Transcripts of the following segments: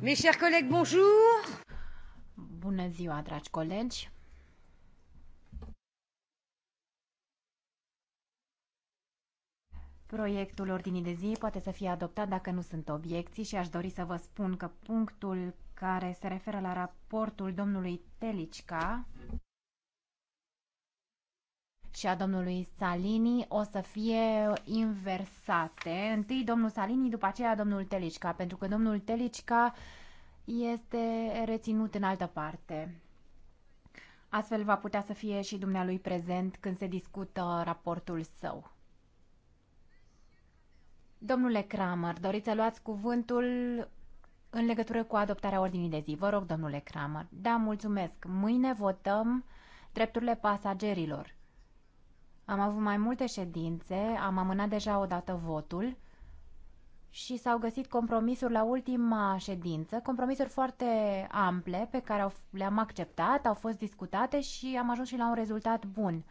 Mes chers collègues, bonjour! Bună ziua, dragi colegi! Proiectul ordinii de zi poate să fie adoptat dacă nu sunt obiecții și aș dori să vă spun că punctul care se referă la raportul domnului Telicca și a domnului Salini o să fie inversate. Întâi domnul Salini, după aceea domnul Telicica, pentru că domnul Telicica este reținut în altă parte. Astfel va putea să fie și dumnealui prezent când se discută raportul său. Domnule Kramer, doriți să luați cuvântul în legătură cu adoptarea ordinii de zi. Vă rog, domnule Kramer. Da, mulțumesc. Mâine votăm drepturile pasagerilor. Am avut mai multe ședințe, am amânat deja odată votul și s-au găsit compromisuri la ultima ședință, compromisuri foarte ample pe care le-am acceptat, au fost discutate și am ajuns și la un rezultat bun.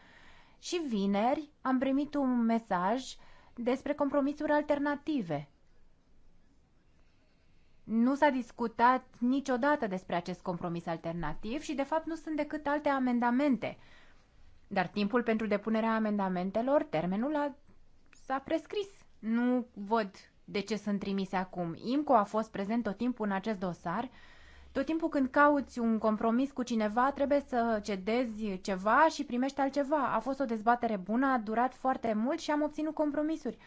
Și vineri am primit un mesaj despre compromisuri alternative. Nu s-a discutat niciodată despre acest compromis alternativ și, de fapt, nu sunt decât alte amendamente dar timpul pentru depunerea amendamentelor, termenul a, s-a prescris. Nu văd de ce sunt trimise acum. IMCO a fost prezent tot timpul în acest dosar. Tot timpul când cauți un compromis cu cineva, trebuie să cedezi ceva și primești altceva. A fost o dezbatere bună, a durat foarte mult și am obținut compromisuri.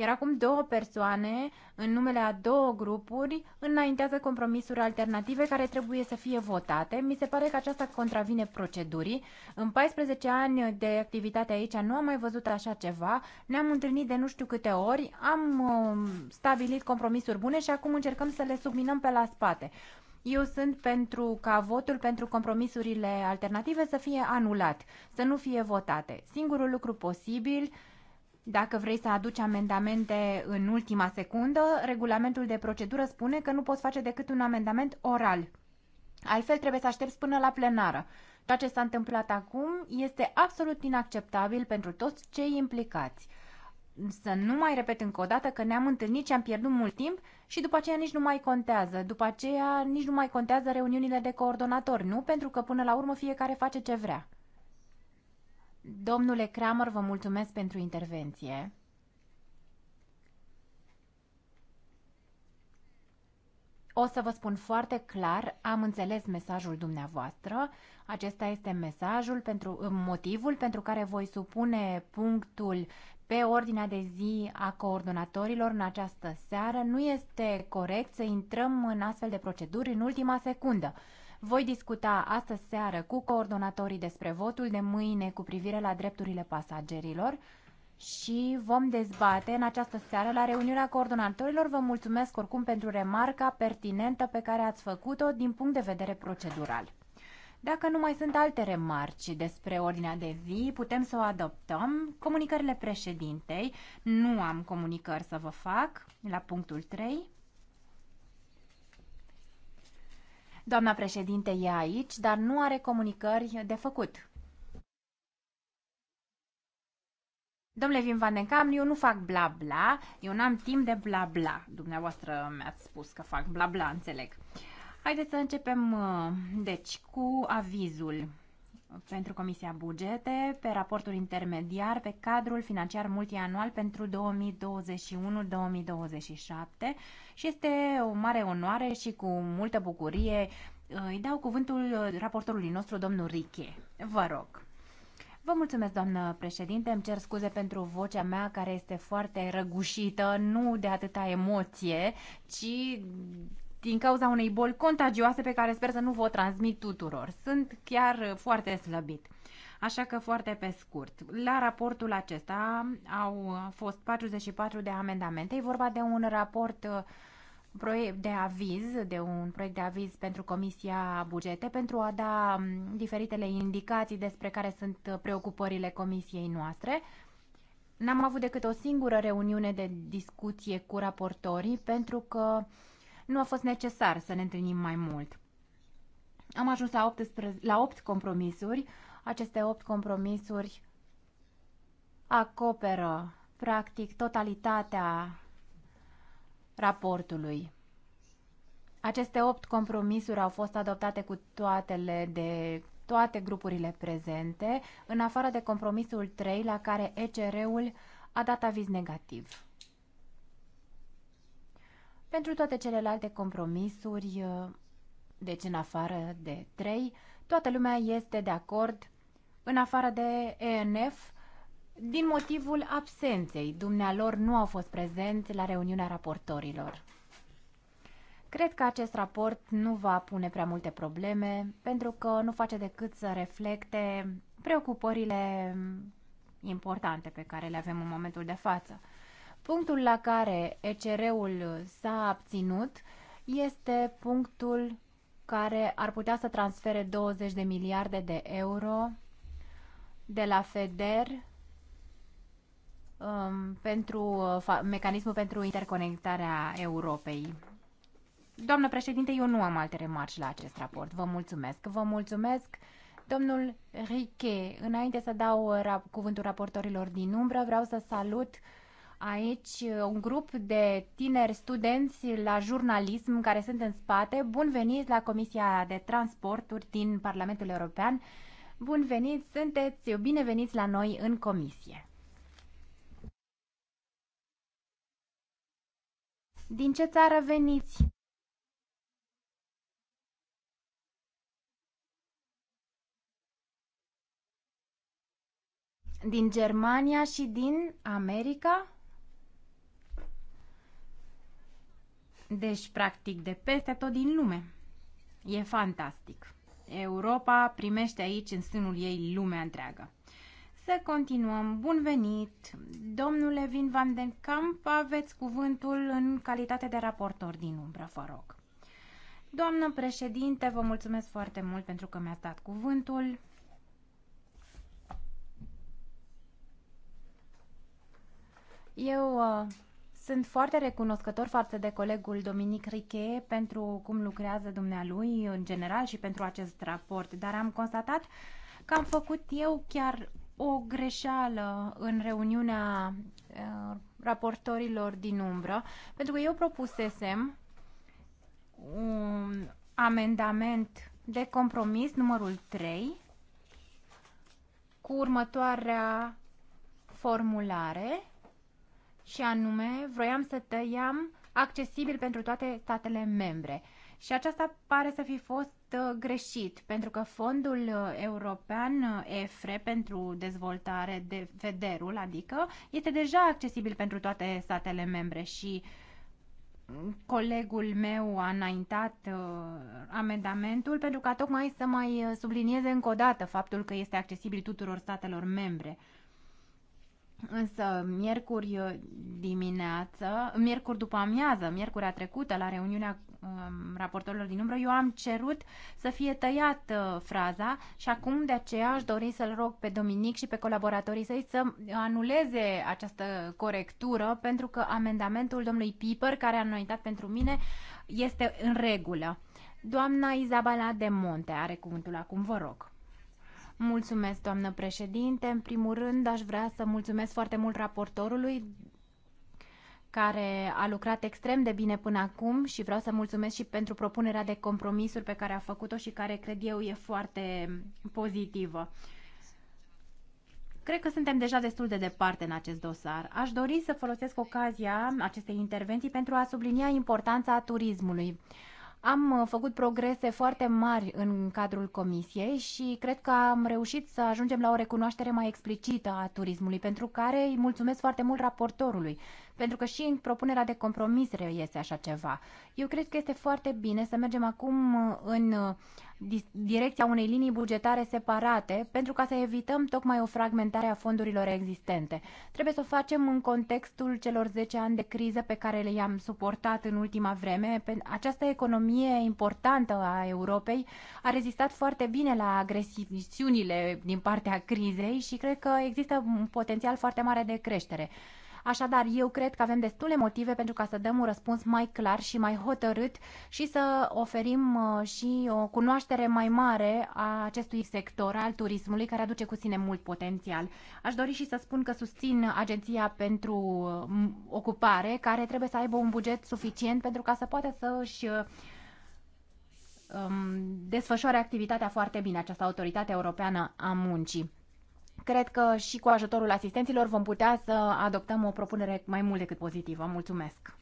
Iar acum două persoane, în numele a două grupuri, înaintează compromisuri alternative care trebuie să fie votate. Mi se pare că aceasta contravine procedurii. În 14 ani de activitate aici nu am mai văzut așa ceva. Ne-am întâlnit de nu știu câte ori, am um, stabilit compromisuri bune și acum încercăm să le subminăm pe la spate. Eu sunt pentru ca votul pentru compromisurile alternative să fie anulat, să nu fie votate. Singurul lucru posibil dacă vrei să aduci amendamente în ultima secundă, regulamentul de procedură spune că nu poți face decât un amendament oral. Altfel trebuie să aștepți până la plenară. Ceea ce s-a întâmplat acum este absolut inacceptabil pentru toți cei implicați. Să nu mai repet încă o dată că ne-am întâlnit și am pierdut mult timp și după aceea nici nu mai contează. După aceea nici nu mai contează reuniunile de coordonatori, nu? Pentru că până la urmă fiecare face ce vrea. Domnule Kramer, vă mulțumesc pentru intervenție. O să vă spun foarte clar, am înțeles mesajul dumneavoastră. Acesta este mesajul pentru motivul pentru care voi supune punctul pe ordinea de zi a coordonatorilor în această seară. Nu este corect să intrăm în astfel de proceduri în ultima secundă. Voi discuta astăzi seară cu coordonatorii despre votul de mâine cu privire la drepturile pasagerilor și vom dezbate în această seară la reuniunea coordonatorilor. Vă mulțumesc oricum pentru remarca pertinentă pe care ați făcut-o din punct de vedere procedural. Dacă nu mai sunt alte remarci despre ordinea de zi, putem să o adoptăm. Comunicările președintei, nu am comunicări să vă fac la punctul 3. Doamna președinte e aici, dar nu are comunicări de făcut. Domnule Vin Van den Cam, eu nu fac bla bla, eu n-am timp de bla bla. Dumneavoastră mi-ați spus că fac bla bla, înțeleg. Haideți să începem, uh, deci, cu avizul pentru Comisia Bugete pe raportul intermediar pe cadrul financiar multianual pentru 2021-2027 și este o mare onoare și cu multă bucurie uh, îi dau cuvântul uh, raportorului nostru, domnul Riche. Vă rog. Vă mulțumesc, doamnă președinte. Îmi cer scuze pentru vocea mea care este foarte răgușită, nu de atâta emoție, ci din cauza unei boli contagioase pe care sper să nu vă o transmit tuturor. Sunt chiar uh, foarte slăbit. Așa că foarte pe scurt, la raportul acesta au uh, fost 44 de amendamente. E vorba de un raport uh, proiect de aviz, de un proiect de aviz pentru Comisia Bugete pentru a da um, diferitele indicații despre care sunt preocupările comisiei noastre. N-am avut decât o singură reuniune de discuție cu raportorii pentru că uh, nu a fost necesar să ne întâlnim mai mult. Am ajuns la, 8 la 8 compromisuri. Aceste 8 compromisuri acoperă, practic, totalitatea raportului. Aceste 8 compromisuri au fost adoptate cu toatele de toate grupurile prezente, în afară de compromisul 3, la care ECR-ul a dat aviz negativ. Pentru toate celelalte compromisuri, uh, deci în afară de 3, toată lumea este de acord, în afară de ENF, din motivul absenței. Dumnealor nu au fost prezenți la reuniunea raportorilor. Cred că acest raport nu va pune prea multe probleme, pentru că nu face decât să reflecte preocupările importante pe care le avem în momentul de față. Punctul la care ECR-ul s-a abținut este punctul care ar putea să transfere 20 de miliarde de euro de la FEDER um, pentru uh, mecanismul pentru interconectarea Europei. Doamnă președinte, eu nu am alte remarci la acest raport. Vă mulțumesc. Vă mulțumesc, domnul Riche. Înainte să dau cuvântul raportorilor din umbră, vreau să salut uh, aici uh, un grup de tineri studenți la jurnalism care sunt în spate. Bun venit la Comisia de Transporturi din Parlamentul European. Bun venit, sunteți bineveniți la noi în comisie. Din ce țară veniți? Din Germania și din America? Deci, practic, de peste tot din lume. E fantastic. Europa primește aici, în sânul ei, lumea întreagă. Să continuăm. Bun venit! Domnule Vin van den Kamp, aveți cuvântul în calitate de raportor din umbră, vă rog. Doamnă președinte, vă mulțumesc foarte mult pentru că mi-ați dat cuvântul. Eu uh, sunt foarte recunoscător față de colegul Dominic Riche pentru cum lucrează dumnealui în general și pentru acest raport, dar am constatat că am făcut eu chiar o greșeală în reuniunea uh, raportorilor din umbră, pentru că eu propusesem un amendament de compromis numărul 3 cu următoarea formulare și anume vroiam să tăiam accesibil pentru toate statele membre. Și aceasta pare să fi fost uh, greșit, pentru că fondul uh, european uh, EFRE pentru dezvoltare de vederul, adică, este deja accesibil pentru toate statele membre și mm, colegul meu a înaintat uh, amendamentul pentru ca tocmai să mai sublinieze încă o dată faptul că este accesibil tuturor statelor membre. Uh, Însă, miercuri dimineață, miercuri după amiază, miercuri a trecută, la reuniunea um, raportorilor din umbră, eu am cerut să fie tăiat uh, fraza și acum de aceea aș dori să-l rog pe Dominic și pe colaboratorii săi să anuleze această corectură pentru că amendamentul domnului Piper, care a anunțat pentru mine, este în regulă. Doamna Izabala de Monte are cuvântul acum, vă rog. Mulțumesc, doamnă președinte. În primul rând, aș vrea să mulțumesc foarte mult raportorului care a lucrat extrem de bine până acum și vreau să mulțumesc și pentru propunerea de compromisuri pe care a făcut-o și care cred eu e foarte pozitivă. Cred că suntem deja destul de departe în acest dosar. Aș dori să folosesc ocazia acestei intervenții pentru a sublinia importanța turismului. Am uh, făcut progrese foarte mari în cadrul comisiei și cred că am reușit să ajungem la o recunoaștere mai explicită a turismului, pentru care îi mulțumesc foarte mult raportorului. Pentru că și în propunerea de compromis reiese așa ceva. Eu cred că este foarte bine să mergem acum în uh, direcția unei linii bugetare separate pentru ca să evităm tocmai o fragmentare a fondurilor existente. Trebuie să o facem în contextul celor 10 ani de criză pe care le-am suportat în ultima vreme. Această economie importantă a Europei a rezistat foarte bine la agresiunile din partea crizei și cred că există un potențial foarte mare de creștere. Așadar, eu cred că avem destule motive pentru ca să dăm un răspuns mai clar și mai hotărât și să oferim uh, și o cunoaștere mai mare a acestui sector al turismului care aduce cu sine mult potențial. Aș dori și să spun că susțin Agenția pentru uh, Ocupare care trebuie să aibă un buget suficient pentru ca să poată să își uh, um, desfășoare activitatea foarte bine această autoritate europeană a muncii. Cred că și cu ajutorul asistenților vom putea să adoptăm o propunere mai mult decât pozitivă. Mulțumesc!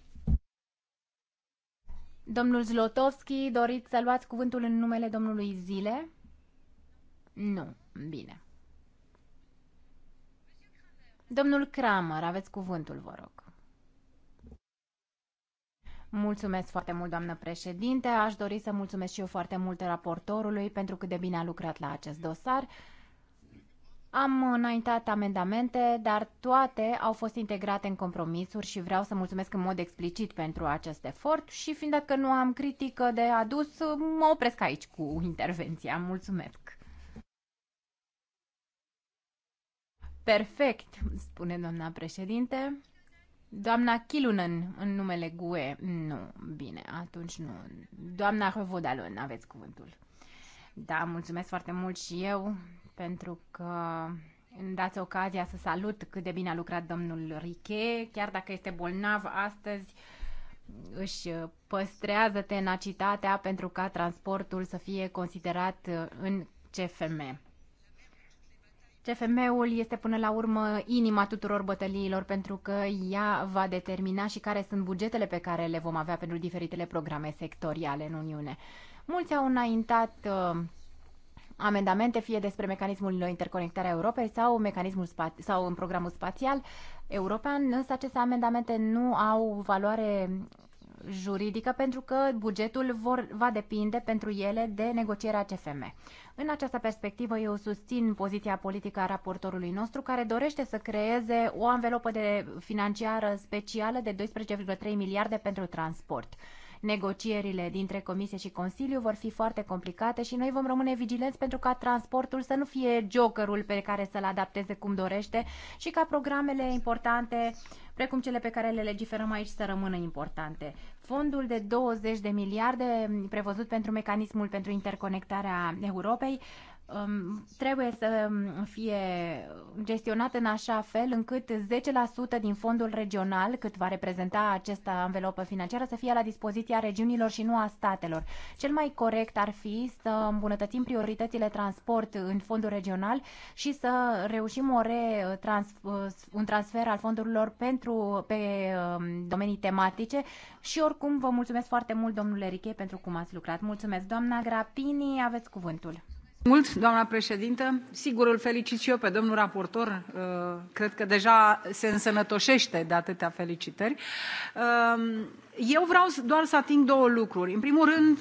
Domnul Zlotovski, doriți să luați cuvântul în numele domnului Zile? Nu. Bine. Domnul Kramer, aveți cuvântul, vă rog. Mulțumesc foarte mult, doamnă președinte. Aș dori să mulțumesc și eu foarte mult raportorului pentru cât de bine a lucrat la acest dosar. Am înaintat amendamente, dar toate au fost integrate în compromisuri și vreau să mulțumesc în mod explicit pentru acest efort și fiind că nu am critică de adus, mă opresc aici cu intervenția. Mulțumesc! Perfect, spune doamna președinte. Doamna Kilunen, în numele GUE, nu, bine, atunci nu. Doamna Revodalon, aveți cuvântul. Da, mulțumesc foarte mult și eu pentru că îmi dați ocazia să salut cât de bine a lucrat domnul Riche, chiar dacă este bolnav astăzi, își păstrează tenacitatea pentru ca transportul să fie considerat în CFM. CFM-ul este până la urmă inima tuturor bătăliilor pentru că ea va determina și care sunt bugetele pe care le vom avea pentru diferitele programe sectoriale în Uniune. Mulți au înaintat uh, amendamente, fie despre mecanismul de interconectare a Europei sau, mecanismul spa- sau în programul spațial european, însă aceste amendamente nu au valoare juridică pentru că bugetul vor, va depinde pentru ele de negocierea CFM. În această perspectivă, eu susțin poziția politică a raportorului nostru care dorește să creeze o anvelopă de financiară specială de 12,3 miliarde pentru transport negocierile dintre Comisie și Consiliu vor fi foarte complicate și noi vom rămâne vigilenți pentru ca transportul să nu fie jokerul pe care să-l adapteze cum dorește și ca programele importante precum cele pe care le legiferăm aici, să rămână importante. Fondul de 20 de miliarde prevăzut pentru mecanismul pentru interconectarea Europei Um, trebuie să um, fie gestionat în așa fel încât 10% din fondul regional, cât va reprezenta această anvelopă financiară, să fie la dispoziția regiunilor și nu a statelor. Cel mai corect ar fi să îmbunătățim prioritățile transport în fondul regional și să reușim o -trans un transfer al fondurilor pentru, pe um, domenii tematice și oricum vă mulțumesc foarte mult, domnule Riche, pentru cum ați lucrat. Mulțumesc, doamna Grapini, aveți cuvântul doamnă președintă. Sigur, îl felicit și eu pe domnul raportor. Uh, cred că deja se însănătoșește de atâtea felicitări. Uh, eu vreau doar să ating două lucruri. În primul rând,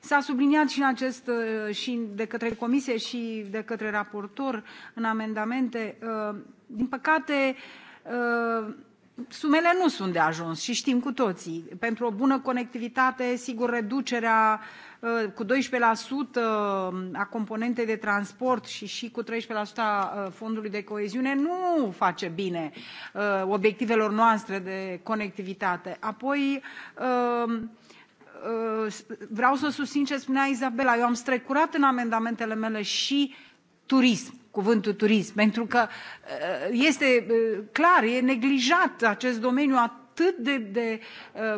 S-a subliniat și, în acest, uh, și de către Comisie și de către raportor în amendamente. Din păcate, sumele nu sunt de ajuns și știm cu toții. Pentru o bună conectivitate, sigur, reducerea Uh, cu 12% uh, a componentei de transport și și cu 13% a uh, fondului de coeziune nu face bine obiectivelor noastre de conectivitate. Apoi, vreau să susțin ce spunea Izabela. Eu am strecurat în amendamentele mele și turism cuvântul turism pentru că este clar e neglijat acest domeniu atât de, de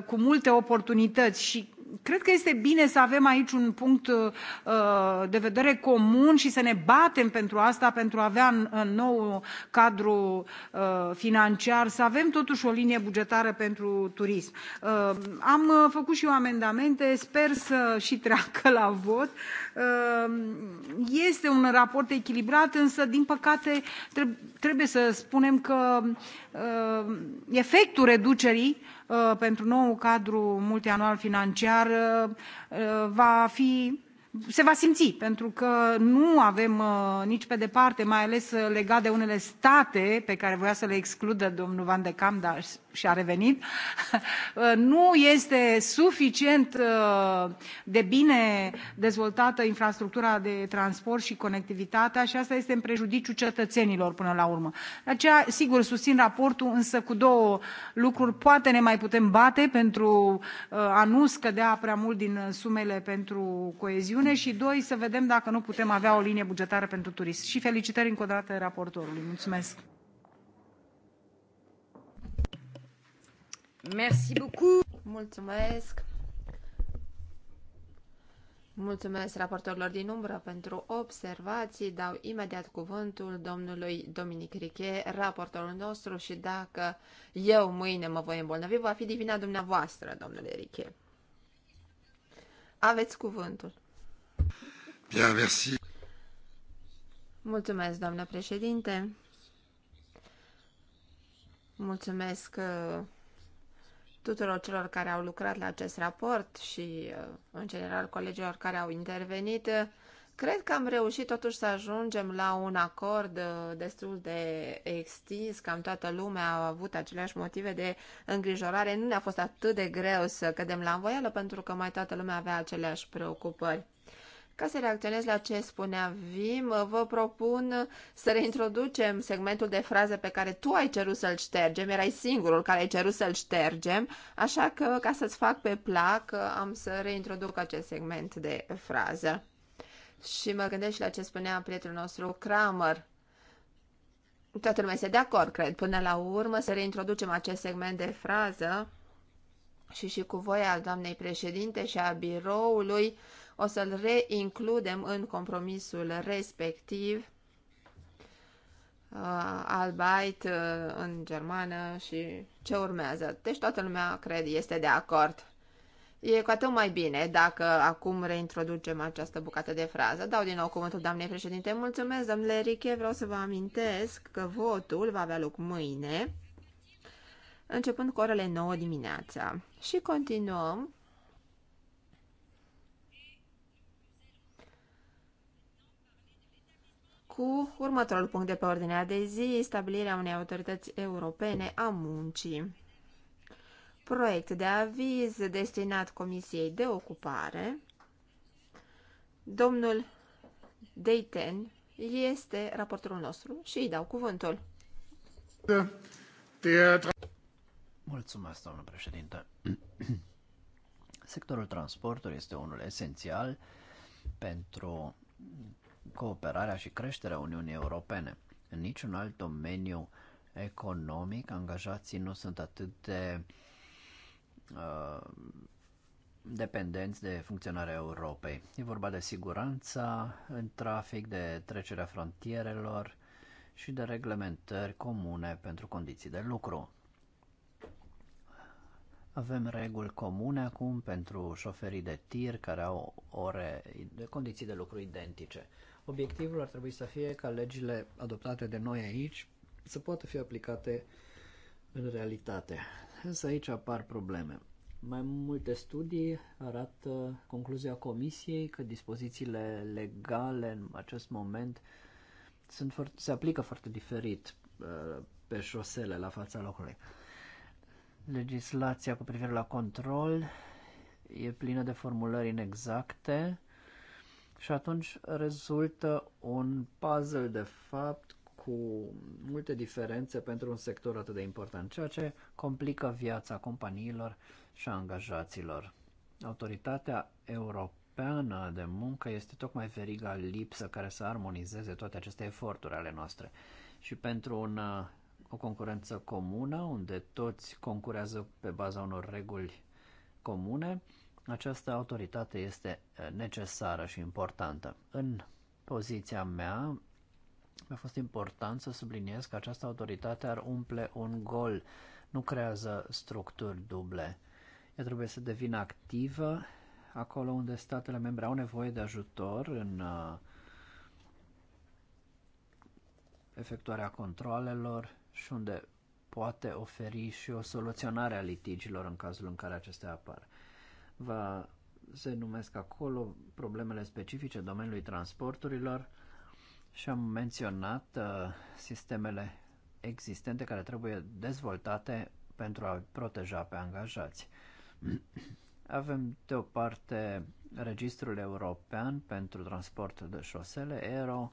cu multe oportunități și cred că este bine să avem aici un punct uh, de vedere comun și să ne batem pentru asta, pentru a avea în nou cadru uh, financiar, să avem totuși o linie bugetară pentru turism. Uh, am făcut și eu amendamente, sper să și treacă la vot. Este un raport echilibrat, însă, din păcate, trebuie să spunem că efectul reducerii Uh, pentru noul cadru multianual financiar uh, uh, va fi se va simți pentru că nu avem uh, nici pe departe mai ales legat de unele state pe care voia să le excludă domnul van de camp dar și a revenit, nu este suficient uh, de bine dezvoltată infrastructura de transport și conectivitatea și asta este în prejudiciul cetățenilor până la urmă. De aceea, sigur, susțin raportul, însă cu două lucruri poate ne mai putem bate pentru uh, a nu scădea prea mult din sumele pentru coeziune și doi, să vedem dacă nu putem avea o linie bugetară pentru turism. Și felicitări încă o dată raportorului. Mulțumesc! Merci beaucoup. Mulțumesc. Mulțumesc raportorilor din umbră pentru observații. Dau imediat cuvântul domnului Dominic Riche, raportorul nostru și dacă eu mâine mă voi îmbolnăvi, va fi divina dumneavoastră, domnule Riche. Aveți cuvântul. Bien, merci. Mulțumesc, doamnă președinte. Mulțumesc uh, tuturor celor care au lucrat la acest raport și, uh, în general, colegilor care au intervenit. Uh, cred că am reușit totuși să ajungem la un acord uh, destul de extins, cam toată lumea a avut aceleași motive de îngrijorare. Nu ne-a fost atât de greu să cădem la învoială pentru că mai toată lumea avea aceleași preocupări. Ca să reacționez la ce spunea Vim, vă propun să reintroducem segmentul de fraze pe care tu ai cerut să-l ștergem, erai singurul care ai cerut să-l ștergem, așa că, ca să-ți fac pe plac, am să reintroduc acest segment de frază. Și mă gândesc și la ce spunea prietenul nostru Kramer. Toată lumea este de acord, cred, până la urmă să reintroducem acest segment de frază și și cu voia doamnei președinte și a biroului o să-l reincludem în compromisul respectiv, uh, albait uh, în germană și ce urmează. Deci toată lumea, cred, este de acord. E cu atât mai bine dacă acum reintroducem această bucată de frază. Dau din nou cuvântul doamnei președinte. Mulțumesc, domnule Riche. Vreau să vă amintesc că votul va avea loc mâine, începând cu orele 9 dimineața. Și continuăm cu următorul punct de pe ordinea de zi, stabilirea unei autorități europene a muncii. Proiect de aviz destinat Comisiei de Ocupare. Domnul Deiten este raportorul nostru și îi dau cuvântul. Mulțumesc, domnul președinte. Sectorul transportului este unul esențial pentru cooperarea și creșterea Uniunii Europene. În niciun alt domeniu economic angajații nu sunt atât de uh, dependenți de funcționarea Europei. E vorba de siguranța în trafic, de trecerea frontierelor și de reglementări comune pentru condiții de lucru. Avem reguli comune acum pentru șoferii de tir care au ore de condiții de lucru identice. Obiectivul ar trebui să fie ca legile adoptate de noi aici să poată fi aplicate în realitate. Însă aici apar probleme. Mai multe studii arată concluzia Comisiei că dispozițiile legale în acest moment sunt foarte, se aplică foarte diferit uh, pe șosele la fața locului. Legislația cu privire la control e plină de formulări inexacte și atunci rezultă un puzzle de fapt cu multe diferențe pentru un sector atât de important, ceea ce complică viața companiilor și a angajaților. Autoritatea europeană de muncă este tocmai veriga lipsă care să armonizeze toate aceste eforturi ale noastre. Și pentru un, uh, o concurență comună, unde toți concurează pe baza unor reguli comune, această autoritate este eh, necesară și importantă. În poziția mea mi-a fost important să subliniez că această autoritate ar umple un gol, nu creează structuri duble. Ea trebuie să devină activă acolo unde statele membre au nevoie de ajutor în eh, efectuarea controlelor și unde poate oferi și o soluționare a litigilor în cazul în care acestea apar va, se numesc acolo problemele specifice domeniului transporturilor și am menționat uh, sistemele existente care trebuie dezvoltate pentru a proteja pe angajați. Avem de o parte Registrul European pentru Transport de Șosele, ERO,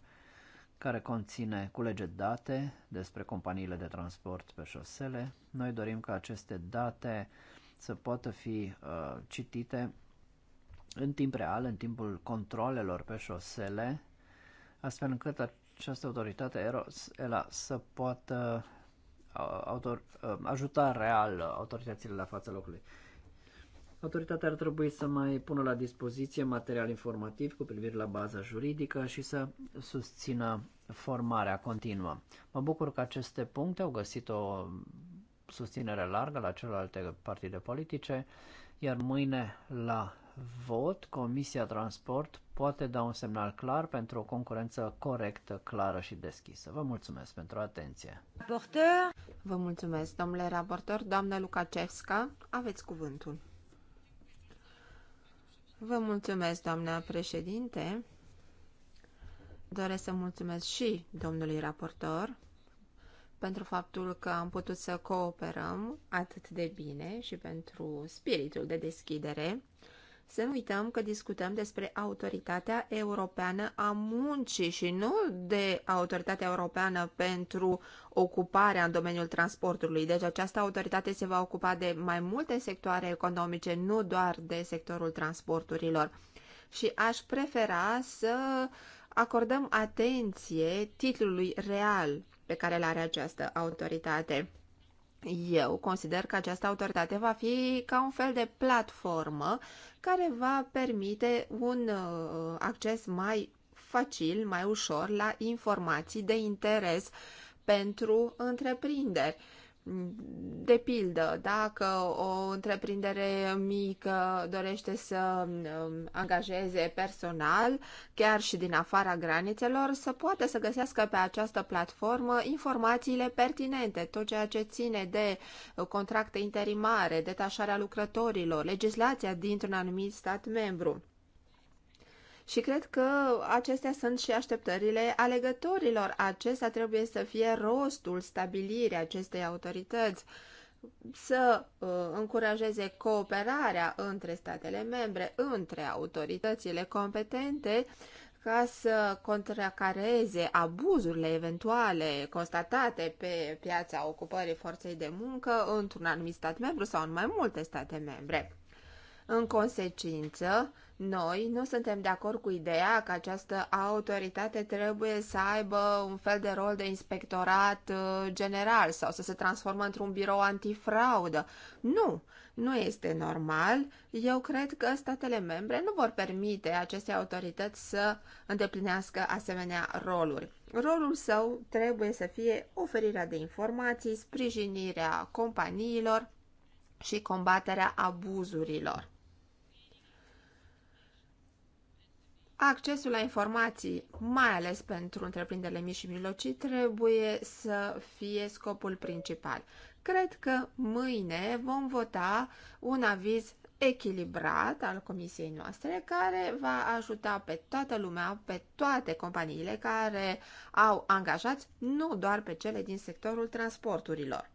care conține, culege date despre companiile de transport pe șosele. Noi dorim ca aceste date uh, să poată fi uh, citite în timp real, în timpul controlelor pe șosele, astfel încât această autoritate Eros ELA să poată uh, autor, uh, ajuta real autoritățile la fața locului. Autoritatea ar trebui să mai pună la dispoziție material informativ cu privire la baza juridică și să susțină formarea continuă. Mă bucur că aceste puncte au găsit o susținere largă la celelalte partide politice, iar mâine la vot Comisia Transport poate da un semnal clar pentru o concurență corectă, clară și deschisă. Vă mulțumesc pentru atenție. Raportor. Vă mulțumesc, domnule raportor. Doamna Lukacevska, aveți cuvântul. Vă mulțumesc, doamna președinte. Doresc să mulțumesc și domnului raportor pentru faptul că am putut să cooperăm atât de bine și pentru spiritul de deschidere. Să nu uităm că discutăm despre autoritatea europeană a muncii și nu de autoritatea europeană pentru ocuparea în domeniul transportului. Deci această autoritate se va ocupa de mai multe sectoare economice, nu doar de sectorul transporturilor. Și aș prefera să acordăm atenție titlului real pe care le are această autoritate. Eu consider că această autoritate va fi ca un fel de platformă care va permite un uh, acces mai facil, mai ușor la informații de interes pentru întreprinderi de pildă, dacă o întreprindere mică dorește să um, angajeze personal, chiar și din afara granițelor, să poată să găsească pe această platformă informațiile pertinente, tot ceea ce ține de contracte interimare, detașarea lucrătorilor, legislația dintr-un anumit stat membru. Și cred că acestea sunt și așteptările alegătorilor. Acesta trebuie să fie rostul stabilirii acestei autorități, să uh, încurajeze cooperarea între statele membre, între autoritățile competente, ca să contracareze abuzurile eventuale constatate pe piața ocupării forței de muncă într-un anumit stat membru sau în mai multe state membre. În consecință, noi nu suntem de acord cu ideea că această autoritate trebuie să aibă un fel de rol de inspectorat uh, general sau să se transformă într-un birou antifraudă. Nu, nu este normal. Eu cred că statele membre nu vor permite acestei autorități să îndeplinească asemenea roluri. Rolul său trebuie să fie oferirea de informații, sprijinirea companiilor și combaterea abuzurilor. Accesul la informații, mai ales pentru întreprinderile mici și mijlocii, trebuie să fie scopul principal. Cred că mâine vom vota un aviz echilibrat al comisiei noastre care va ajuta pe toată lumea, pe toate companiile care au angajați, nu doar pe cele din sectorul transporturilor.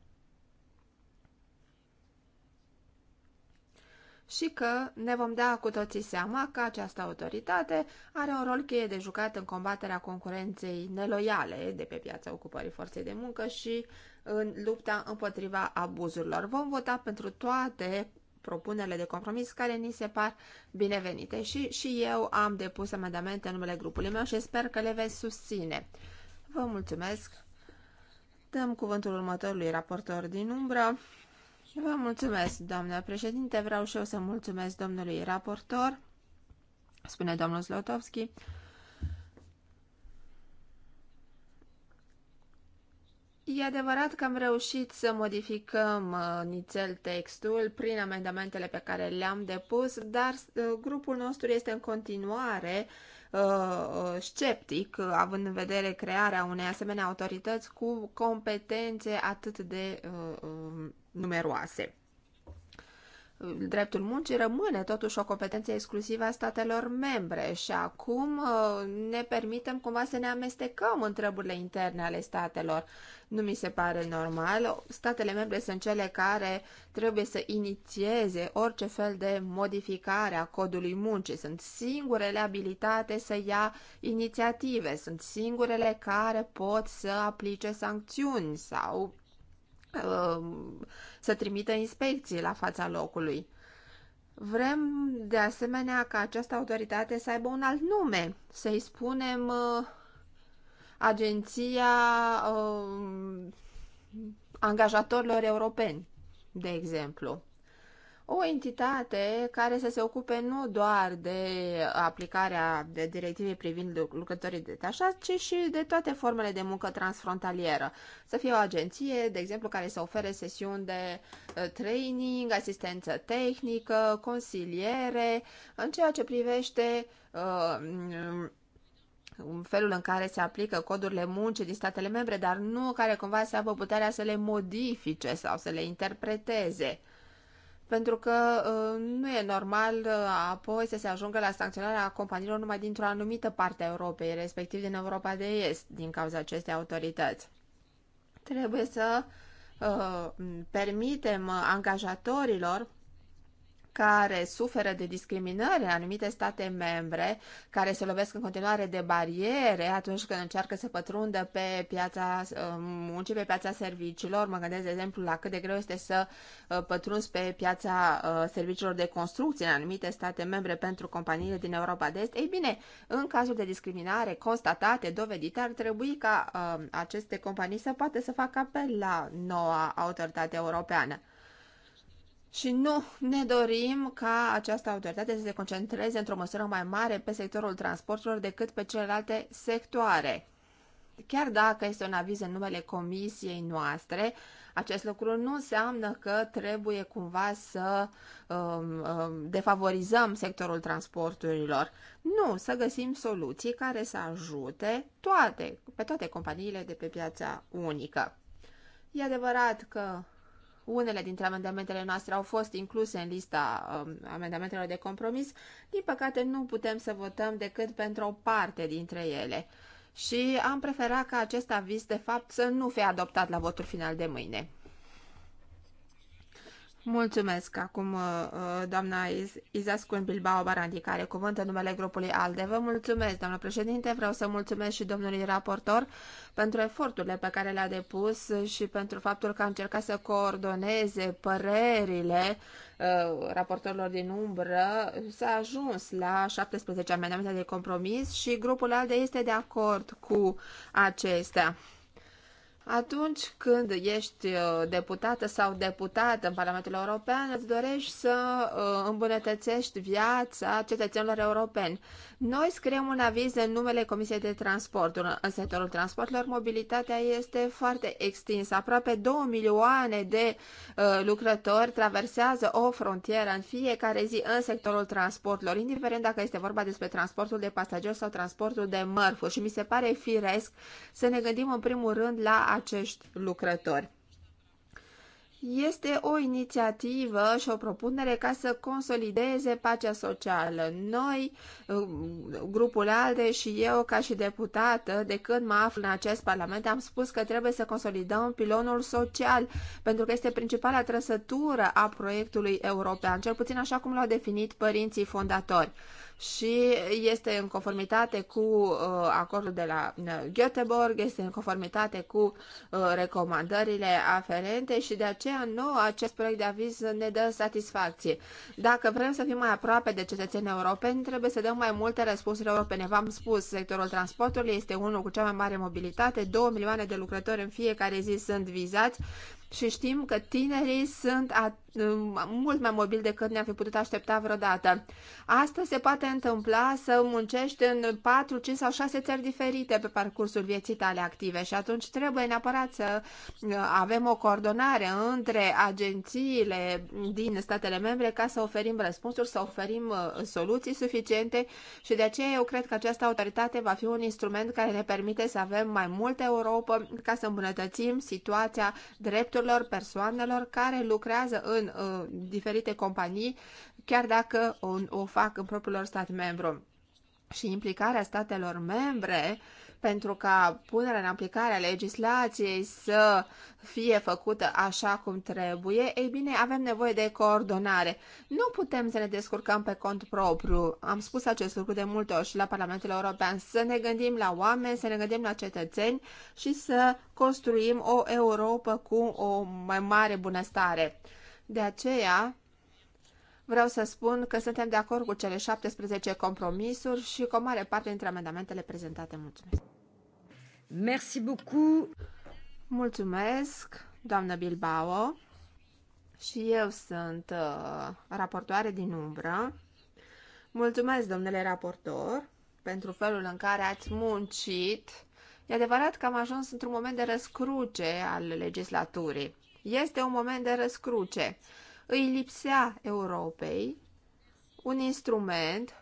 și că ne vom da cu toții seama că această autoritate are un rol cheie de jucat în combaterea concurenței neloiale de pe piața ocupării forței de muncă și în lupta împotriva abuzurilor. Vom vota pentru toate propunerile de compromis care ni se par binevenite și, și eu am depus amendamente în numele grupului meu și sper că le veți susține. Vă mulțumesc! Dăm cuvântul următorului raportor din umbră, Vă mulțumesc, doamnă președinte. Vreau și eu să mulțumesc domnului raportor, spune domnul Slotovski. E adevărat că am reușit să modificăm uh, nițel textul prin amendamentele pe care le-am depus, dar uh, grupul nostru este în continuare uh, uh sceptic, uh, având în vedere crearea unei asemenea autorități cu competențe atât de uh, um, numeroase. Dreptul muncii rămâne totuși o competență exclusivă a statelor membre și acum uh, ne permitem cumva să ne amestecăm în treburile interne ale statelor. Nu mi se pare normal. Statele membre sunt cele care trebuie să inițieze orice fel de modificare a codului muncii. Sunt singurele abilitate să ia inițiative, sunt singurele care pot să aplice sancțiuni sau Um, să trimită inspecții la fața locului. Vrem, de asemenea, ca această autoritate să aibă un alt nume, să-i spunem uh, Agenția um, Angajatorilor Europeni, de exemplu o entitate care să se ocupe nu doar de aplicarea de directive privind lucrătorii detașați, ci și de toate formele de muncă transfrontalieră. Să fie o agenție, de exemplu, care să ofere sesiuni de uh, training, asistență tehnică, consiliere, în ceea ce privește uh, mm, felul în care se aplică codurile muncii din statele membre, dar nu care cumva să aibă puterea să le modifice sau să le interpreteze pentru că uh, nu e normal uh, apoi să se ajungă la sancționarea companiilor numai dintr-o anumită parte a Europei, respectiv din Europa de Est, din cauza acestei autorități. Trebuie să uh, permitem angajatorilor care suferă de discriminări în anumite state membre, care se lovesc în continuare de bariere atunci când încearcă să pătrundă pe piața um, muncii, pe piața serviciilor. Mă gândesc, de exemplu, la cât de greu este să uh, pătrunzi pe piața uh, serviciilor de construcție în anumite state membre pentru companiile din Europa de Est. Ei bine, în cazul de discriminare constatate, dovedite, ar trebui ca um, aceste companii să poată să facă apel la noua autoritate europeană și nu ne dorim ca această autoritate să se concentreze într-o măsură mai mare pe sectorul transporturilor decât pe celelalte sectoare. Chiar dacă este un aviz în numele comisiei noastre, acest lucru nu înseamnă că trebuie cumva să um, um, defavorizăm sectorul transporturilor. Nu, să găsim soluții care să ajute toate, pe toate companiile de pe piața unică. E adevărat că unele dintre amendamentele noastre au fost incluse în lista um, amendamentelor de compromis. Din păcate, nu putem să votăm decât pentru o parte dintre ele. Și am preferat ca acest aviz, de fapt, să nu fie adoptat la votul final de mâine. Mulțumesc acum, uh, uh, doamna în Bilbao Barandi, care cuvântă numele grupului ALDE. Vă mulțumesc, doamna președinte, vreau să mulțumesc și domnului raportor pentru eforturile pe care le-a depus și pentru faptul că a încercat să coordoneze părerile uh, raportorilor din umbră. S-a ajuns la 17 amendamente de compromis și grupul ALDE este de acord cu acestea. Atunci când ești uh, deputată sau deputat în Parlamentul European, îți dorești să uh, îmbunătățești viața cetățenilor europeni noi scriem un aviz în numele Comisiei de Transporturi. În sectorul transportelor, mobilitatea este foarte extinsă. Aproape 2 milioane de uh, lucrători traversează o frontieră în fiecare zi în sectorul transportelor, indiferent dacă este vorba despre transportul de pasageri sau transportul de mărfuri. Și mi se pare firesc să ne gândim în primul rând la acești lucrători. Este o inițiativă și o propunere ca să consolideze pacea socială. Noi, um, grupul ALDE și eu ca și deputată, de când mă aflu în acest parlament, am spus că trebuie să consolidăm pilonul social, pentru că este principala trăsătură a proiectului european, cel puțin așa cum l-au definit părinții fondatori și este în conformitate cu uh, acordul de la uh, Göteborg, este în conformitate cu uh, recomandările aferente și de aceea nou acest proiect de aviz ne dă satisfacție. Dacă vrem să fim mai aproape de cetățenii europeni, trebuie să dăm mai multe răspunsuri europene. V-am spus, sectorul transportului este unul cu cea mai mare mobilitate, 2 milioane de lucrători în fiecare zi sunt vizați și știm că tinerii sunt mult mai mobili decât ne-am fi putut aștepta vreodată. Asta se poate întâmpla să muncești în 4, 5 sau 6 țări diferite pe parcursul vieții tale active și atunci trebuie neapărat să uh, avem o coordonare între agențiile din statele membre ca să oferim răspunsuri, să oferim uh, soluții suficiente și de aceea eu cred că această autoritate va fi un instrument care ne permite să avem mai multă Europa ca să îmbunătățim situația dreptului drepturilor persoanelor care lucrează în uh, diferite companii, chiar dacă o, o fac în propriul lor stat membru. Și implicarea statelor membre pentru ca punerea în aplicare a legislației să fie făcută așa cum trebuie, ei bine, avem nevoie de coordonare. Nu putem să ne descurcăm pe cont propriu. Am spus acest lucru de multe ori și la Parlamentul European. Să ne gândim la oameni, să ne gândim la cetățeni și să construim o Europa cu o mai mare bunăstare. De aceea, Vreau să spun că suntem de acord cu cele 17 compromisuri și cu o mare parte dintre amendamentele prezentate. Mulțumesc! Merci beaucoup. Mulțumesc, doamnă Bilbao. Și eu sunt uh, raportoare din umbră. Mulțumesc, domnule raportor, pentru felul în care ați muncit. E adevărat că am ajuns într-un moment de răscruce al legislaturii. Este un moment de răscruce. Îi lipsea Europei un instrument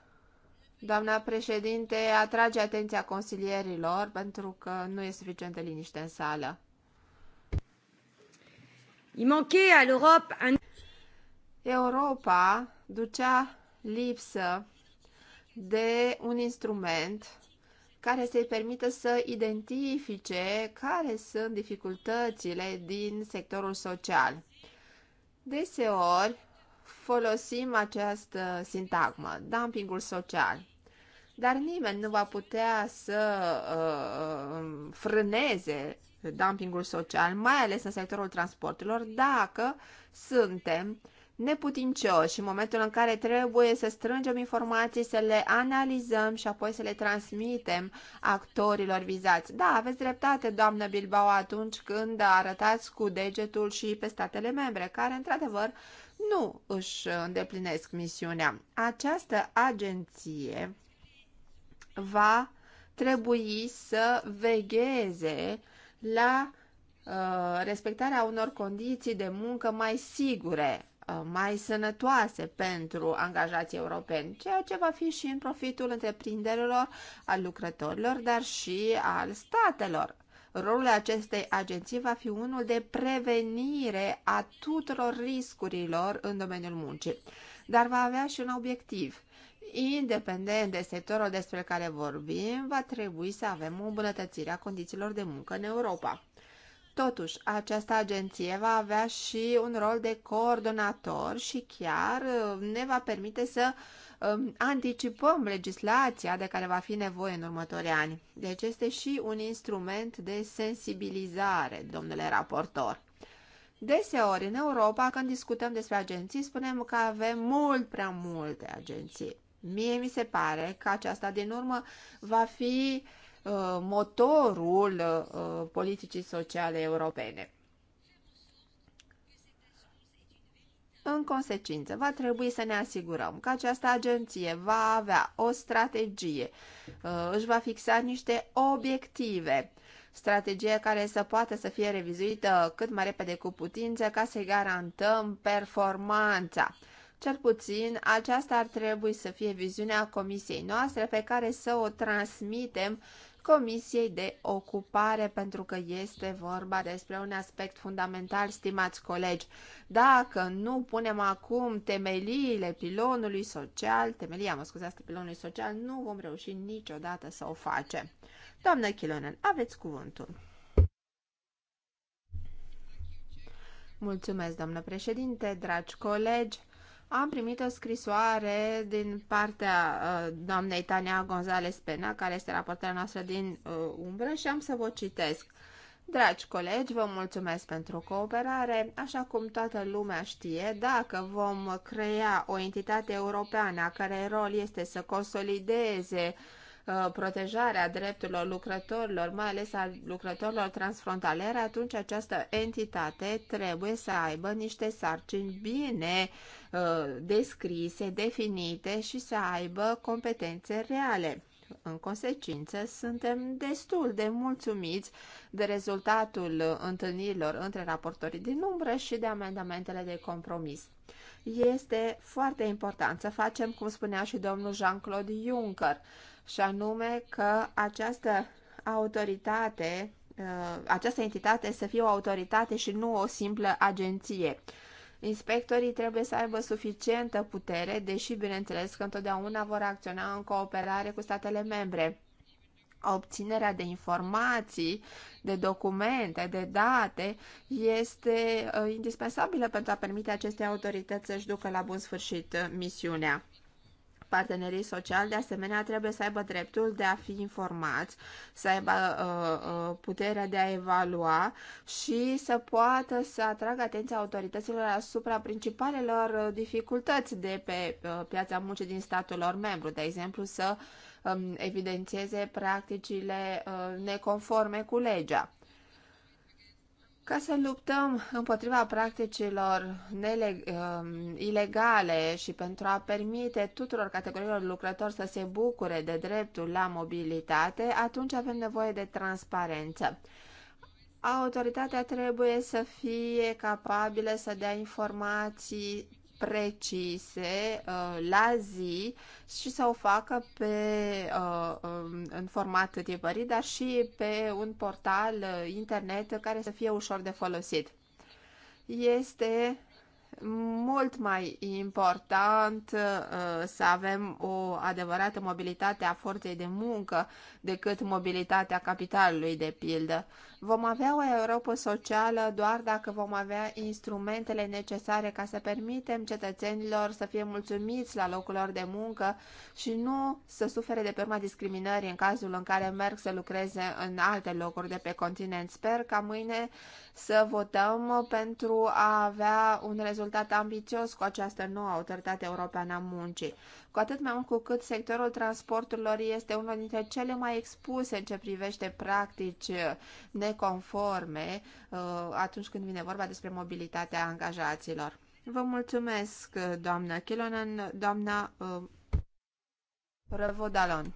Doamna președinte atrage atenția consilierilor pentru că nu e suficientă liniște în sală. Europa ducea lipsă de un instrument care să-i permită să identifice care sunt dificultățile din sectorul social. Deseori folosim această sintagmă, dumpingul social dar nimeni nu va putea să uh, um, frâneze dumpingul social, mai ales în sectorul transporturilor, dacă suntem neputincioși în momentul în care trebuie să strângem informații, să le analizăm și apoi să le transmitem actorilor vizați. Da, aveți dreptate, doamnă Bilbao, atunci când arătați cu degetul și pe statele membre, care, într-adevăr, nu își îndeplinesc misiunea. Această agenție va trebui să vegheze la uh, respectarea unor condiții de muncă mai sigure, uh, mai sănătoase pentru angajații europeni, ceea ce va fi și în profitul întreprinderilor, al lucrătorilor, dar și al statelor. Rolul acestei agenții va fi unul de prevenire a tuturor riscurilor în domeniul muncii, dar va avea și un obiectiv – Independent de sectorul despre care vorbim, va trebui să avem o îmbunătățire a condițiilor de muncă în Europa. Totuși, această agenție va avea și un rol de coordonator și chiar uh, ne va permite să um, anticipăm legislația de care va fi nevoie în următorii ani. Deci este și un instrument de sensibilizare, domnule raportor. Deseori, în Europa, când discutăm despre agenții, spunem că avem mult prea multe agenții. Mie mi se pare că aceasta din urmă va fi uh, motorul uh, politicii sociale europene. În consecință, va trebui să ne asigurăm că această agenție va avea o strategie, uh, își va fixa niște obiective, strategie care să poată să fie revizuită cât mai repede cu putință ca să garantăm performanța cel puțin aceasta ar trebui să fie viziunea comisiei noastre pe care să o transmitem Comisiei de Ocupare, pentru că este vorba despre un aspect fundamental, stimați colegi. Dacă nu punem acum temeliile pilonului social, temelia, mă scuzați, pilonului social, nu vom reuși niciodată să o facem. Doamnă Chilonen, aveți cuvântul. Mulțumesc, doamnă președinte, dragi colegi. Am primit o scrisoare din partea uh, doamnei Tania González Pena, care este raportarea noastră din uh, umbră și am să vă citesc. Dragi colegi, vă mulțumesc pentru cooperare. Așa cum toată lumea știe, dacă vom crea o entitate europeană a care rol este să consolideze uh, Uh, protejarea drepturilor lucrătorilor, mai ales a lucrătorilor transfrontaliere, atunci această entitate trebuie să aibă niște sarcini bine uh, descrise, definite și să aibă competențe reale. În consecință, suntem destul de mulțumiți de rezultatul întâlnirilor între raportorii din umbră și de amendamentele de compromis. Este foarte important să facem, cum spunea și domnul Jean-Claude Juncker, și anume că această autoritate, uh, această entitate să fie o autoritate și nu o simplă agenție. Inspectorii trebuie să aibă suficientă putere, deși, bineînțeles, că întotdeauna vor acționa în cooperare cu statele membre. Obținerea de informații, de documente, de date este uh, indispensabilă pentru a permite acestei autorități să-și ducă la bun sfârșit uh, misiunea. Partenerii sociali, de asemenea, trebuie să aibă dreptul de a fi informați, să aibă uh, uh, puterea de a evalua și să poată să atragă atenția autorităților asupra principalelor uh, dificultăți de pe uh, piața muncii din statul lor membru, de exemplu, să um, evidențieze practicile uh, neconforme cu legea ca să luptăm împotriva practicilor um, ilegale și pentru a permite tuturor categoriilor lucrători să se bucure de dreptul la mobilitate, atunci avem nevoie de transparență. Autoritatea trebuie să fie capabilă să dea informații precise, uh, la zi și să o facă pe, uh, um, în format tipărit, dar și pe un portal uh, internet care să fie ușor de folosit. Este mult mai important să avem o adevărată mobilitate a forței de muncă decât mobilitatea capitalului, de pildă. Vom avea o Europa socială doar dacă vom avea instrumentele necesare ca să permitem cetățenilor să fie mulțumiți la locul lor de muncă și nu să sufere de pe urma discriminării în cazul în care merg să lucreze în alte locuri de pe continent. Sper ca mâine să votăm pentru a avea un rezultat ambițios cu această nouă autoritate europeană a muncii. Cu atât mai mult cu cât sectorul transporturilor este unul dintre cele mai expuse în ce privește practici ne neconforme uh, atunci când vine vorba despre mobilitatea angajaților. Vă mulțumesc, uh, doamna Chilonen, doamna uh, Răvodalon.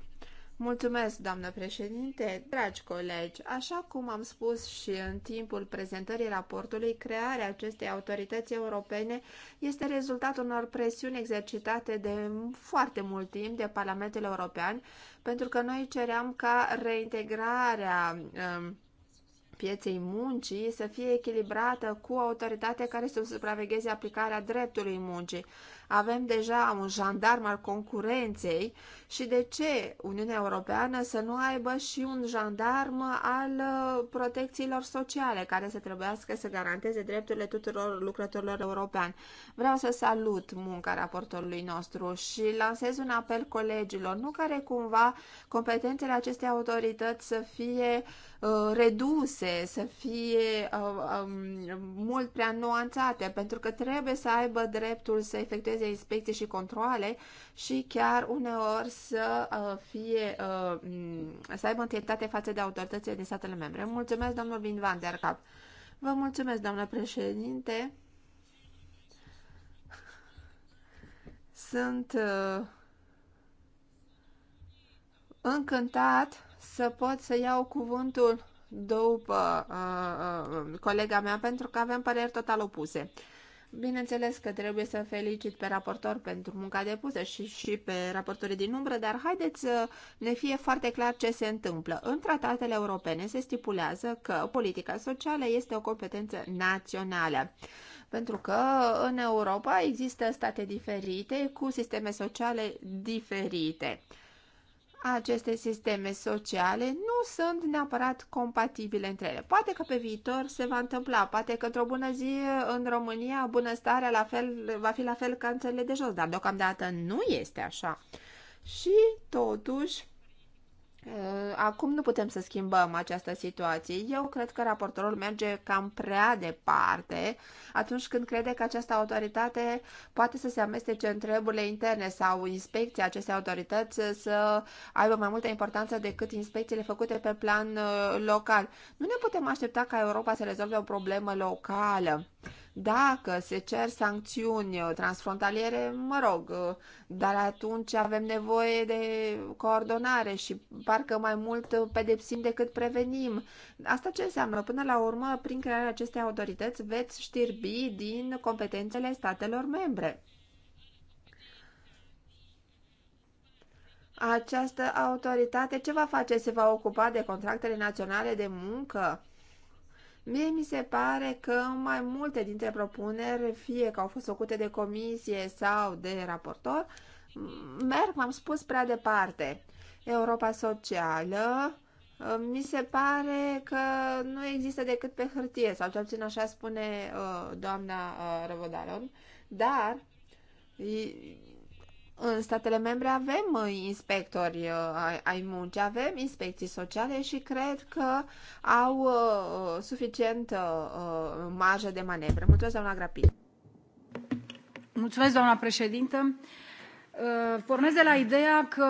Mulțumesc, doamnă președinte, dragi colegi. Așa cum am spus și în timpul prezentării raportului, crearea acestei autorități europene este rezultatul unor presiuni exercitate de foarte mult timp de Parlamentul European, pentru că noi ceream ca reintegrarea um, pieței muncii să fie echilibrată cu o autoritate care să supravegheze aplicarea dreptului muncii, avem deja un jandarm al concurenței și de ce Uniunea Europeană să nu aibă și un jandarm al uh, protecțiilor sociale care să trebuiască să garanteze drepturile tuturor lucrătorilor europeni? Vreau să salut munca raportorului nostru și lansez un apel colegilor, nu care cumva competențele acestei autorități să fie uh, reduse, să fie uh, um, mult prea nuanțate, pentru că trebuie să aibă dreptul să efectueze efectueze inspecții și controle și chiar uneori să uh, fie uh, să aibă întâietate față de autoritățile din statele membre. Mulțumesc, domnul Vin Van der Cap. Vă mulțumesc, doamnă președinte. Sunt uh, încântat să pot să iau cuvântul după uh, uh, colega mea pentru că avem păreri total opuse. Bineînțeles că trebuie să felicit pe raportor pentru munca depusă și, și pe raportorii din umbră, dar haideți să uh, ne fie foarte clar ce se întâmplă. În tratatele europene se stipulează că politica socială este o competență națională. Pentru că în Europa există state diferite cu sisteme sociale diferite aceste sisteme sociale nu sunt neapărat compatibile între ele. Poate că pe viitor se va întâmpla, poate că într-o bună zi în România bunăstarea la fel, va fi la fel ca în țările de jos, dar deocamdată nu este așa. Și totuși Uh, acum nu putem să schimbăm această situație. Eu cred că raportorul merge cam prea departe atunci când crede că această autoritate poate să se amestece în treburile interne sau inspecția acestei autorități să aibă mai multă importanță decât inspecțiile făcute pe plan uh, local. Nu ne putem aștepta ca Europa să rezolve o problemă locală. Dacă se cer sancțiuni uh, transfrontaliere, mă rog, uh, dar atunci avem nevoie de coordonare și parcă mai mult uh, pedepsim decât prevenim. Asta ce înseamnă? Până la urmă, prin crearea acestei autorități, veți știrbi din competențele statelor membre. Această autoritate ce va face? Se va ocupa de contractele naționale de muncă? Mie mi se pare că mai multe dintre propuneri, fie că au fost făcute de comisie sau de raportor, merg, m-am spus, prea departe. Europa Socială, uh, mi se pare că nu există decât pe hârtie, sau cel puțin așa spune uh, doamna uh, dar în statele membre avem uh, inspectori uh, ai muncii, avem inspecții sociale și cred că au uh, suficient marjă de manevră. Mulțumesc, doamna Grapin. Mulțumesc, doamna președintă. Uh, pornesc de la ideea că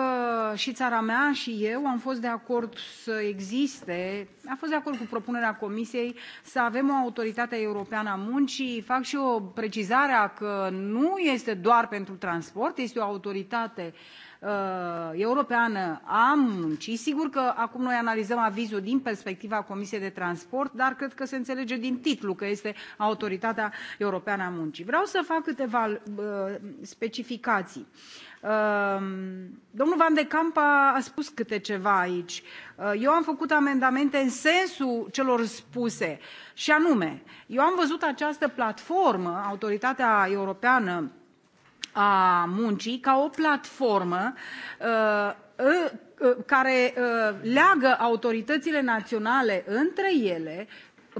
și țara mea și eu am fost de acord să existe, am fost de acord cu propunerea Comisiei să avem o autoritate europeană a muncii. Fac și eu precizarea că nu este doar pentru transport, este o autoritate Uh, europeană a muncii. Sigur că acum noi analizăm avizul din perspectiva Comisiei de Transport, dar cred că se înțelege din titlu că este Autoritatea Europeană a Muncii. Vreau să fac câteva uh, specificații. Uh, domnul Van de Camp a spus câte ceva aici. Eu am făcut amendamente în sensul celor spuse și anume, eu am văzut această platformă, Autoritatea Europeană a muncii ca o platformă uh, uh, uh, care leagă autoritățile naționale între ele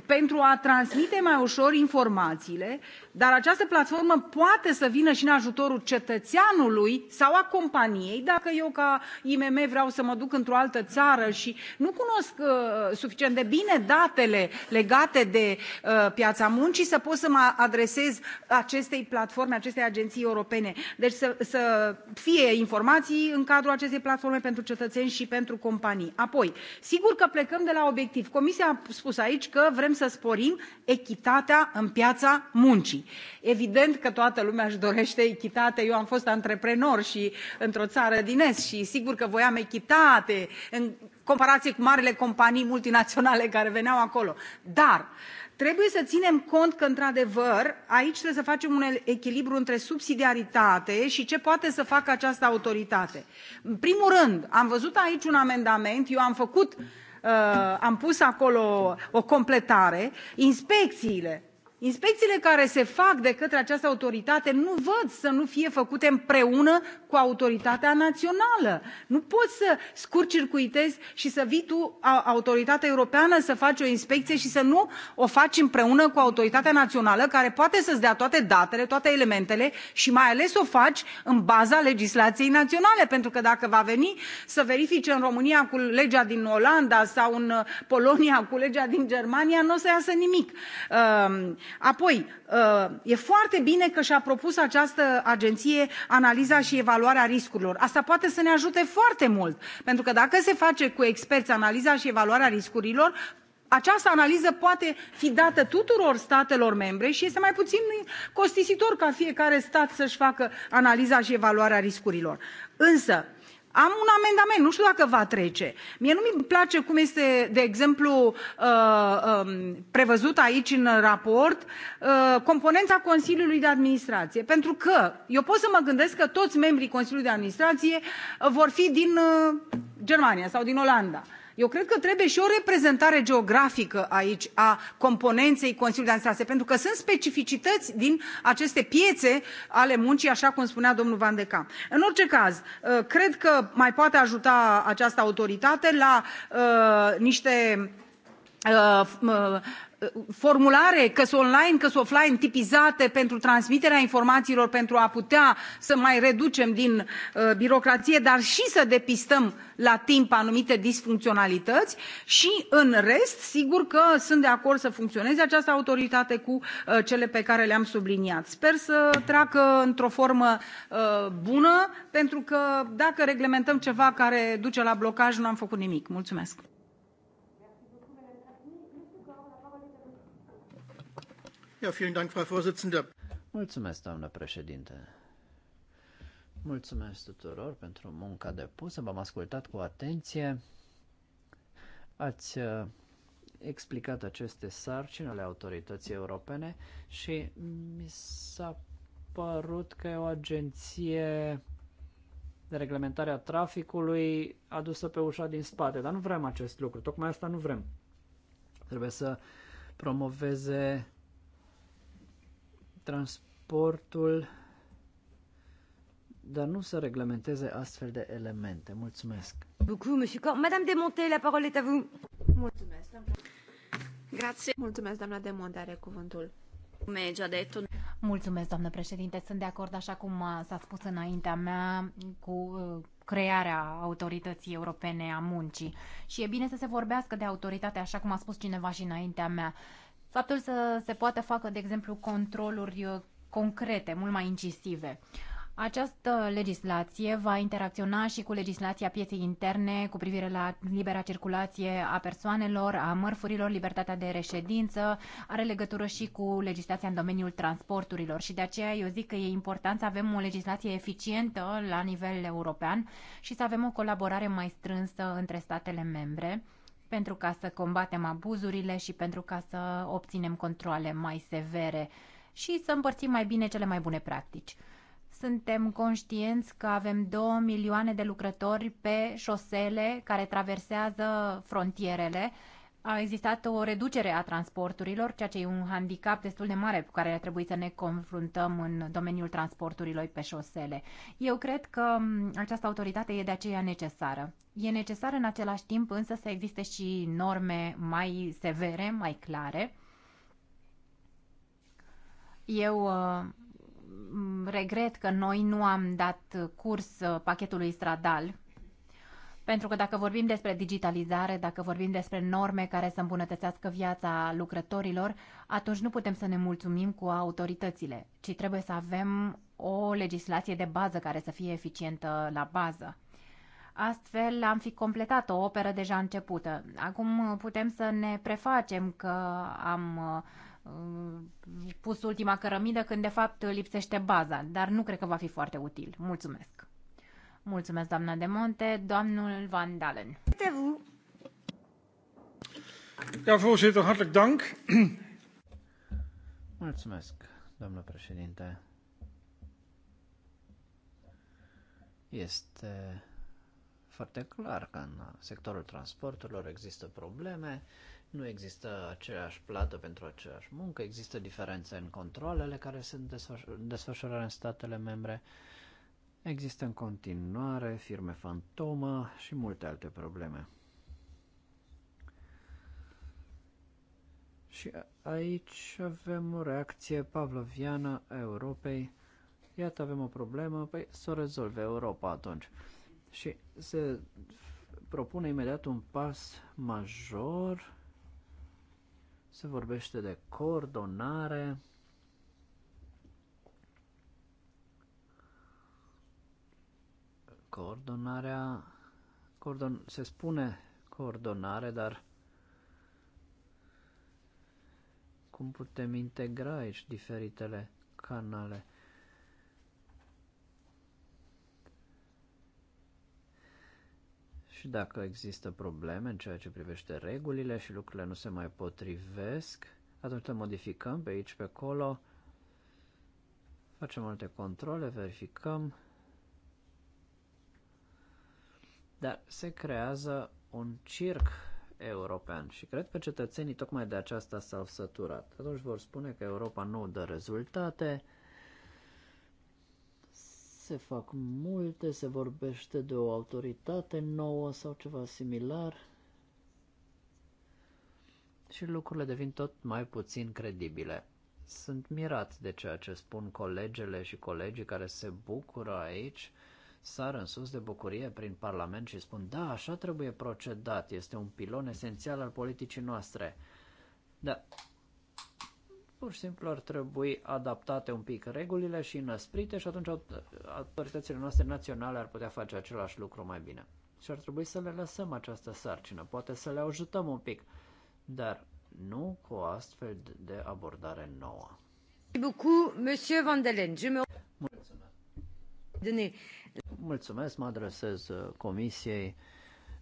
pentru a transmite mai ușor informațiile dar această platformă poate să vină și în ajutorul cetățeanului sau a companiei dacă eu ca imm vreau să mă duc într o altă țară și nu cunosc uh, suficient de bine datele legate de uh, piața muncii să pot să mă adresez acestei platforme acestei agenții europene deci să, să fie informații în cadrul acestei platforme pentru cetățeni și pentru companii. apoi sigur că plecăm de la obiectiv comisia a spus aici că vrem să sporim echitatea în piața muncii evident că toată lumea își dorește echitate eu am fost antreprenor și într o țară din est și sigur că voiam echitate în comparație cu marile companii multinaționale care veneau acolo dar trebuie să ținem cont că într adevăr aici trebuie să facem un echilibru între subsidiaritate și ce poate să facă această autoritate. în primul rând am văzut aici un amendament eu am făcut uh, am pus acolo o completare inspecțiile inspecțiile care se fac de către această autoritate nu văd să nu fie făcute împreună cu autoritatea națională nu poți să scurt circuitezi și să vii tu autoritatea europeană să faci o inspecție și să nu o faci împreună cu autoritatea națională care poate să ți dea toate datele toate elementele și mai ales o faci în baza legislației naționale pentru că dacă va veni să verifice în România cu legea din Olanda sau în uh, Polonia cu legea din Germania nu o să iasă nimic. Uh, apoi uh, e foarte bine că și a propus această agenție analiza și evaluarea riscurilor asta poate să ne ajute foarte mult pentru că dacă se face cu experți analiza și evaluarea riscurilor această analiză poate fi dată tuturor statelor membre și este mai puțin costisitor ca fiecare stat să și facă analiza și evaluarea riscurilor însă am un amendament nu știu dacă va trece. mie nu mi place cum este de exemplu uh, um, prevăzută aici în raport uh, componența consiliului de administrație pentru că eu pot să mă gândesc că toți membrii consiliului de administrație vor fi din uh, germania sau din olanda eu cred că trebuie și o reprezentare geografică aici a componenței consiliului de administrație pentru că sunt specificități din aceste piețe ale muncii așa cum spunea domnul van de camp. în orice caz uh, cred că mai poate ajuta această autoritate la uh, niște uh, formulare, că online, că offline, tipizate pentru transmiterea informațiilor, pentru a putea să mai reducem din uh, birocrație, dar și să depistăm la timp anumite disfuncționalități și în rest, sigur că sunt de acord să funcționeze această autoritate cu uh, cele pe care le-am subliniat. Sper să treacă într-o formă uh, bună, pentru că dacă reglementăm ceva care duce la blocaj, nu am făcut nimic. Mulțumesc! Ja, vielen Dank, Frau Vorsitzende. Mulțumesc, doamnă președinte. Mulțumesc tuturor pentru munca depusă. V-am ascultat cu atenție. Ați uh, explicat aceste sarcini ale autorității europene și mi s-a părut că e o agenție de reglementare a traficului adusă pe ușa din spate, dar nu vrem acest lucru, tocmai asta nu vrem. Trebuie să promoveze transportul, dar nu să reglementeze astfel de elemente. Mulțumesc! Beaucoup, monsieur Cor. Madame de Monte, la parole est à vous. Mulțumesc, doamna. Grazie. Mulțumesc, doamna de Monte, are cuvântul. Mulțumesc, doamnă președinte. Sunt de acord, așa cum uh, s-a spus înaintea mea, cu uh, crearea autorității europene a muncii. Și e bine să se vorbească de autoritate, așa cum a spus cineva și înaintea mea faptul să se poată facă, de exemplu, controluri uh, concrete, mult mai incisive. Această legislație va interacționa și cu legislația pieței interne cu privire la libera circulație a persoanelor, a mărfurilor, libertatea de reședință, are legătură și cu legislația în domeniul transporturilor și de aceea eu zic că e important să avem o legislație eficientă la nivel european și să avem o colaborare mai strânsă între statele membre pentru ca să combatem abuzurile și pentru ca să obținem controle mai severe și să împărțim mai bine cele mai bune practici. Suntem conștienți că avem 2 milioane de lucrători pe șosele care traversează frontierele a existat o reducere a transporturilor, ceea ce e un handicap destul de mare cu care trebuie să ne confruntăm în domeniul transporturilor pe șosele. Eu cred că această autoritate e de aceea necesară. E necesar în același timp însă să existe și norme mai severe, mai clare. Eu uh, regret că noi nu am dat curs uh, pachetului stradal pentru că dacă vorbim despre digitalizare, dacă vorbim despre norme care să îmbunătățească viața lucrătorilor, atunci nu putem să ne mulțumim cu autoritățile, ci trebuie să avem o legislație de bază care să fie eficientă la bază. Astfel am fi completat o operă deja începută. Acum putem să ne prefacem că am uh, pus ultima cărămidă când de fapt lipsește baza, dar nu cred că va fi foarte util. Mulțumesc! Mulțumesc, doamna de Monte. Domnul Van Dalen. Ja, voorzitter, hartelijk dank. Mulțumesc, doamna președinte. Este foarte clar că în sectorul transporturilor există probleme, nu există aceeași plată pentru aceeași muncă, există diferențe în controlele care sunt desfășurate în statele membre. Uh, Există în continuare firme fantomă și multe alte probleme. Și aici avem o reacție pavloviană a Europei. Iată, avem o problemă, păi să o rezolve Europa atunci. Și se propune imediat un pas major. Se vorbește de coordonare. Coordonarea, coordon, se spune coordonare, dar cum putem integra aici diferitele canale? Și dacă există probleme în ceea ce privește regulile și lucrurile nu se mai potrivesc, atunci le modificăm pe aici, pe acolo, facem alte controle, verificăm, Dar se creează un circ european și cred că cetățenii tocmai de aceasta s-au săturat. Atunci vor spune că Europa nu dă rezultate, se fac multe, se vorbește de o autoritate nouă sau ceva similar și lucrurile devin tot mai puțin credibile. Sunt mirat de ceea ce spun colegele și colegii care se bucură aici sar în sus de bucurie prin Parlament și spun da, așa trebuie procedat, este un pilon esențial al politicii noastre. Da, pur și simplu ar trebui adaptate un pic regulile și năsprite și atunci autoritățile noastre naționale ar putea face același lucru mai bine. Și ar trebui să le lăsăm această sarcină, poate să le ajutăm un pic, dar nu cu o astfel de abordare nouă. Mulțumesc mulțumesc, mă adresez uh, comisiei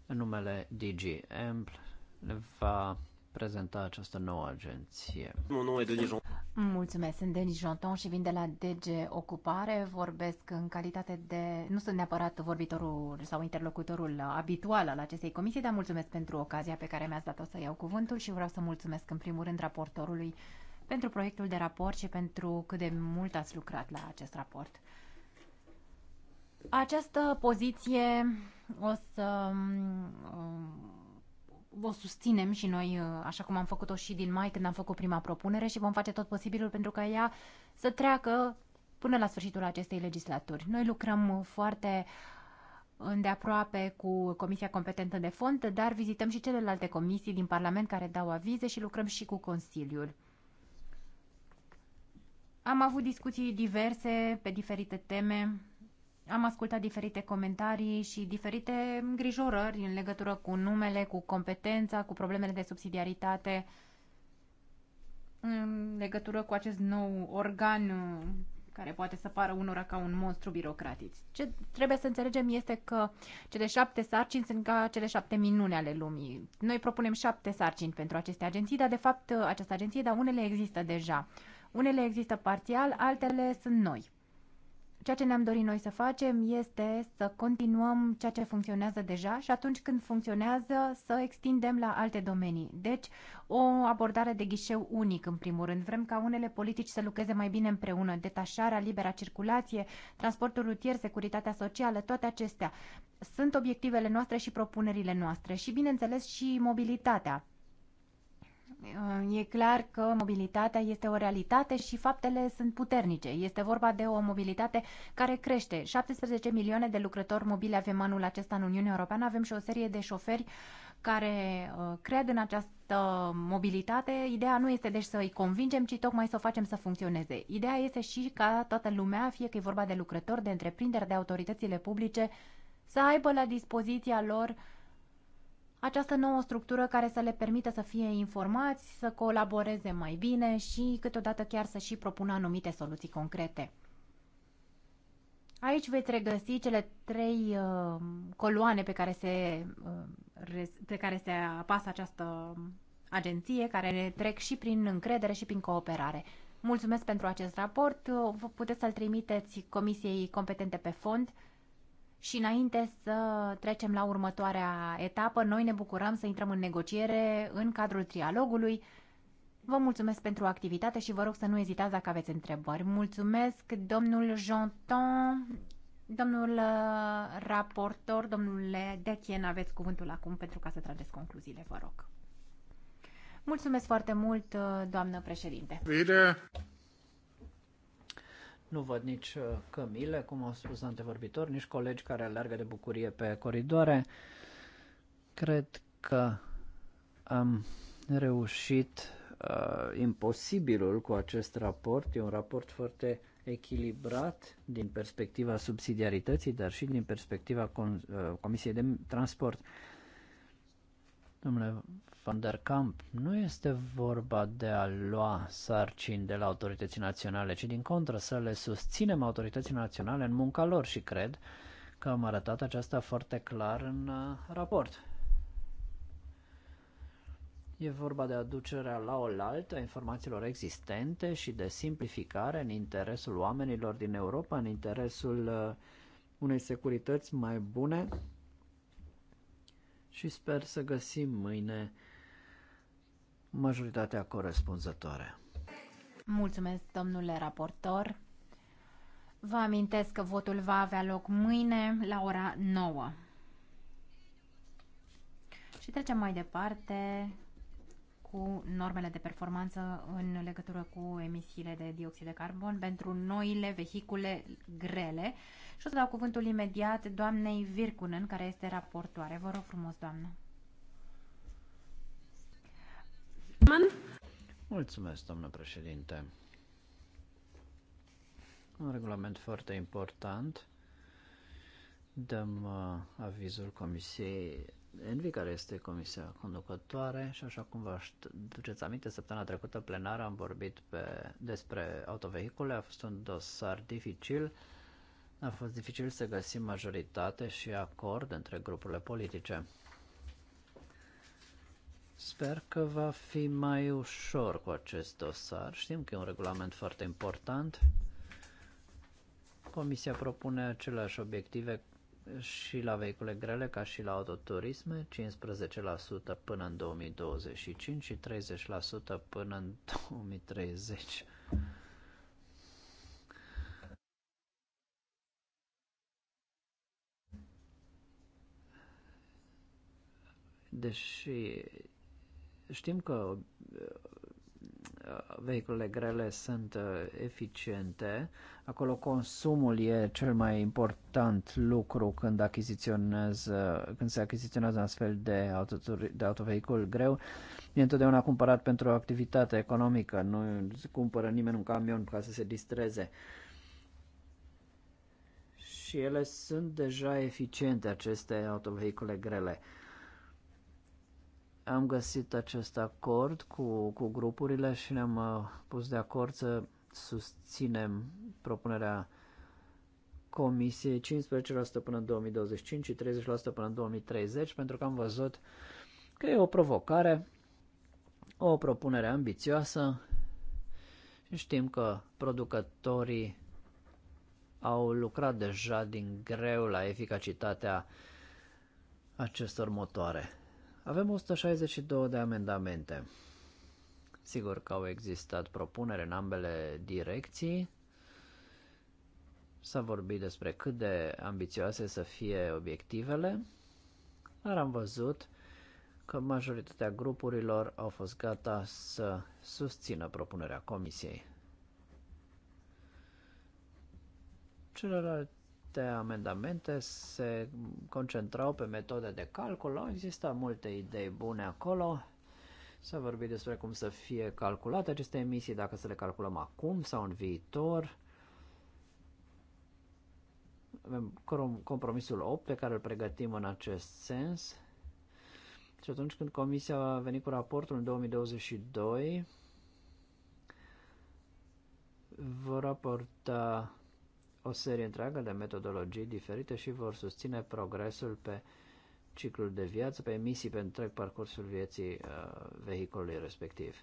în numele DG Ample. Le va prezenta această nouă agenție. Mulțumesc, sunt Denis Jonton și vin de la DG Ocupare. Vorbesc în calitate de... Nu sunt neapărat vorbitorul sau interlocutorul abitual al acestei comisii, dar mulțumesc pentru ocazia pe care mi-ați dat-o să iau cuvântul și vreau să mulțumesc în primul rând raportorului pentru proiectul de raport și pentru cât de mult ați lucrat la acest raport. Această poziție o să um, o susținem și noi, uh, așa cum am făcut-o și din mai când am făcut prima propunere și vom face tot posibilul pentru ca ea să treacă până la sfârșitul acestei legislaturi. Noi lucrăm foarte îndeaproape cu Comisia Competentă de Fond, dar vizităm și celelalte comisii din Parlament care dau avize și lucrăm și cu Consiliul. Am avut discuții diverse pe diferite teme am ascultat diferite comentarii și diferite îngrijorări în legătură cu numele, cu competența, cu problemele de subsidiaritate, în legătură cu acest nou organ uh, care poate să pară unora ca un monstru birocratic. Ce trebuie să înțelegem este că cele șapte sarcini sunt ca cele șapte minune ale lumii. Noi propunem șapte sarcini pentru aceste agenții, dar de fapt uh, această agenție, dar unele există deja. Unele există parțial, altele sunt noi. Ceea ce ne-am dorit noi să facem este să continuăm ceea ce funcționează deja și atunci când funcționează să extindem la alte domenii. Deci, o abordare de ghișeu unic, în primul rând. Vrem ca unele politici să lucreze mai bine împreună. Detașarea, libera circulație, transportul rutier, securitatea socială, toate acestea sunt obiectivele noastre și propunerile noastre și, bineînțeles, și mobilitatea Uh, e clar că mobilitatea este o realitate și faptele sunt puternice. Este vorba de o mobilitate care crește. 17 milioane de lucrători mobili avem anul acesta în Uniunea Europeană. Avem și o serie de șoferi care uh, cred în această mobilitate. Ideea nu este deci să îi convingem, ci tocmai să o facem să funcționeze. Ideea este și ca toată lumea, fie că e vorba de lucrători, de întreprinderi, de autoritățile publice, să aibă la dispoziția lor uh, această nouă structură care să le permită să fie informați, să colaboreze mai bine și câteodată chiar să și propună anumite soluții concrete. Aici veți regăsi cele trei uh, coloane pe care, se, uh, pe care se apasă această agenție, care trec și prin încredere și prin cooperare. Mulțumesc pentru acest raport. Uh, puteți să-l trimiteți Comisiei Competente pe Fond și înainte să trecem la următoarea etapă, noi ne bucurăm să intrăm în negociere în cadrul trialogului. Vă mulțumesc pentru activitate și vă rog să nu ezitați dacă aveți întrebări. Mulțumesc, domnul Jonton, domnul uh, raportor, domnule Dechien, aveți cuvântul acum pentru ca să trageți concluziile, vă rog. Mulțumesc foarte mult, uh, doamnă președinte. Bine. Nu văd nici uh, cămile, cum au spus antevorbitor, nici colegi care alergă de bucurie pe coridoare. Cred că am reușit uh, imposibilul cu acest raport. E un raport foarte echilibrat din perspectiva subsidiarității, dar și din perspectiva Com- uh, Comisiei de Transport. Domnule Van der Kamp, nu este vorba de a lua sarcini de la autorității naționale, ci din contră să le susținem autorității naționale în munca lor și cred că am arătat aceasta foarte clar în uh, raport. E vorba de aducerea la oaltă a informațiilor existente și de simplificare în interesul oamenilor din Europa, în interesul uh, unei securități mai bune și sper să găsim mâine majoritatea corespunzătoare. Mulțumesc, domnule raportor. Vă amintesc că votul va avea loc mâine la ora 9. Și trecem mai departe cu normele de performanță în legătură cu emisiile de dioxid de carbon pentru noile vehicule grele. Și o să dau cuvântul imediat doamnei Virkunen, care este raportoare. Vă rog frumos, doamnă. Mulțumesc, doamnă președinte. Un regulament foarte important. Dăm uh, avizul Comisiei Envi, care este comisia conducătoare și așa cum vă duceți aminte, săptămâna trecută plenară am vorbit pe, despre autovehicule, a fost un dosar dificil, a fost dificil să găsim majoritate și acord între grupurile politice. Sper că va fi mai ușor cu acest dosar. Știm că e un regulament foarte important. Comisia propune aceleași obiective și la vehicule grele ca și la autoturisme, 15% până în 2025 și 30% până în 2030. Deși știm că Uh, vehiculele grele sunt uh, eficiente. Acolo consumul e cel mai important lucru când, achiziționează, când se achiziționează astfel de, autoturi, de autovehicul greu. E întotdeauna cumpărat pentru o activitate economică, nu se cumpără nimeni un camion ca să se distreze. Și ele sunt deja eficiente, aceste autovehicule grele am găsit acest acord cu, cu grupurile și ne-am uh, pus de acord să susținem propunerea comisiei 15% până în 2025 și 30% până în 2030 pentru că am văzut că e o provocare, o propunere ambițioasă și știm că producătorii au lucrat deja din greu la eficacitatea acestor motoare. Avem 162 de amendamente. Sigur că au existat propunere în ambele direcții. S-a vorbit despre cât de ambițioase să fie obiectivele, dar am văzut că majoritatea grupurilor au fost gata să susțină propunerea comisiei. Celălalt aceste amendamente se concentrau pe metode de calcul, au existat multe idei bune acolo. S-a vorbit despre cum să fie calculate aceste emisii, dacă să le calculăm acum sau în viitor. Avem compromisul 8 pe care îl pregătim în acest sens. Și atunci când Comisia a venit cu raportul în 2022, vor raporta o serie întreagă de metodologii diferite și vor susține progresul pe ciclul de viață, pe emisii pe întreg parcursul vieții uh, vehiculului respectiv.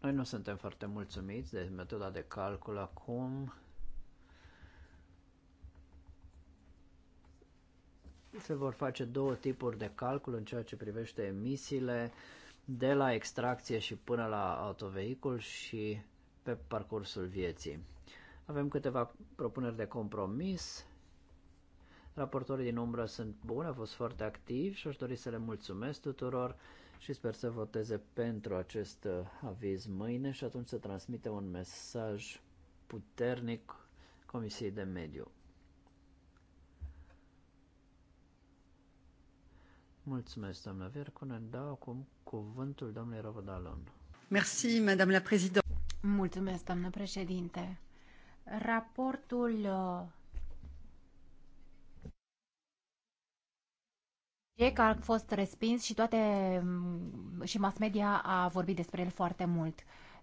Noi nu suntem foarte mulțumiți de metoda de calcul acum. Se vor face două tipuri de calcul în ceea ce privește emisiile de la extracție și până la autovehicul și pe parcursul vieții. Avem câteva propuneri de compromis. Raportorii din umbră sunt buni, au fost foarte activi și aș dori să le mulțumesc tuturor și sper să voteze pentru acest uh, aviz mâine și atunci să transmite un mesaj puternic Comisiei de Mediu. Mulțumesc, doamna Vercunen. Dau acum cuvântul domnului Rovodalon. Merci, madame la présidente. Mulțumesc, doamnă președinte. Raportul uh, E că a fost respins și toate mm, și mass media a vorbit despre el foarte mult.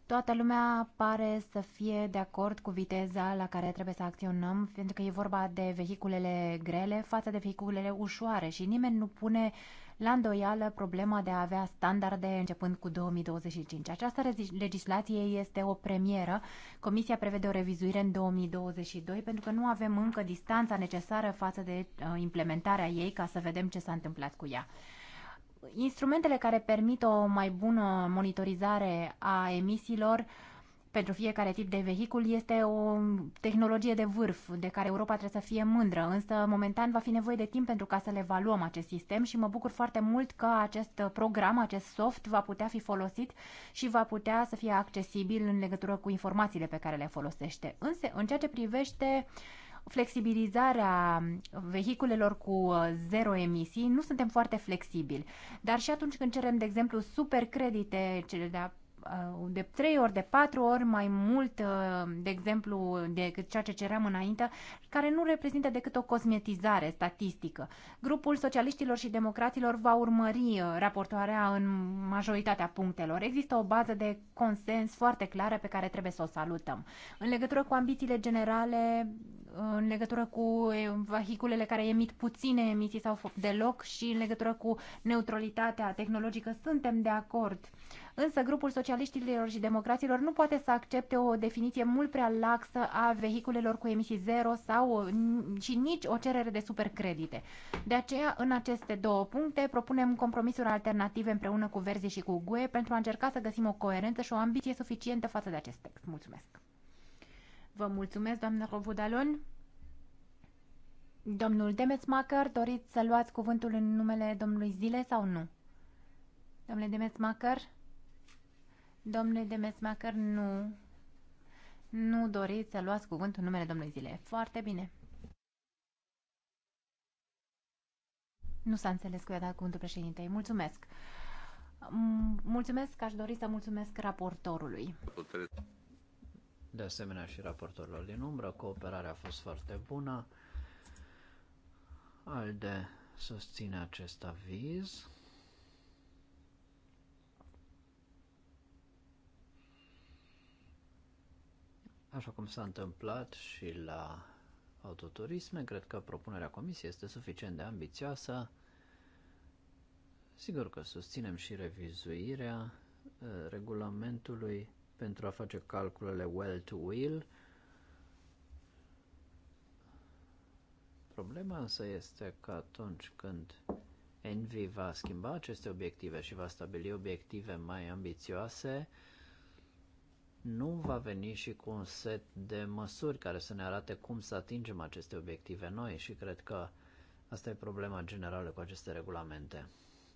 Toată lumea pare să fie de acord cu viteza la care trebuie să acționăm, pentru că e vorba de vehiculele grele față de vehiculele ușoare și nimeni nu pune uh, la îndoială problema de a avea standarde începând cu 2025. Această legislație este o premieră. Comisia prevede o revizuire în 2022 pentru că nu avem încă distanța necesară față de uh, implementarea ei ca să vedem ce s-a întâmplat cu ea. Instrumentele care permit o mai bună monitorizare a emisiilor uh, pentru fiecare tip de vehicul este o tehnologie de vârf de care Europa trebuie să fie mândră, însă momentan va fi nevoie de timp pentru ca să le evaluăm acest sistem și mă bucur foarte mult că acest program, acest soft va putea fi folosit și va putea să fie accesibil în legătură cu informațiile pe care le folosește. Însă, în ceea ce privește flexibilizarea vehiculelor cu uh, zero emisii, nu suntem foarte flexibili. Dar și atunci când cerem, de exemplu, supercredite, cele de-a Uh, de trei ori, de patru ori mai mult, uh, de exemplu, decât ceea ce ceream înainte, care nu reprezintă decât o cosmetizare statistică. Grupul socialiștilor și democraților va urmări uh, raportoarea în majoritatea punctelor. Există o bază de consens foarte clară pe care trebuie să o salutăm. În legătură cu ambițiile generale, în legătură cu vehiculele care emit puține emisii sau deloc și în legătură cu neutralitatea tehnologică, suntem de acord. Însă grupul socialiștilor și democraților nu poate să accepte o definiție mult prea laxă a vehiculelor cu emisii zero sau mm, și nici o cerere de supercredite. De aceea, în aceste două puncte, propunem compromisuri alternative împreună cu Verzi și cu GUE pentru a încerca să găsim o coerență și o ambiție suficientă față de acest text. Mulțumesc! Vă mulțumesc, doamnă Rovodalon. Domnul Demesmacher, doriți să luați cuvântul în numele domnului Zile sau nu? Domnule Demesmacher? Domnule Demesmacher, nu. Nu doriți să luați cuvântul numele domnului Zile. Foarte bine. Nu s-a înțeles cu ea dat cuvântul președintei. Mulțumesc. Mulțumesc, aș dori să mulțumesc raportorului. De asemenea și raportorilor din umbră, cooperarea a fost foarte bună. Alde susține acest aviz. Așa cum s-a întâmplat și la autoturisme, cred că propunerea comisiei este suficient de ambițioasă. Sigur că susținem și revizuirea uh, regulamentului pentru a face calculele well-to-wheel. Problema însă este că atunci când Envy va schimba aceste obiective și va stabili obiective mai ambițioase, uh, nu va veni și cu un set de măsuri care să ne arate cum să atingem aceste obiective noi și cred că asta e problema generală cu aceste regulamente.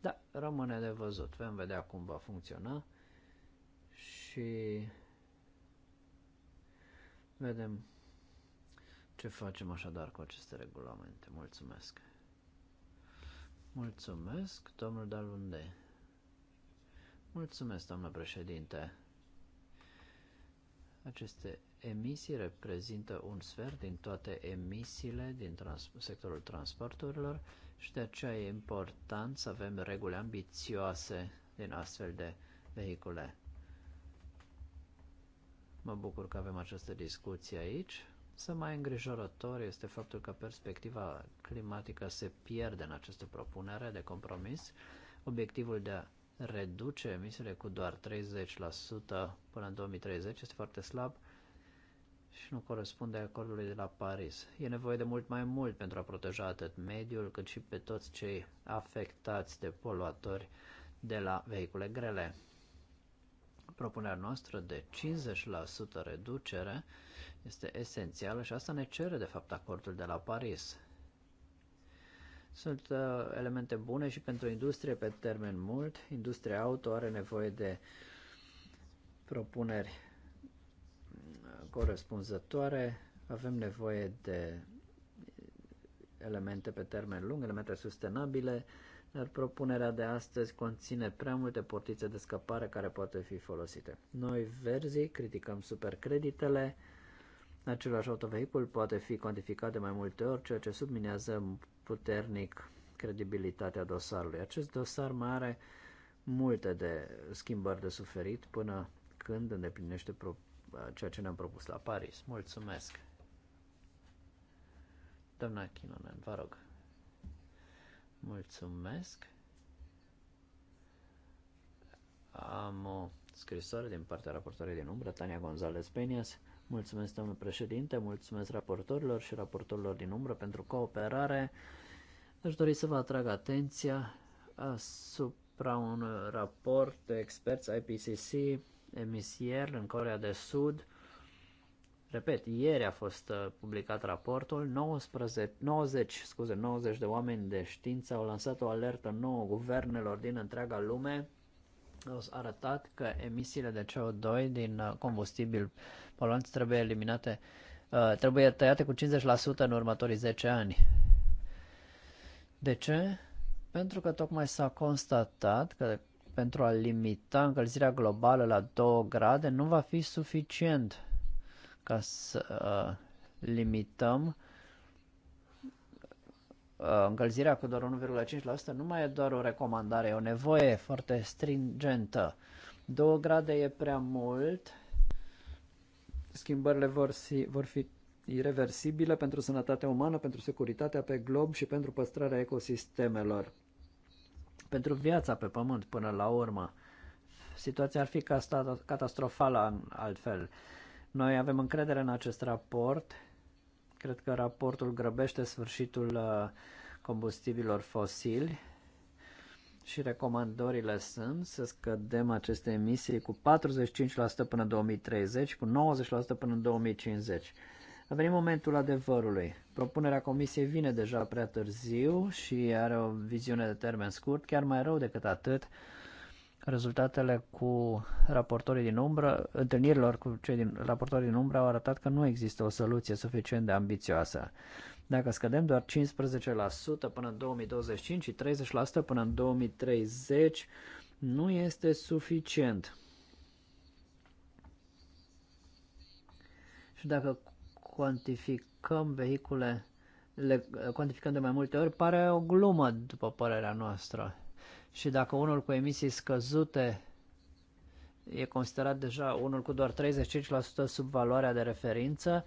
Da, rămâne de văzut. Vom vedea cum va funcționa și vedem ce facem așadar cu aceste regulamente. Mulțumesc! Mulțumesc, domnul Dalunde. Mulțumesc, domnule președinte. Aceste emisii reprezintă un sfert din toate emisiile din trans- sectorul transporturilor și de aceea e important să avem reguli ambițioase din astfel de vehicule. Mă bucur că avem această discuție aici. Să mai îngrijorător este faptul că perspectiva climatică se pierde în această propunere de compromis. Obiectivul de a reduce emisiile cu doar 30% până în 2030 este foarte slab și nu corespunde acordului de la Paris. E nevoie de mult mai mult pentru a proteja atât mediul cât și pe toți cei afectați de poluatori de la vehicule grele. Propunerea noastră de 50% reducere este esențială și asta ne cere de fapt acordul de la Paris. Sunt uh, elemente bune și pentru industrie pe termen mult. Industria auto are nevoie de propuneri uh, corespunzătoare. Avem nevoie de elemente pe termen lung, elemente sustenabile, dar propunerea de astăzi conține prea multe portițe de scăpare care poate fi folosite. Noi, verzii, criticăm supercreditele, același autovehicul poate fi cuantificat de mai multe ori, ceea ce subminează puternic credibilitatea dosarului. Acest dosar mai are multe de schimbări de suferit până când îndeplinește pro- ceea ce ne-am propus la Paris. Mulțumesc! Doamna Chinonen, vă rog. Mulțumesc. Am o scrisoare din partea raportoarei din umbră, Tania González Peñas, Mulțumesc, domnul președinte, mulțumesc raportorilor și raportorilor din umbră pentru cooperare. Aș dori să vă atrag atenția asupra un raport de experți IPCC emis ieri în Corea de Sud. Repet, ieri a fost uh, publicat raportul, 19, 90, scuze, 90 de oameni de știință au lansat o alertă nouă guvernelor din întreaga lume au arătat că emisiile de CO2 din uh, combustibil poluant trebuie eliminate, uh, trebuie tăiate cu 50% în următorii 10 ani. De ce? Pentru că tocmai s-a constatat că pentru a limita încălzirea globală la 2 grade nu va fi suficient ca să uh, limităm Uh, încălzirea cu doar 1,5% nu mai e doar o recomandare, e o nevoie foarte stringentă. 2 grade e prea mult, schimbările vor, vor fi irreversibile pentru sănătatea umană, pentru securitatea pe glob și pentru păstrarea ecosistemelor. Pentru viața pe pământ până la urmă. Situația ar fi catastrofală altfel. Noi avem încredere în acest raport Cred că raportul grăbește sfârșitul uh, combustibilor fosili și recomandările sunt să scădem aceste emisii cu 45% până 2030, cu 90% până în 2050. A venit momentul adevărului. Propunerea comisiei vine deja prea târziu și are o viziune de termen scurt, chiar mai rău decât atât. Rezultatele cu raportorii din umbră, întâlnirilor cu cei din raportorii din umbră au arătat că nu există o soluție suficient de ambițioasă. Dacă scădem doar 15% până în 2025 și 30% până în 2030, nu este suficient. Și dacă cuantificăm vehicule, le cuantificăm de mai multe ori, pare o glumă, după părerea noastră și dacă unul cu emisii scăzute e considerat deja unul cu doar 35% sub valoarea de referință,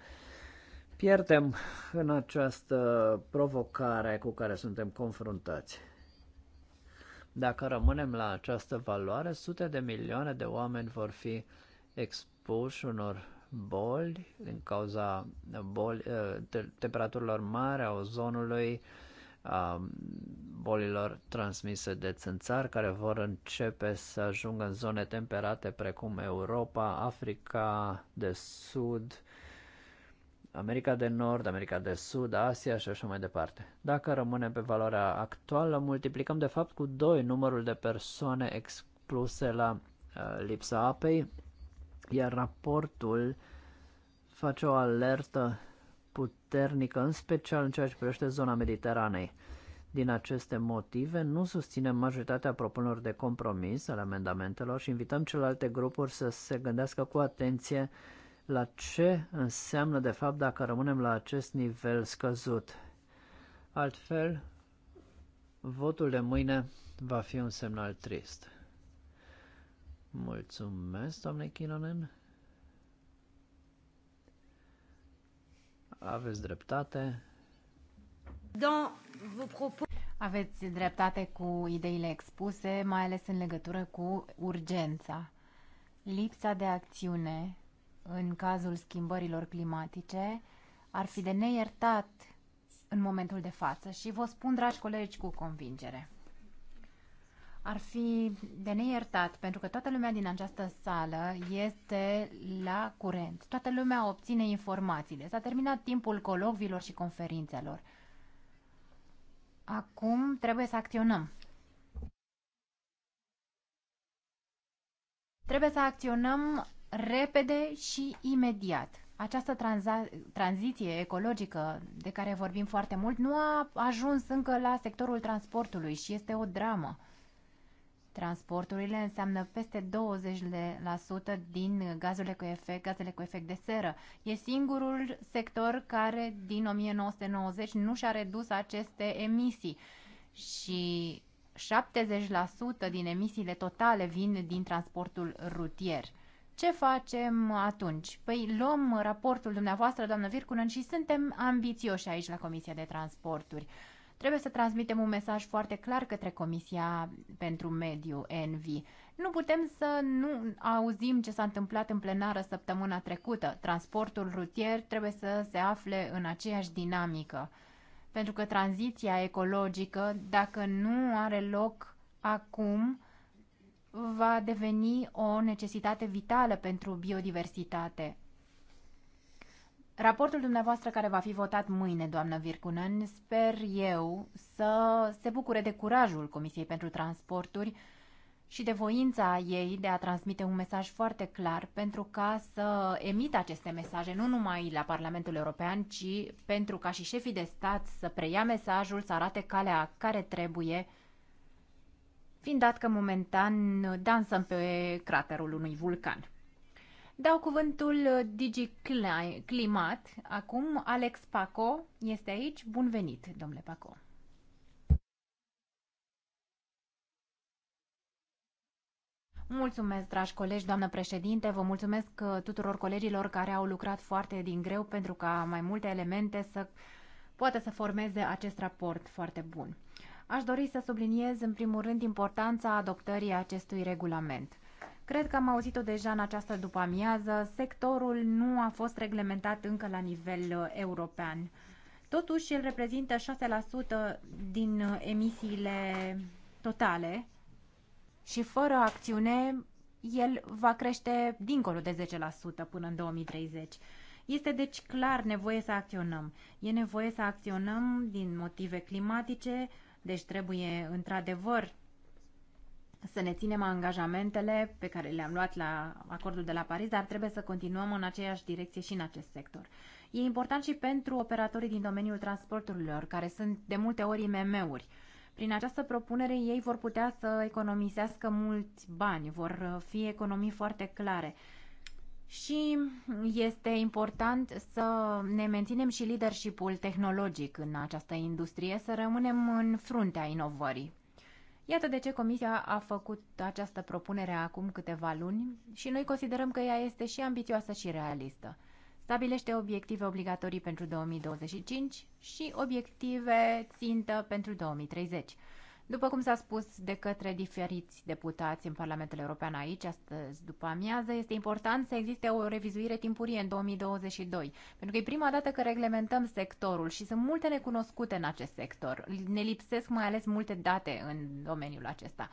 pierdem în această provocare cu care suntem confruntați. Dacă rămânem la această valoare, sute de milioane de oameni vor fi expuși unor boli din cauza boli, eh, temperaturilor mari, a ozonului, a bolilor transmise de țânțari care vor începe să ajungă în zone temperate precum Europa, Africa de Sud, America de Nord, America de Sud, Asia și așa mai departe. Dacă rămânem pe valoarea actuală, multiplicăm de fapt cu 2 numărul de persoane expuse la uh, lipsa apei, iar raportul face o alertă puternică, în special în ceea ce privește zona Mediteranei. Din aceste motive, nu susținem majoritatea propunerilor de compromis ale amendamentelor și invităm celelalte grupuri să se gândească cu atenție la ce înseamnă, de fapt, dacă rămânem la acest nivel scăzut. Altfel, votul de mâine va fi un semnal trist. Mulțumesc, doamne Chinonen. Aveți dreptate. Aveți dreptate cu ideile expuse, mai ales în legătură cu urgența. Lipsa de acțiune în cazul schimbărilor climatice ar fi de neiertat în momentul de față și vă spun, dragi colegi, cu convingere. Ar fi de neiertat pentru că toată lumea din această sală este la curent. Toată lumea obține informațiile. Deci s-a terminat timpul colocvilor și conferințelor. Acum trebuie să acționăm. Trebuie să acționăm repede și imediat. Această tranza- tranziție ecologică de care vorbim foarte mult nu a ajuns încă la sectorul transportului și este o dramă. Transporturile înseamnă peste 20% din gazurile cu efect, gazele cu efect de seră. E singurul sector care din 1990 nu și-a redus aceste emisii și 70% din emisiile totale vin din transportul rutier. Ce facem atunci? Păi luăm raportul dumneavoastră, doamnă Vircunen, și suntem ambițioși aici la Comisia de Transporturi. Trebuie să transmitem un mesaj foarte clar către Comisia pentru Mediu, ENVI. Nu putem să nu auzim ce s-a întâmplat în plenară săptămâna trecută. Transportul rutier trebuie să se afle în aceeași dinamică. Pentru că tranziția ecologică, dacă nu are loc acum, va deveni o necesitate vitală pentru biodiversitate. Raportul dumneavoastră care va fi votat mâine, doamnă Virkunen, sper eu să se bucure de curajul Comisiei pentru Transporturi și de voința ei de a transmite un mesaj foarte clar pentru ca să emită aceste mesaje nu numai la Parlamentul European, ci pentru ca și șefii de stat să preia mesajul, să arate calea care trebuie, fiind dat că momentan dansăm pe craterul unui vulcan. Dau cuvântul uh, Digi Climat. Acum Alex Paco este aici. Bun venit, domnule Paco. Mulțumesc, dragi colegi, doamnă președinte, vă mulțumesc uh, tuturor colegilor care au lucrat foarte din greu pentru ca mai multe elemente să poată să formeze acest raport foarte bun. Aș dori să subliniez în primul rând importanța adoptării acestui regulament. Cred că am auzit-o deja în această după-amiază, sectorul nu a fost reglementat încă la nivel uh, european. Totuși, el reprezintă 6% din uh, emisiile totale și fără acțiune, el va crește dincolo de 10% până în 2030. Este deci clar nevoie să acționăm. E nevoie să acționăm din motive climatice, deci trebuie într-adevăr să ne ținem angajamentele pe care le-am luat la acordul de la Paris, dar trebuie să continuăm în aceeași direcție și în acest sector. E important și pentru operatorii din domeniul transporturilor, care sunt de multe ori IMM-uri. Prin această propunere ei vor putea să economisească mulți bani, vor fi economii foarte clare. Și este important să ne menținem și leadership-ul tehnologic în această industrie, să rămânem în fruntea inovării. Iată de ce Comisia a făcut această propunere acum câteva luni și noi considerăm că ea este și ambițioasă și realistă. Stabilește obiective obligatorii pentru 2025 și obiective țintă pentru 2030. După cum s-a spus de către diferiți deputați în Parlamentul European aici, astăzi după amiază, este important să existe o revizuire timpurie în 2022, pentru că e prima dată că reglementăm sectorul și sunt multe necunoscute în acest sector. Ne lipsesc mai ales multe date în domeniul acesta.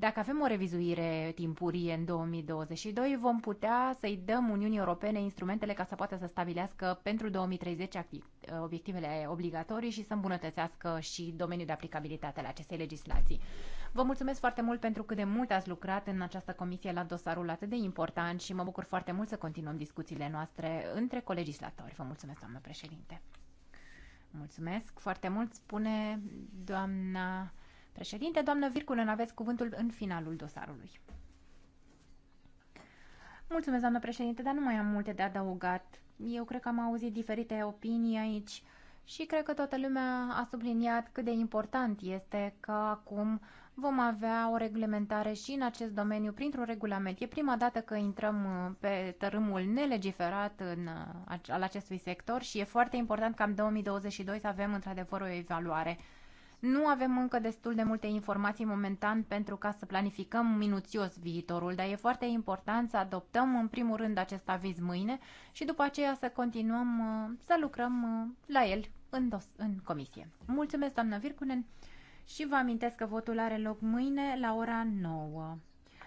Dacă avem o revizuire timpurie în 2022, vom putea să-i dăm Uniunii Europene instrumentele ca să poată să stabilească pentru 2030 ă, obiectivele obligatorii și să îmbunătățească și domeniul de aplicabilitate al acestei legislații. Vă mulțumesc foarte mult pentru cât de mult ați lucrat în această comisie la dosarul atât de important și mă bucur foarte mult să continuăm discuțiile noastre între colegislatori. Vă mulțumesc, doamnă președinte. Mulțumesc foarte mult, spune doamna președinte. Doamnă Vircunen, aveți cuvântul în finalul dosarului. Mulțumesc, doamnă președinte, dar nu mai am multe de adăugat. Eu cred că am auzit diferite opinii aici și cred că toată lumea a subliniat cât de important este că acum vom avea o reglementare și în acest domeniu printr-un regulament. E prima dată că intrăm uh, pe tărâmul nelegiferat în, uh, al acestui sector și e foarte important ca în 2022 să avem într-adevăr o evaluare nu avem încă destul de multe informații momentan pentru ca să planificăm minuțios viitorul, dar e foarte important să adoptăm în primul rând acest aviz mâine și după aceea să continuăm uh, să lucrăm uh, la el în, dos- în comisie. Mulțumesc, doamnă Virkunen, și vă amintesc că votul are loc mâine la ora 9.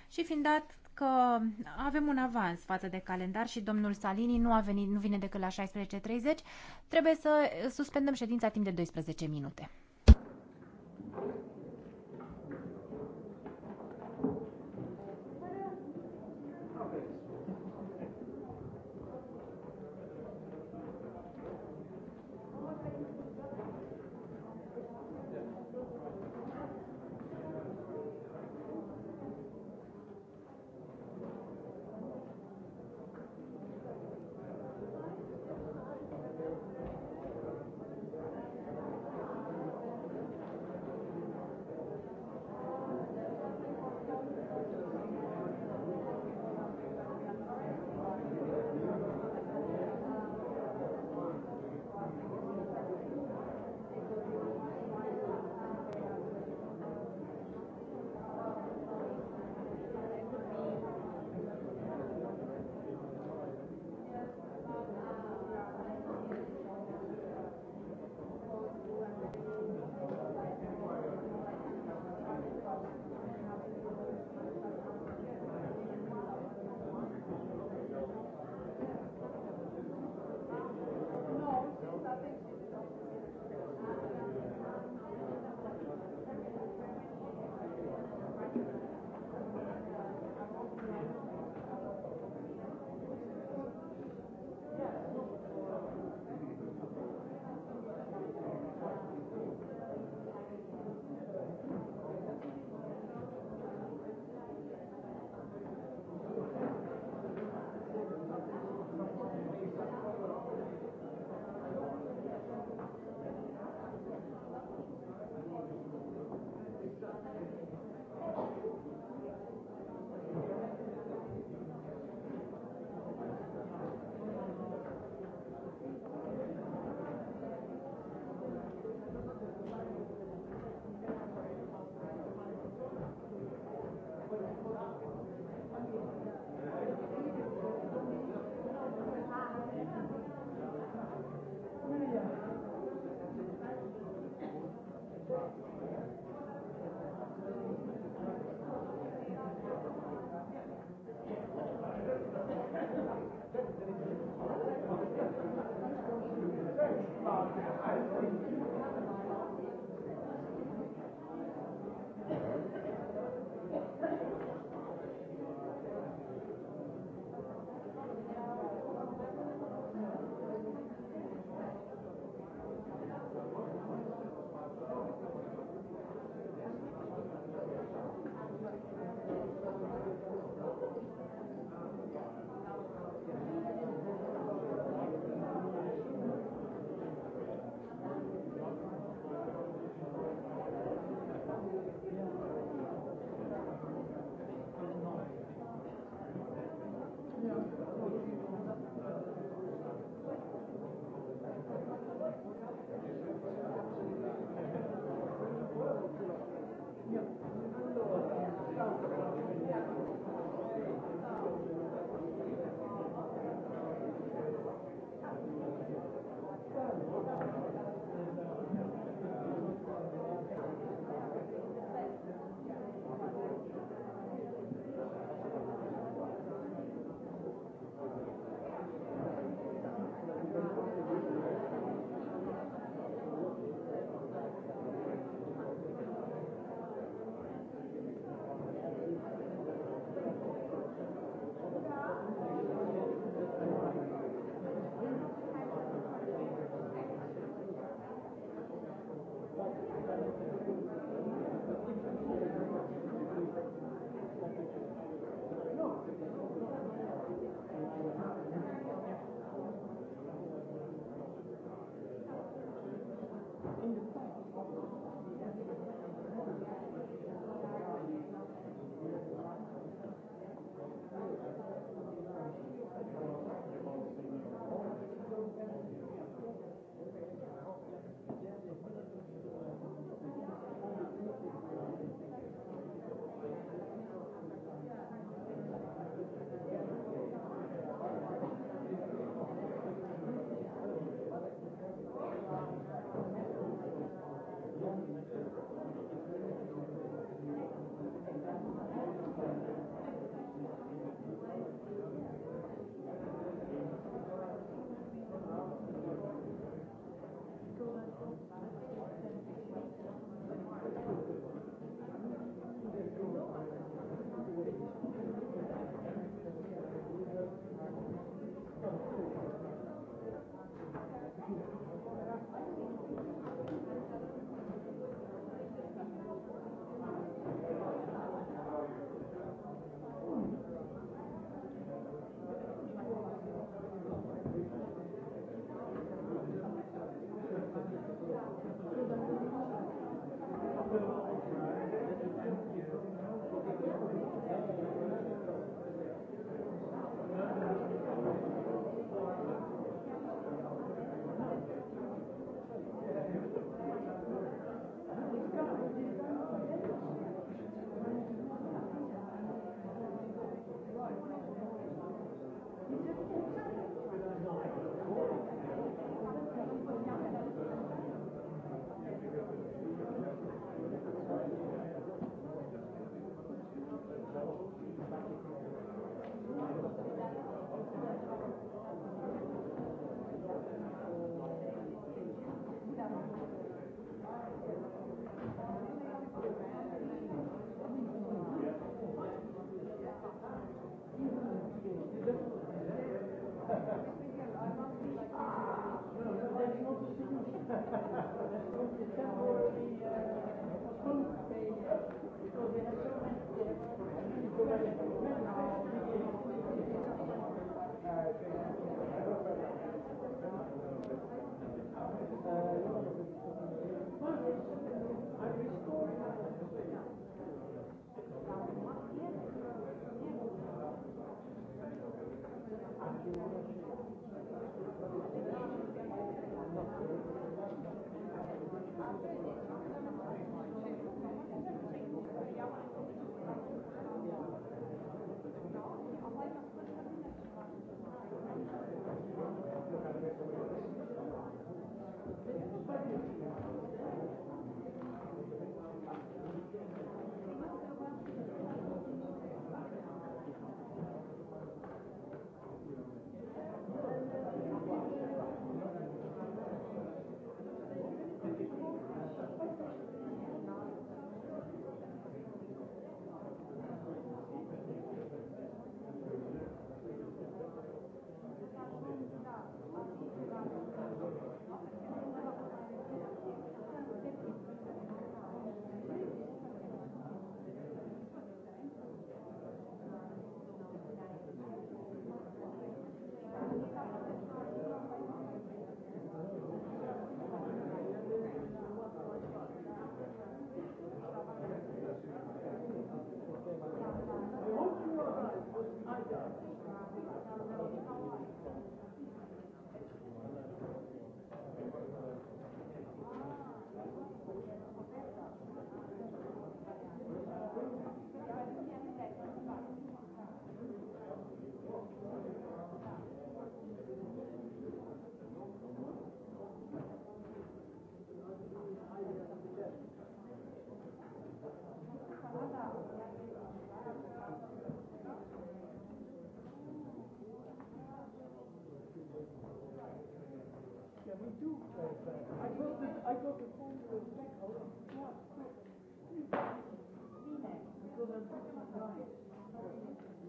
Și fiind dat că avem un avans față de calendar și domnul Salini nu, a venit, nu vine decât la 16.30, trebuie să suspendăm ședința timp de 12 minute.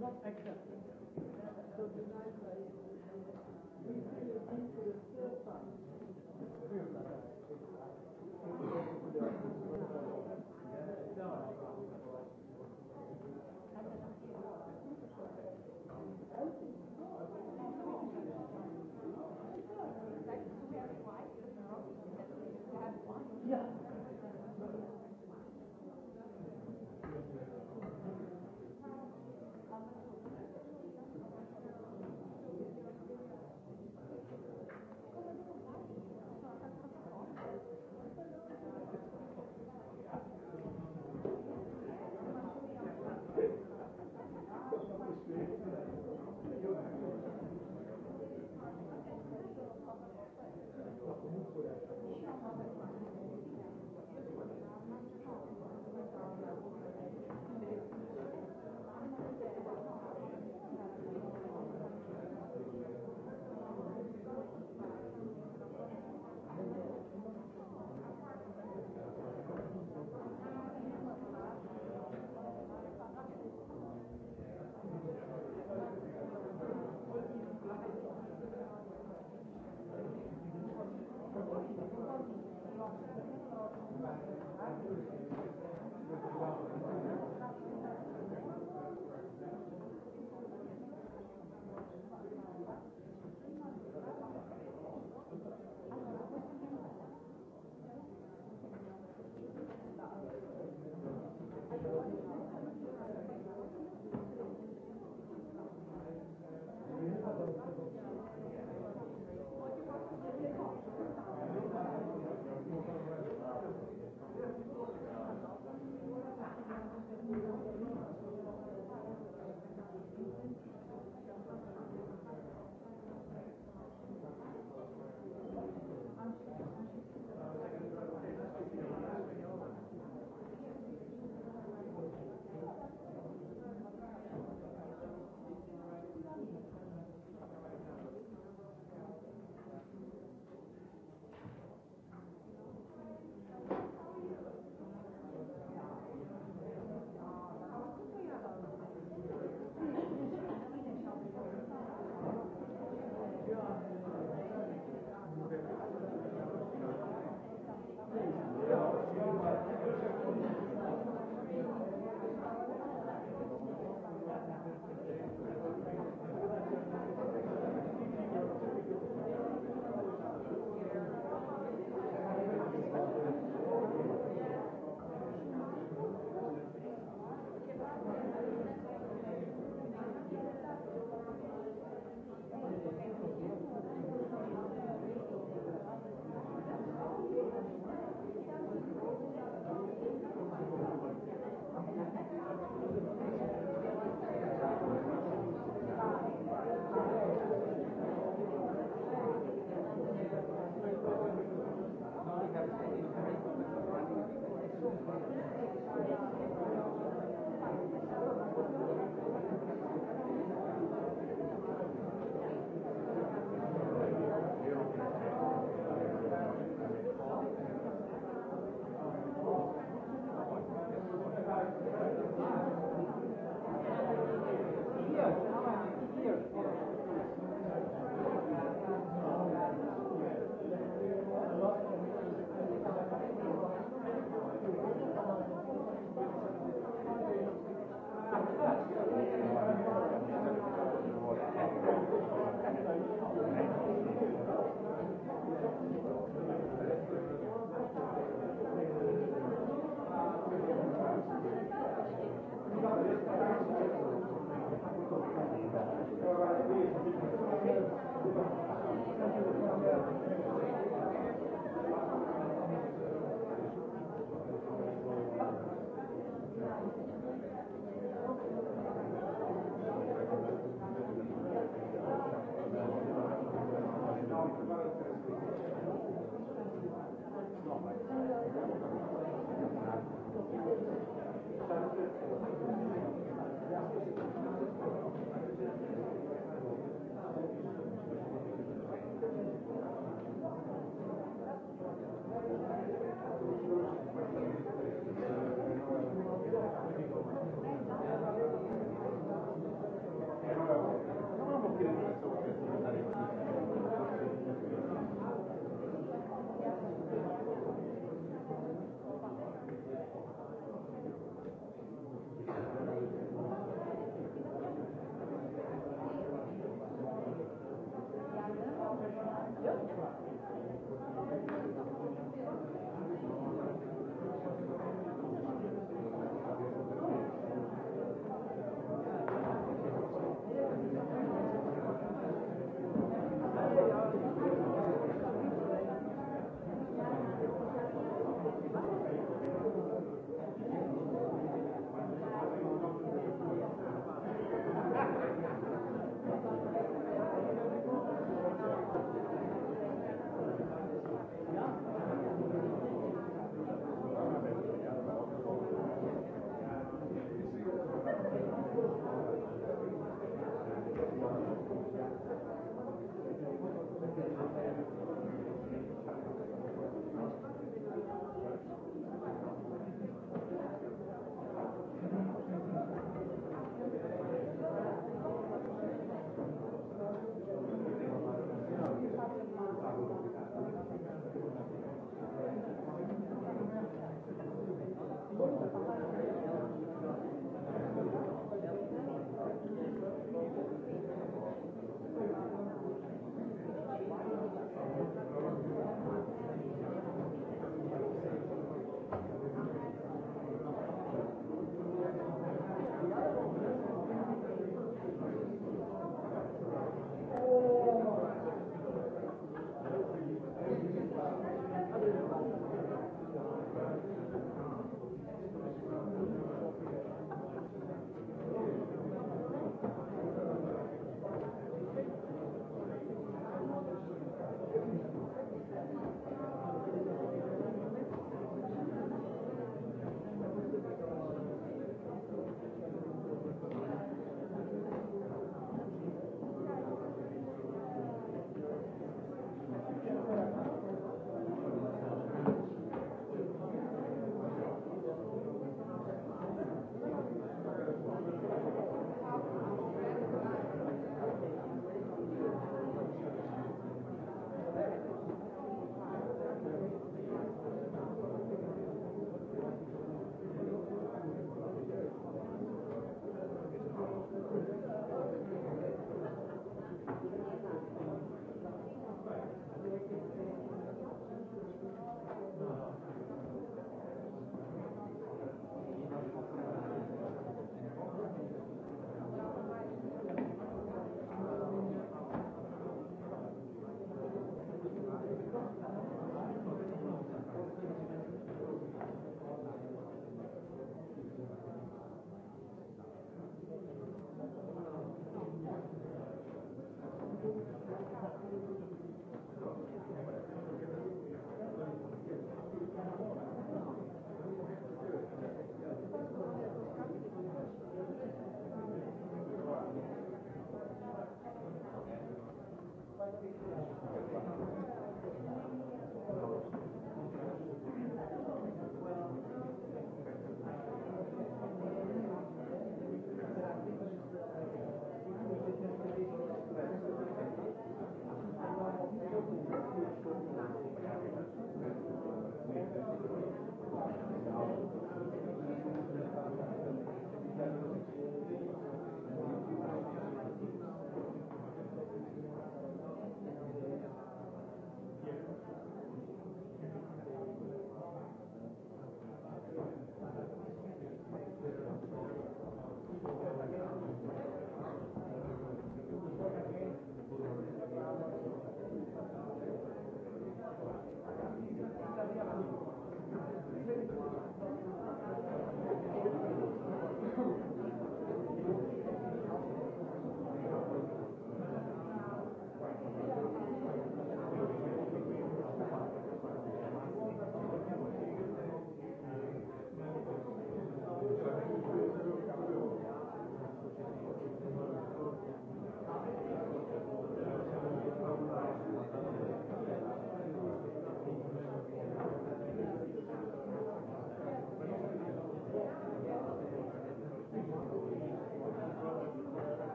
Not accepted.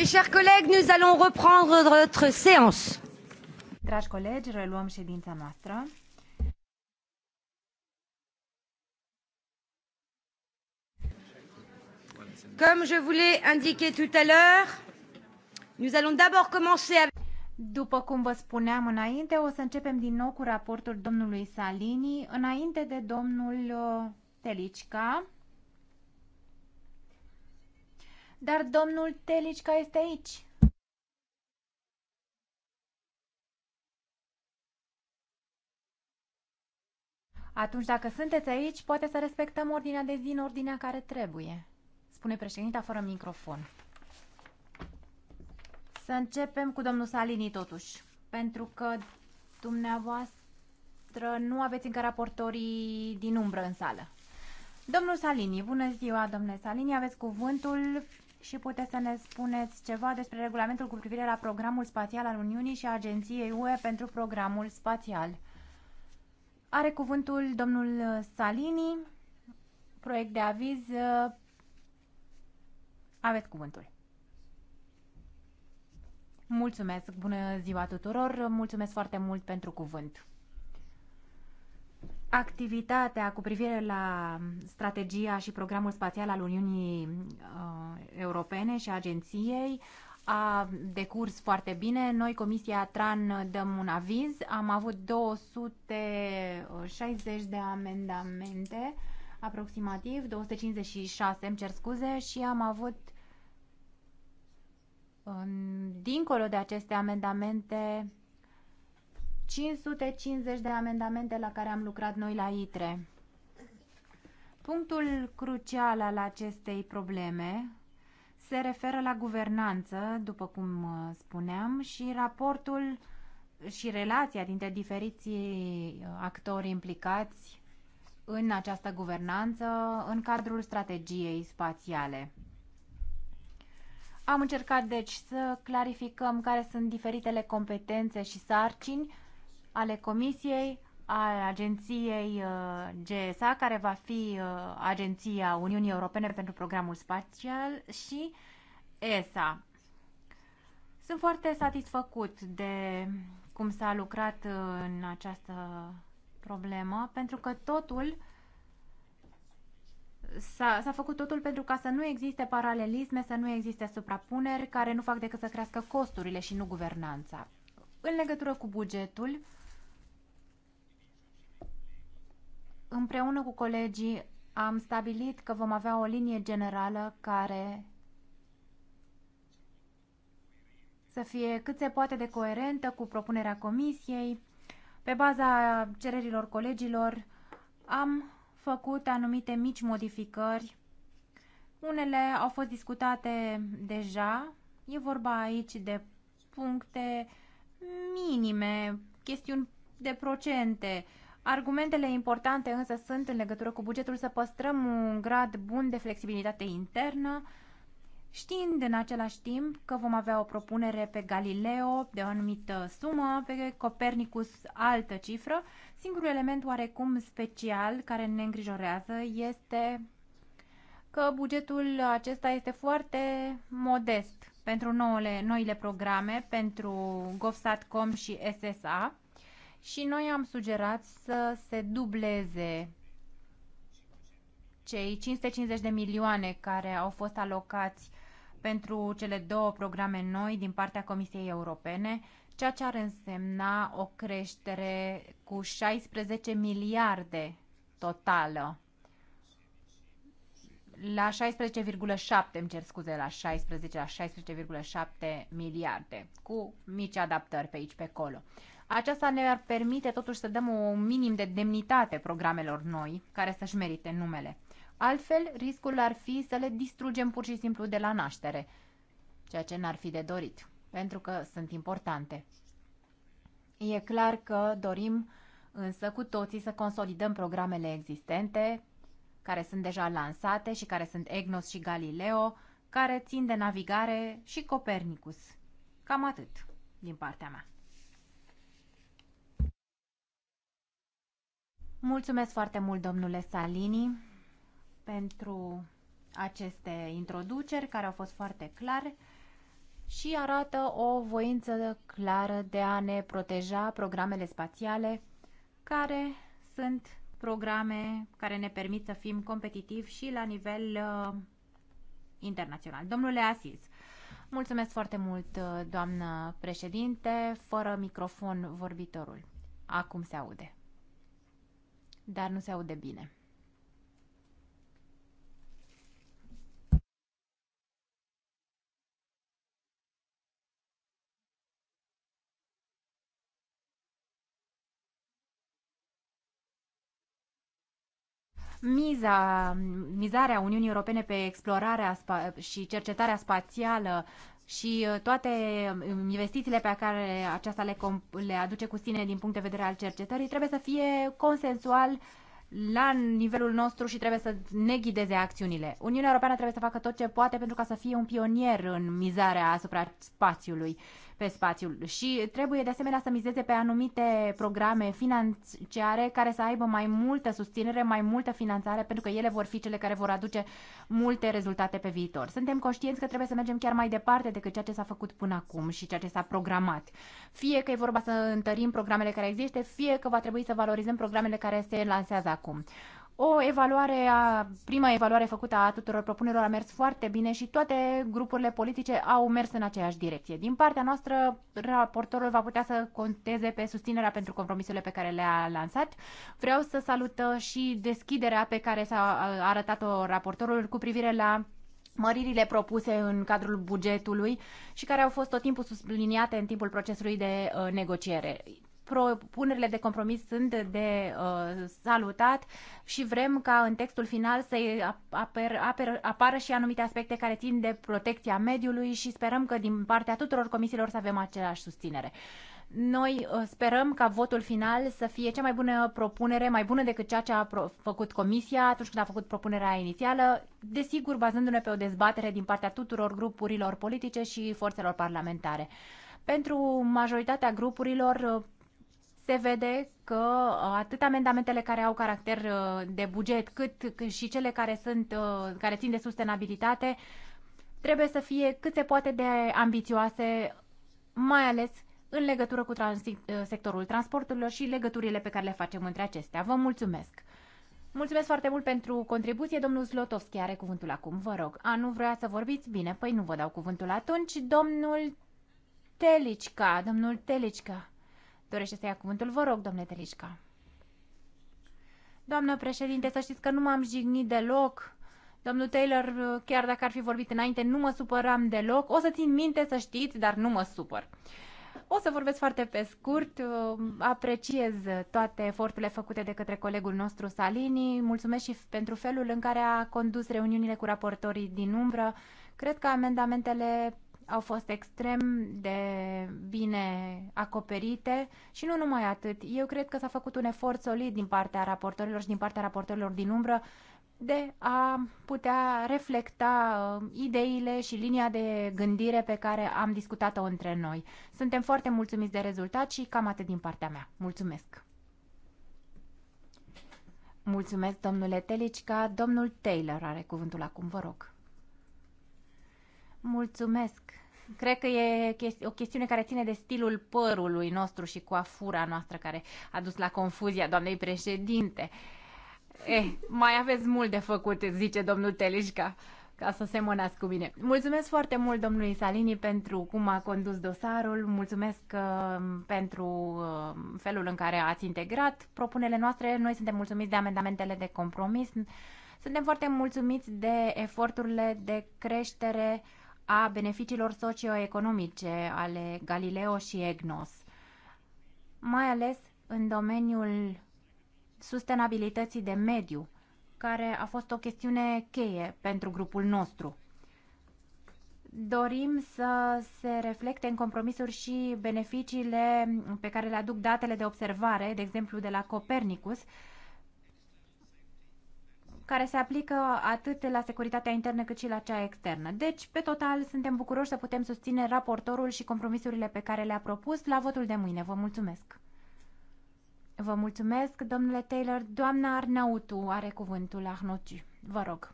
Mes chers collègues, nous allons reprendre notre séance. Dragi colegi, reluăm ședința noastră. Comme je vous l'ai indiqué tout à l'heure, nous allons d'abord commencer avec după cum vă spuneam înainte, o să începem din nou cu raportul domnului Salini, înainte de domnul uh, Telicca, dar domnul Telicca este aici. Atunci, dacă sunteți aici, poate să respectăm ordinea de zi în ordinea care trebuie, spune președinta fără microfon. Să începem cu domnul Salini, totuși, pentru că dumneavoastră nu aveți încă raportorii din umbră în sală. Domnul Salini, bună ziua, domnule Salini, aveți cuvântul și puteți să ne spuneți ceva despre regulamentul cu privire la programul spațial al Uniunii și Agenției UE pentru programul spațial. Are cuvântul domnul Salini, proiect de aviz. Aveți cuvântul. Mulțumesc, bună ziua tuturor, mulțumesc foarte mult pentru cuvânt activitatea cu privire la strategia și programul spațial al Uniunii uh, Europene și agenției a decurs foarte bine. Noi, Comisia TRAN, dăm un aviz. Am avut 260 de amendamente, aproximativ, 256, îmi cer scuze, și am avut, dincolo de aceste amendamente, 550 de amendamente la care am lucrat noi la ITRE. Punctul crucial al acestei probleme se referă la guvernanță, după cum uh, spuneam, și raportul și relația dintre diferiții uh, actori implicați în această guvernanță în cadrul strategiei spațiale. Am încercat deci să clarificăm care sunt diferitele competențe și sarcini ale Comisiei, a agenției uh, GSA, care va fi uh, agenția Uniunii Europene pentru Programul Spațial și ESA. Sunt foarte satisfăcut de cum s-a lucrat uh, în această problemă, pentru că totul s-a făcut totul pentru ca să nu existe paralelisme, să nu existe suprapuneri care nu fac decât să crească costurile și nu guvernanța. În legătură cu bugetul, Împreună cu colegii am stabilit că vom avea o linie generală care să fie cât se poate de coerentă cu propunerea comisiei. Pe baza cererilor colegilor am făcut anumite mici modificări. Unele au fost discutate deja. E vorba aici de puncte minime, chestiuni de procente, Argumentele importante însă sunt în legătură cu bugetul să păstrăm un grad bun de flexibilitate internă, știind în același timp că vom avea o propunere pe Galileo de o anumită sumă, pe Copernicus altă cifră, singurul element oarecum special care ne îngrijorează este că bugetul acesta este foarte modest pentru noile, noile programe, pentru GovSatcom și SSA, și noi am sugerat să se dubleze cei 550 de milioane care au fost alocați pentru cele două programe noi din partea Comisiei Europene, ceea ce ar însemna o creștere cu 16 miliarde totală. La 16,7, îmi cer scuze, la 16, la 16,7 miliarde, cu mici adaptări pe aici, pe acolo. Aceasta ne-ar permite totuși să dăm un minim de demnitate programelor noi, care să-și merite numele. Altfel, riscul ar fi să le distrugem pur și simplu de la naștere, ceea ce n-ar fi de dorit, pentru că sunt importante. E clar că dorim însă cu toții să consolidăm programele existente, care sunt deja lansate și care sunt EGNOS și Galileo, care țin de navigare și Copernicus. Cam atât din partea mea. Mulțumesc foarte mult, domnule Salini, pentru aceste introduceri care au fost foarte clare și arată o voință clară de a ne proteja programele spațiale, care sunt programe care ne permit să fim competitivi și la nivel uh, internațional. Domnule Asis, mulțumesc foarte mult, uh, doamnă președinte, fără microfon vorbitorul. Acum se aude dar nu se aude bine. miza, mizarea Uniunii Europene pe explorarea și cercetarea spațială și uh, toate um, investițiile pe care aceasta le, le aduce cu sine din punct de vedere al cercetării trebuie să fie consensual la nivelul nostru și trebuie să ne ghideze acțiunile. Uniunea Europeană trebuie să facă tot ce poate pentru ca să fie un pionier în mizarea asupra spațiului pe spațiul și trebuie de asemenea să mizeze pe anumite programe financiare care să aibă mai multă susținere, mai multă finanțare, pentru că ele vor fi cele care vor aduce multe rezultate pe viitor. Suntem conștienți că trebuie să mergem chiar mai departe decât ceea ce s-a făcut până acum și ceea ce s-a programat. Fie că e vorba să întărim programele care există, fie că va trebui să valorizăm programele care se lansează acum. O evaluare a, prima evaluare făcută a tuturor propunerilor a mers foarte bine și toate grupurile politice au mers în aceeași direcție. Din partea noastră, raportorul va putea să conteze pe susținerea pentru compromisurile pe care le-a lansat. Vreau să salut uh, și deschiderea pe care s-a uh, arătat-o raportorul cu privire la măririle propuse în cadrul bugetului și care au fost tot timpul subliniate în timpul procesului de uh, negociere propunerile de compromis sunt de uh, salutat și vrem ca în textul final să aper, aper, apară și anumite aspecte care țin de protecția mediului și sperăm că din partea tuturor comisiilor să avem aceeași susținere. Noi uh, sperăm ca votul final să fie cea mai bună propunere, mai bună decât ceea ce a făcut Comisia atunci când a făcut propunerea inițială, desigur bazându-ne pe o dezbatere din partea tuturor grupurilor politice și forțelor parlamentare. Pentru majoritatea grupurilor, uh, se vede că uh, atât amendamentele care au caracter uh, de buget, cât și cele care, sunt, uh, care țin de sustenabilitate, trebuie să fie cât se poate de ambițioase, mai ales în legătură cu trans- sectorul transporturilor și legăturile pe care le facem între acestea. Vă mulțumesc! Mulțumesc foarte mult pentru contribuție. Domnul Zlotovski are cuvântul acum, vă rog. A, nu vrea să vorbiți? Bine, păi nu vă dau cuvântul atunci. Domnul Telicca, domnul Telicca dorește să ia cuvântul. Vă rog, domnule Telișca. Doamnă președinte, să știți că nu m-am jignit deloc. Domnul Taylor, chiar dacă ar fi vorbit înainte, nu mă supăram deloc. O să țin minte să știți, dar nu mă supăr. O să vorbesc foarte pe scurt. Apreciez toate eforturile făcute de către colegul nostru Salini. Mulțumesc și pentru felul în care a condus reuniunile cu raportorii din umbră. Cred că amendamentele au fost extrem de bine acoperite și nu numai atât. Eu cred că s-a făcut un efort solid din partea raportorilor și din partea raportorilor din umbră de a putea reflecta uh, ideile și linia de gândire pe care am discutat-o între noi. Suntem foarte mulțumiți de rezultat și cam atât din partea mea. Mulțumesc! Mulțumesc, domnule Telicica. Domnul Taylor are cuvântul acum, vă rog. Mulțumesc, Cred că e o chestiune care ține de stilul părului nostru și coafura noastră care a dus la confuzia doamnei președinte. Eh, mai aveți mult de făcut, zice domnul Telișca, ca să se cu mine. Mulțumesc foarte mult domnului Salini pentru cum a condus dosarul, mulțumesc uh, pentru uh, felul în care ați integrat propunele noastre. Noi suntem mulțumiți de amendamentele de compromis, suntem foarte mulțumiți de eforturile de creștere uh, a beneficiilor socioeconomice ale Galileo și EGNOS, mai ales în domeniul sustenabilității de mediu, care a fost o chestiune cheie pentru grupul nostru. Dorim să se reflecte în compromisuri și beneficiile pe care le aduc datele de observare, de exemplu de la Copernicus, care se aplică atât la securitatea internă cât și la cea externă. Deci, pe total, suntem bucuroși să putem susține raportorul și compromisurile pe care le-a propus la votul de mâine. Vă mulțumesc! Vă mulțumesc, domnule Taylor. Doamna Arnautu are cuvântul la Vă rog.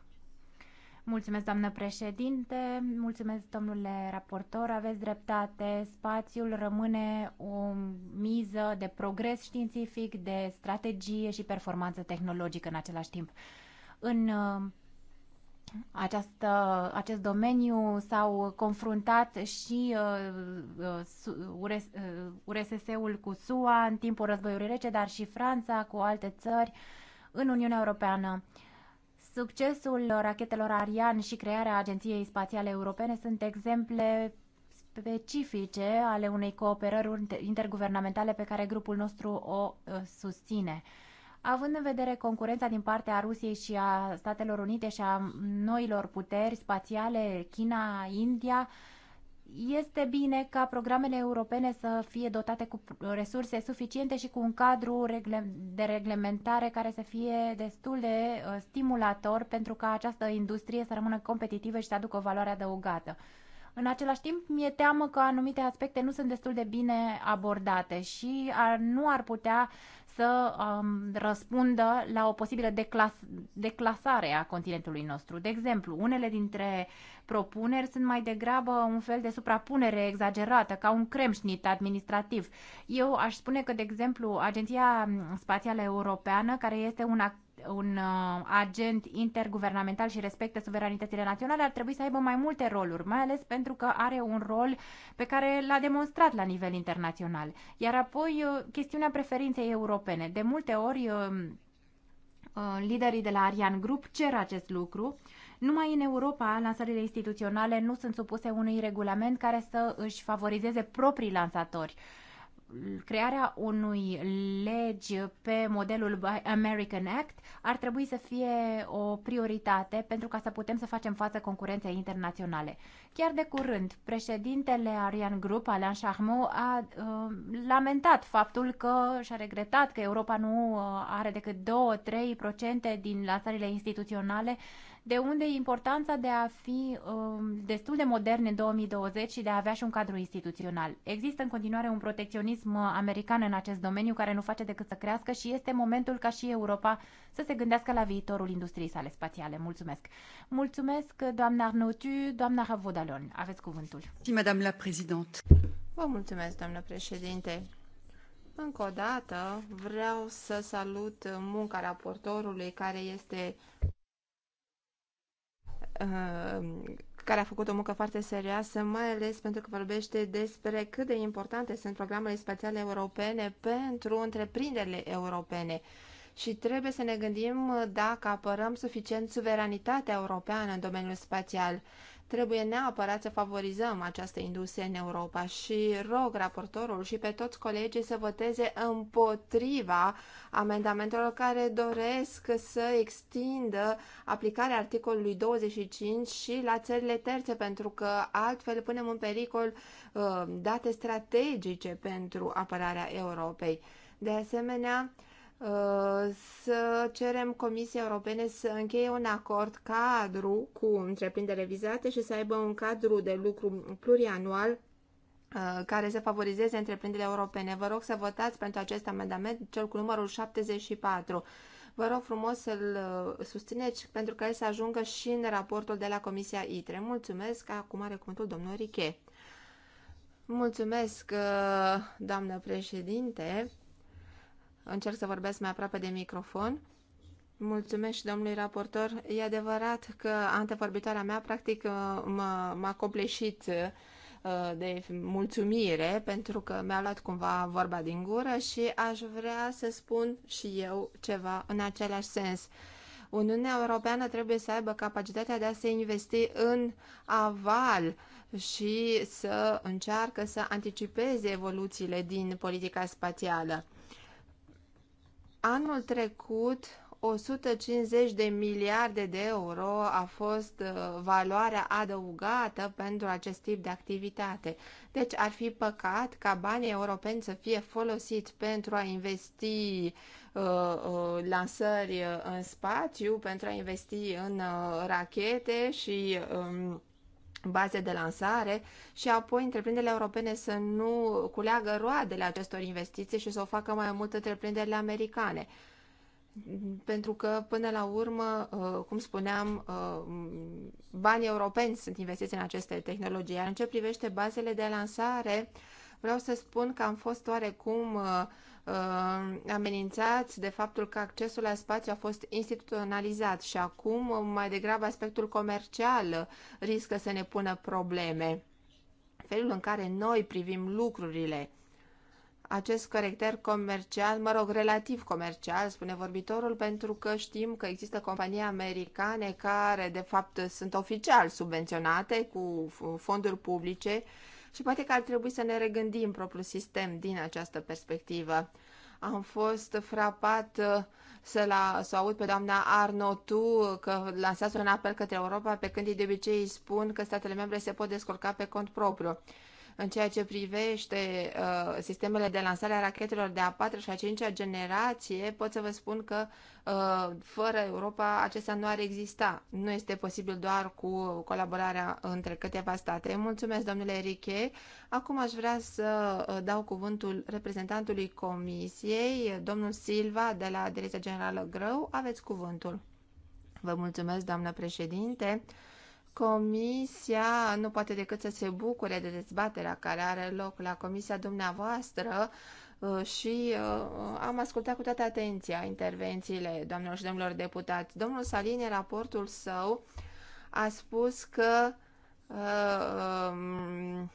Mulțumesc, doamnă președinte, mulțumesc, domnule raportor, aveți dreptate. Spațiul rămâne o miză de progres științific, de strategie și performanță tehnologică în același timp în uh, această, acest domeniu s-au confruntat și uh, URSS-ul uh, uh, cu SUA în timpul războiului rece, dar și Franța cu alte țări în Uniunea Europeană. Succesul rachetelor Ariane și crearea Agenției Spațiale Europene sunt exemple specifice ale unei cooperări interguvernamentale pe care grupul nostru o susține. Având în vedere concurența din partea Rusiei și a Statelor Unite și a noilor puteri spațiale, China, India, este bine ca programele europene să fie dotate cu resurse suficiente și cu un cadru de reglementare care să fie destul de uh, stimulator pentru ca această industrie să rămână competitivă și să aducă o valoare adăugată. În același timp, mi-e teamă că anumite aspecte nu sunt destul de bine abordate și ar, nu ar putea să um, răspundă la o posibilă declas- declasare a continentului nostru. De exemplu, unele dintre propuneri sunt mai degrabă un fel de suprapunere exagerată, ca un cremșnit administrativ. Eu aș spune că, de exemplu, Agenția Spațială Europeană, care este un act un uh, agent interguvernamental și respectă suveranitățile naționale, ar trebui să aibă mai multe roluri, mai ales pentru că are un rol pe care l-a demonstrat la nivel internațional. Iar apoi, uh, chestiunea preferinței europene. De multe ori, uh, liderii de la Arian Group cer acest lucru. Numai în Europa, lansările instituționale nu sunt supuse unui regulament care să își favorizeze proprii lansatori. Uh, crearea unui legi pe modelul American Act ar trebui să fie o prioritate pentru ca să putem să facem față concurenței internaționale. Chiar de curând, președintele Arian Group, Alain Charmeau, a uh, lamentat faptul că și-a regretat că Europa nu uh, are decât 2-3% din lansările instituționale de unde importanța de a fi um, destul de modern în 2020 și de a avea și un cadru instituțional. Există în continuare un protecționism american în acest domeniu care nu face decât să crească și este momentul ca și Europa să se gândească la viitorul industriei sale spațiale. Mulțumesc! Mulțumesc, doamna Arnautu, doamna Havodalon. Aveți cuvântul. Madame la Présidente. Vă mulțumesc, doamnă președinte. Încă o dată vreau să salut munca raportorului care este Uh, care a făcut o muncă foarte serioasă, mai ales pentru că vorbește despre cât de importante sunt programele spațiale europene pentru întreprinderile europene. Și trebuie să ne gândim dacă apărăm suficient suveranitatea europeană în domeniul spațial Trebuie neapărat să favorizăm această industrie în Europa și rog raportorul și pe toți colegii să voteze împotriva amendamentelor care doresc să extindă aplicarea articolului 25 și la țările terțe, pentru că altfel punem în pericol uh, date strategice pentru apărarea Europei. De asemenea, Uh, să cerem Comisiei Europene să încheie un acord cadru cu întreprinderile vizate și să aibă un cadru de lucru plurianual uh, care să favorizeze întreprinderile europene. Vă rog să votați pentru acest amendament, cel cu numărul 74. Vă rog frumos să-l uh, susțineți pentru că el să ajungă și în raportul de la Comisia ITRE. Mulțumesc, acum are cuvântul domnul Riche. Mulțumesc, doamnă președinte. Încerc să vorbesc mai aproape de microfon. Mulțumesc și domnului raportor. E adevărat că antevorbitoarea mea practic uh, m-a copleșit uh, de mulțumire pentru că mi-a luat cumva vorba din gură și aș vrea să spun și eu ceva în același sens. Uniunea Europeană trebuie să aibă capacitatea de a se investi în aval și să încearcă să anticipeze evoluțiile din politica spațială. Anul trecut, 150 de miliarde de euro a fost uh, valoarea adăugată pentru acest tip de activitate. Deci ar fi păcat ca banii europeni să fie folosiți pentru a investi uh, uh, lansări uh, în spațiu, pentru a investi în uh, rachete și um, baze de lansare și apoi întreprinderile europene să nu culeagă roadele acestor investiții și să o facă mai mult întreprinderile americane. Pentru că, până la urmă, uh, cum spuneam, uh, banii europeni sunt investiți în aceste tehnologii. Iar în ce privește bazele de lansare, vreau să spun că am fost oarecum uh, uh, amenințați de faptul că accesul la spațiu a fost instituționalizat și acum uh, mai degrabă aspectul comercial riscă să ne pună probleme. Felul în care noi privim lucrurile acest caracter comercial, mă rog, relativ comercial, spune vorbitorul, pentru că știm că există companii americane care, de fapt, sunt oficial subvenționate cu fonduri publice și poate că ar trebui să ne regândim propriul sistem din această perspectivă. Am fost frapat uh, să, la, să aud pe doamna Tu că lansează un apel către Europa, pe când ei de obicei spun că statele membre se pot descurca pe cont propriu în ceea ce privește uh, sistemele de lansare a rachetelor de a patra și a cincea generație, pot să vă spun că uh, fără Europa acestea nu ar exista. Nu este posibil doar cu colaborarea între câteva state. Mulțumesc, domnule Eriche. Acum aș vrea să uh, dau cuvântul reprezentantului Comisiei, domnul Silva de la Direcția Generală Grău. Aveți cuvântul. Vă mulțumesc, doamnă președinte. Comisia nu poate decât să se bucure de dezbaterea care are loc la comisia dumneavoastră uh, și uh, am ascultat cu toată atenția intervențiile doamnelor și domnilor deputați. Domnul Salini, în raportul său, a spus că uh, um,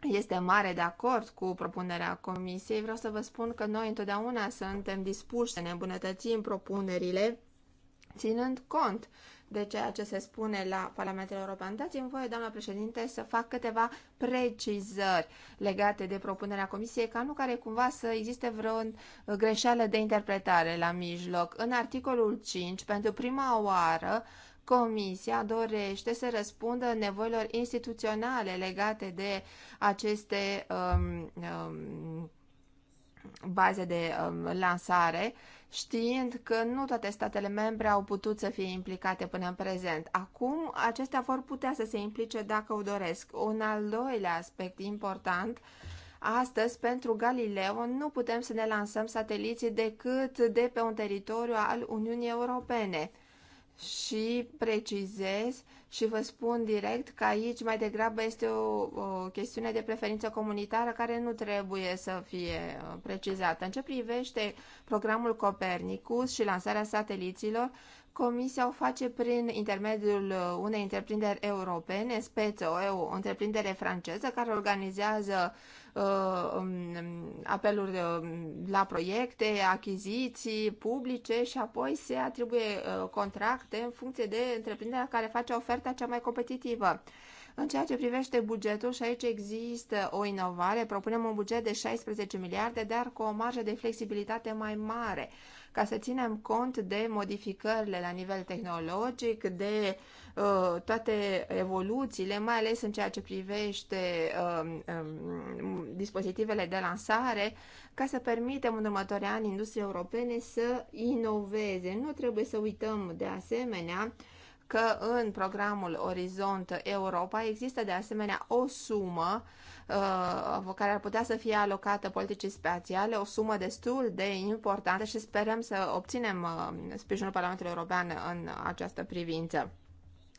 este mare de acord cu propunerea comisiei. Vreau să vă spun că noi întotdeauna suntem dispuși să ne îmbunătățim propunerile, ținând cont de ceea ce se spune la Parlamentul European. Dați-mi voie, doamna președinte, să fac câteva precizări legate de propunerea Comisiei, ca nu care cumva să existe vreo greșeală de interpretare la mijloc. În articolul 5, pentru prima oară, Comisia dorește să răspundă nevoilor instituționale legate de aceste um, um, baze de um, lansare știind că nu toate statele membre au putut să fie implicate până în prezent. Acum, acestea vor putea să se implice dacă o doresc. Un al doilea aspect important, astăzi, pentru Galileo, nu putem să ne lansăm sateliții decât de pe un teritoriu al Uniunii Europene și precizez și vă spun direct că aici mai degrabă este o, o chestiune de preferință comunitară care nu trebuie să fie uh, precizată. În ce privește programul Copernicus și lansarea sateliților, Comisia o face prin intermediul uh, unei întreprinderi europene, Spezio, o întreprindere franceză care organizează uh, um, um, apeluri uh, la proiecte, achiziții publice și apoi se atribuie uh, contracte în funcție de întreprinderea care face oferta cea mai competitivă. În ceea ce privește bugetul, și aici există o inovare, propunem un buget de 16 miliarde, dar cu o marjă de flexibilitate mai mare ca să ținem cont de modificările la nivel tehnologic, de uh, toate evoluțiile, mai ales în ceea ce privește uh, dispozitivele de lansare, ca să permitem în următorii ani industriei europene să inoveze. Nu trebuie să uităm de asemenea că în programul Orizont Europa există de asemenea o sumă uh, Uh, care ar putea să fie alocată politicii spațiale, o sumă destul de importantă și sperăm să obținem uh, sprijinul Parlamentului European în această privință.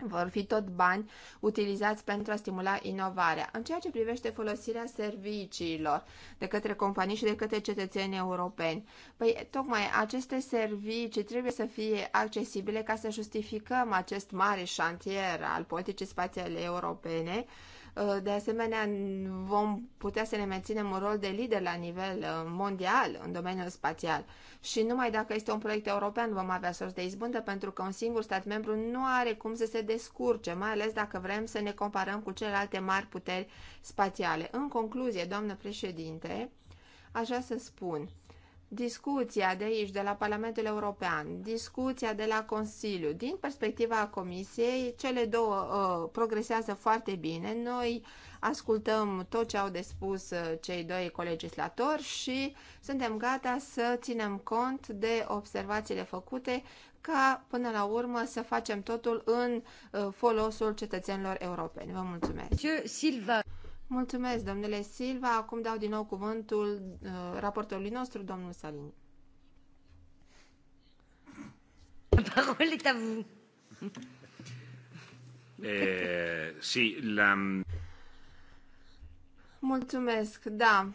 Vor fi tot bani utilizați pentru a stimula inovarea. În ceea ce privește folosirea serviciilor de către companii și de către cetățeni europeni, păi tocmai aceste servicii trebuie să fie accesibile ca să justificăm acest mare șantier al politicii spațiale europene, Uh, de asemenea, vom putea să ne menținem un rol de lider la nivel uh, mondial în domeniul spațial. Și numai dacă este un proiect european vom avea sos de izbândă, pentru că un singur stat membru nu are cum să se descurce, mai ales dacă vrem să ne comparăm cu celelalte mari puteri spațiale. În concluzie, doamnă președinte, aș vrea să spun discuția de aici, de la Parlamentul European, discuția de la Consiliu, din perspectiva Comisiei, cele două uh, progresează foarte bine. Noi ascultăm tot ce au de spus uh, cei doi colegislatori și suntem gata să ținem cont de observațiile făcute ca până la urmă să facem totul în uh, folosul cetățenilor europeni. Vă mulțumesc! Silva. Mulțumesc, domnule Silva. Acum dau din nou cuvântul uh, raportorului nostru, domnul Salini. Parole eh, la... Mulțumesc, da.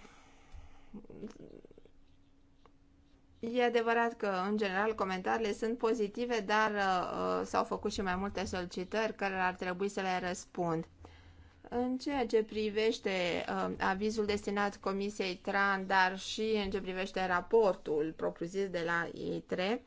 E adevărat că, în general, comentariile sunt pozitive, dar uh, s-au făcut și mai multe solicitări care ar trebui să le răspund. În ceea ce privește uh, avizul destinat Comisiei TRAN, dar și în ce privește raportul propriu-zis de la ITRE,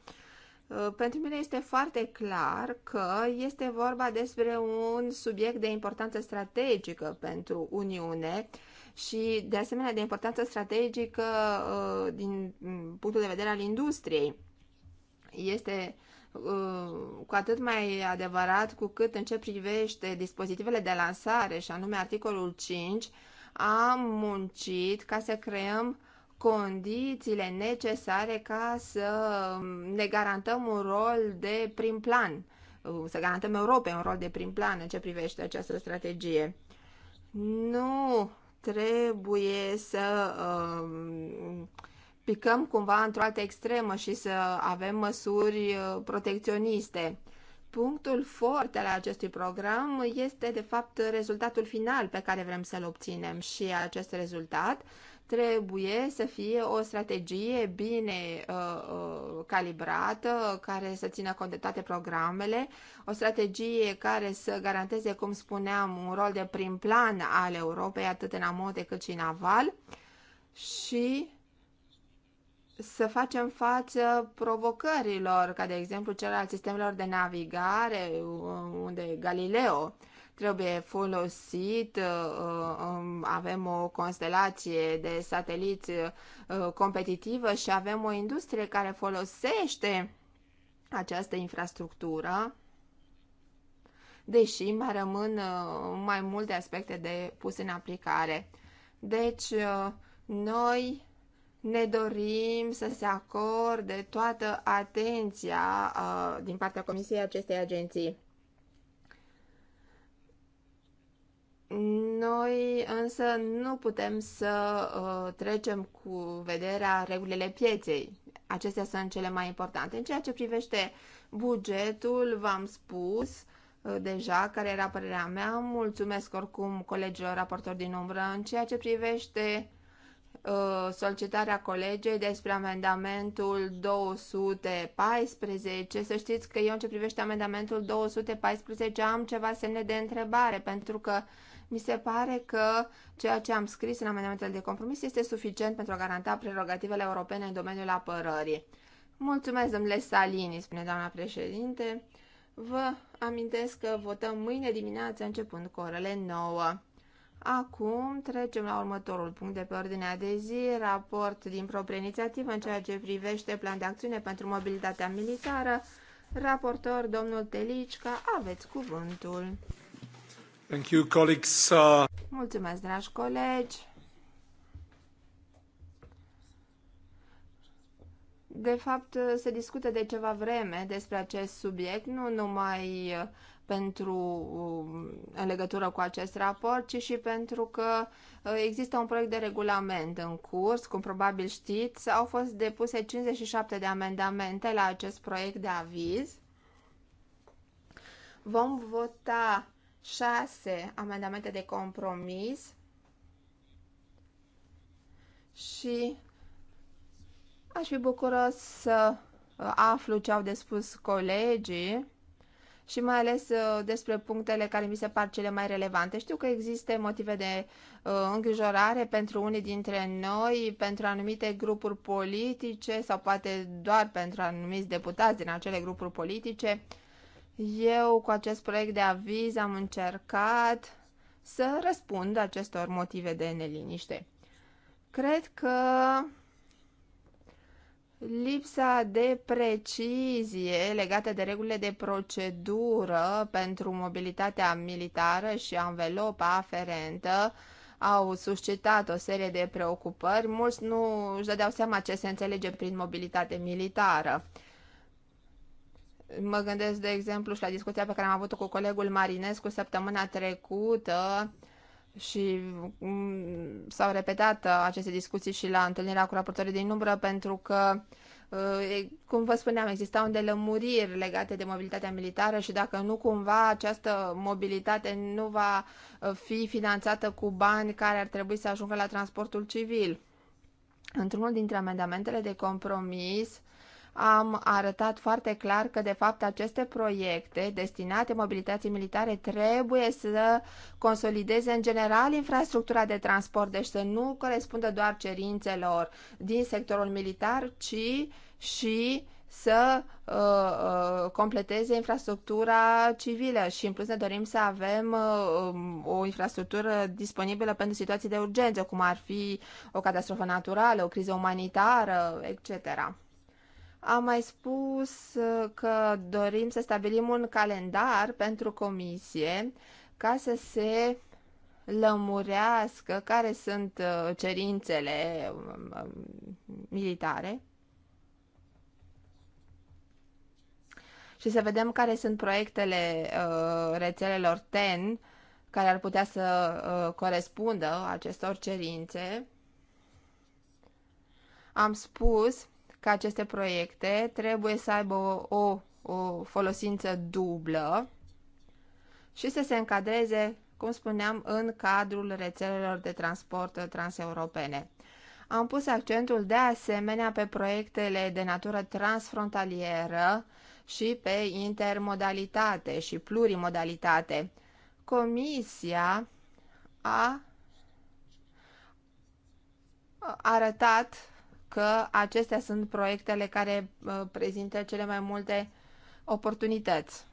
uh, pentru mine este foarte clar că este vorba despre un subiect de importanță strategică pentru Uniune și, de asemenea, de importanță strategică uh, din punctul de vedere al industriei. Este uh, Uh, cu atât mai adevărat cu cât în ce privește dispozitivele de lansare, și anume articolul 5, am muncit ca să creăm condițiile necesare ca să ne garantăm un rol de prim plan, uh, să garantăm Europei un rol de prim plan în ce privește această strategie. Nu trebuie să uh, picăm cumva într-o altă extremă și să avem măsuri uh, protecționiste. Punctul foarte al acestui program este, de fapt, rezultatul final pe care vrem să-l obținem și acest rezultat trebuie să fie o strategie bine uh, uh, calibrată, care să țină cont de toate programele, o strategie care să garanteze, cum spuneam, un rol de prim plan al Europei, atât în amont cât și în aval, și să facem față provocărilor, ca de exemplu cel al sistemelor de navigare, unde Galileo trebuie folosit, uh, um, avem o constelație de sateliți uh, competitivă și avem o industrie care folosește această infrastructură, deși mai rămân uh, mai multe aspecte de pus în aplicare. Deci, noi ne dorim să se acorde toată atenția uh, din partea Comisiei acestei agenții. Noi însă nu putem să uh, trecem cu vederea regulile pieței. Acestea sunt cele mai importante. În ceea ce privește bugetul, v-am spus uh, deja care era părerea mea. Mulțumesc oricum colegilor raportori din umbră. În ceea ce privește uh, Uh, solicitarea colegei despre amendamentul 214. Să știți că eu în ce privește amendamentul 214 am ceva semne de întrebare, pentru că mi se pare că ceea ce am scris în amendamentul de compromis este suficient pentru a garanta prerogativele europene în domeniul apărării. Mulțumesc, domnule Salini, spune doamna președinte. Vă amintesc că votăm mâine dimineață începând cu orele 9. Acum trecem la următorul punct de pe ordinea de zi, raport din proprie inițiativă în ceea ce privește plan de acțiune pentru mobilitatea militară. Raportor, domnul Telicca, aveți cuvântul. Thank you, colleagues. Uh, Mulțumesc, dragi colegi. De fapt, se discută de ceva vreme despre acest subiect, nu numai uh, pentru, um, în legătură cu acest raport, ci și pentru că uh, există un proiect de regulament în curs. Cum probabil știți, au fost depuse 57 de amendamente la acest proiect de aviz. Vom vota 6 amendamente de compromis și aș fi bucuros să uh, aflu ce au de spus colegii și mai ales uh, despre punctele care mi se par cele mai relevante. Știu că există motive de uh, îngrijorare pentru unii dintre noi, pentru anumite grupuri politice sau poate doar pentru anumiți deputați din acele grupuri politice. Eu cu acest proiect de aviz am încercat să răspund acestor motive de neliniște. Cred că lipsa de precizie legată de regulile de procedură pentru mobilitatea militară și anvelopa aferentă au suscitat o serie de preocupări. Mulți nu își dădeau seama ce se înțelege prin mobilitate militară. Mă gândesc, de exemplu, și la discuția pe care am avut-o cu colegul Marinescu săptămâna trecută, uh, și mm, s-au repetat uh, aceste discuții și la întâlnirea cu raportorii din umbră pentru că uh, cum vă spuneam, existau îndelămuriri legate de mobilitatea militară și dacă nu cumva această mobilitate nu va uh, fi finanțată cu bani care ar trebui să ajungă la transportul civil. Într-unul dintre amendamentele de compromis am arătat foarte clar că, de fapt, aceste proiecte destinate mobilității militare trebuie să consolideze, în general, infrastructura de transport, deci să nu corespundă doar cerințelor din sectorul militar, ci și să uh, uh completeze infrastructura civilă și în plus ne dorim să avem uh, um, o infrastructură disponibilă pentru situații de urgență, cum ar fi o catastrofă naturală, o criză umanitară, etc. Am mai spus uh, că dorim să stabilim un calendar pentru comisie ca să se lămurească care sunt uh, cerințele um, um, um, militare și să vedem care sunt proiectele uh, rețelelor TEN care ar putea să corespundă acestor cerințe. Am spus că aceste proiecte trebuie să aibă o, o, o folosință dublă și să se încadreze, cum spuneam, în cadrul rețelelor de transport transeuropene. Am pus accentul de asemenea pe proiectele de natură transfrontalieră și pe intermodalitate și plurimodalitate. Comisia a arătat că acestea sunt proiectele care uh, prezintă cele mai multe oportunități.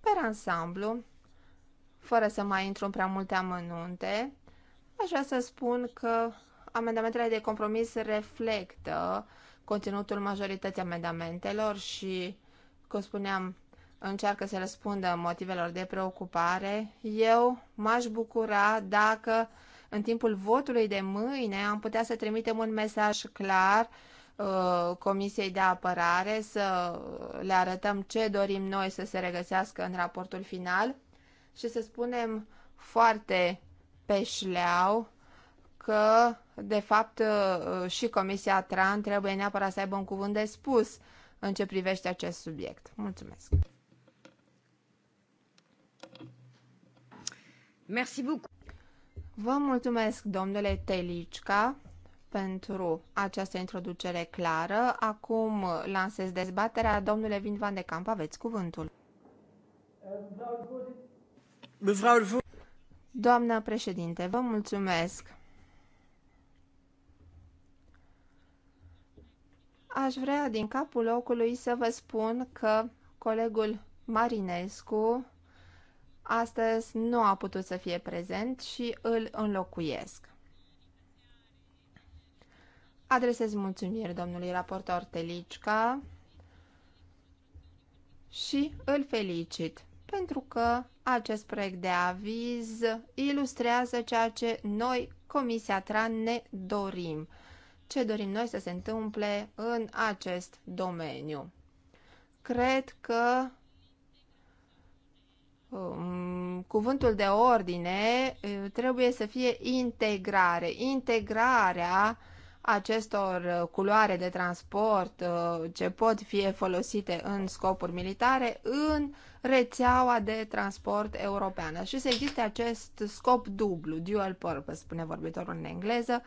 Per ansamblu, fără să mai intru în prea multe amănunte, aș vrea să spun că amendamentele de compromis reflectă conținutul majorității amendamentelor și, cum spuneam, încearcă să răspundă motivelor de preocupare. Eu m-aș bucura dacă în timpul votului de mâine am putea să trimitem un mesaj clar uh, Comisiei de Apărare, să le arătăm ce dorim noi să se regăsească în raportul final și să spunem foarte pe șleau că, de fapt, uh, și Comisia TRAN trebuie neapărat să aibă un cuvânt de spus în ce privește acest subiect. Mulțumesc! Merci beaucoup. Vă mulțumesc, domnule Telicca, pentru această introducere clară. Acum lansez dezbaterea. Domnule Vin Van de Camp, aveți cuvântul. Doamna președinte, vă mulțumesc. Aș vrea din capul locului să vă spun că colegul Marinescu astăzi nu a putut să fie prezent și îl înlocuiesc. Adresez mulțumiri domnului raportor Telicica și îl felicit pentru că acest proiect de aviz ilustrează ceea ce noi, Comisia TRAN, ne dorim. Ce dorim noi să se întâmple în acest domeniu. Cred că Um, cuvântul de ordine uh, trebuie să fie integrare. Integrarea acestor uh, culoare de transport uh, ce pot fi folosite în scopuri militare în rețeaua de transport europeană. Și să existe acest scop dublu, dual purpose, spune vorbitorul în engleză,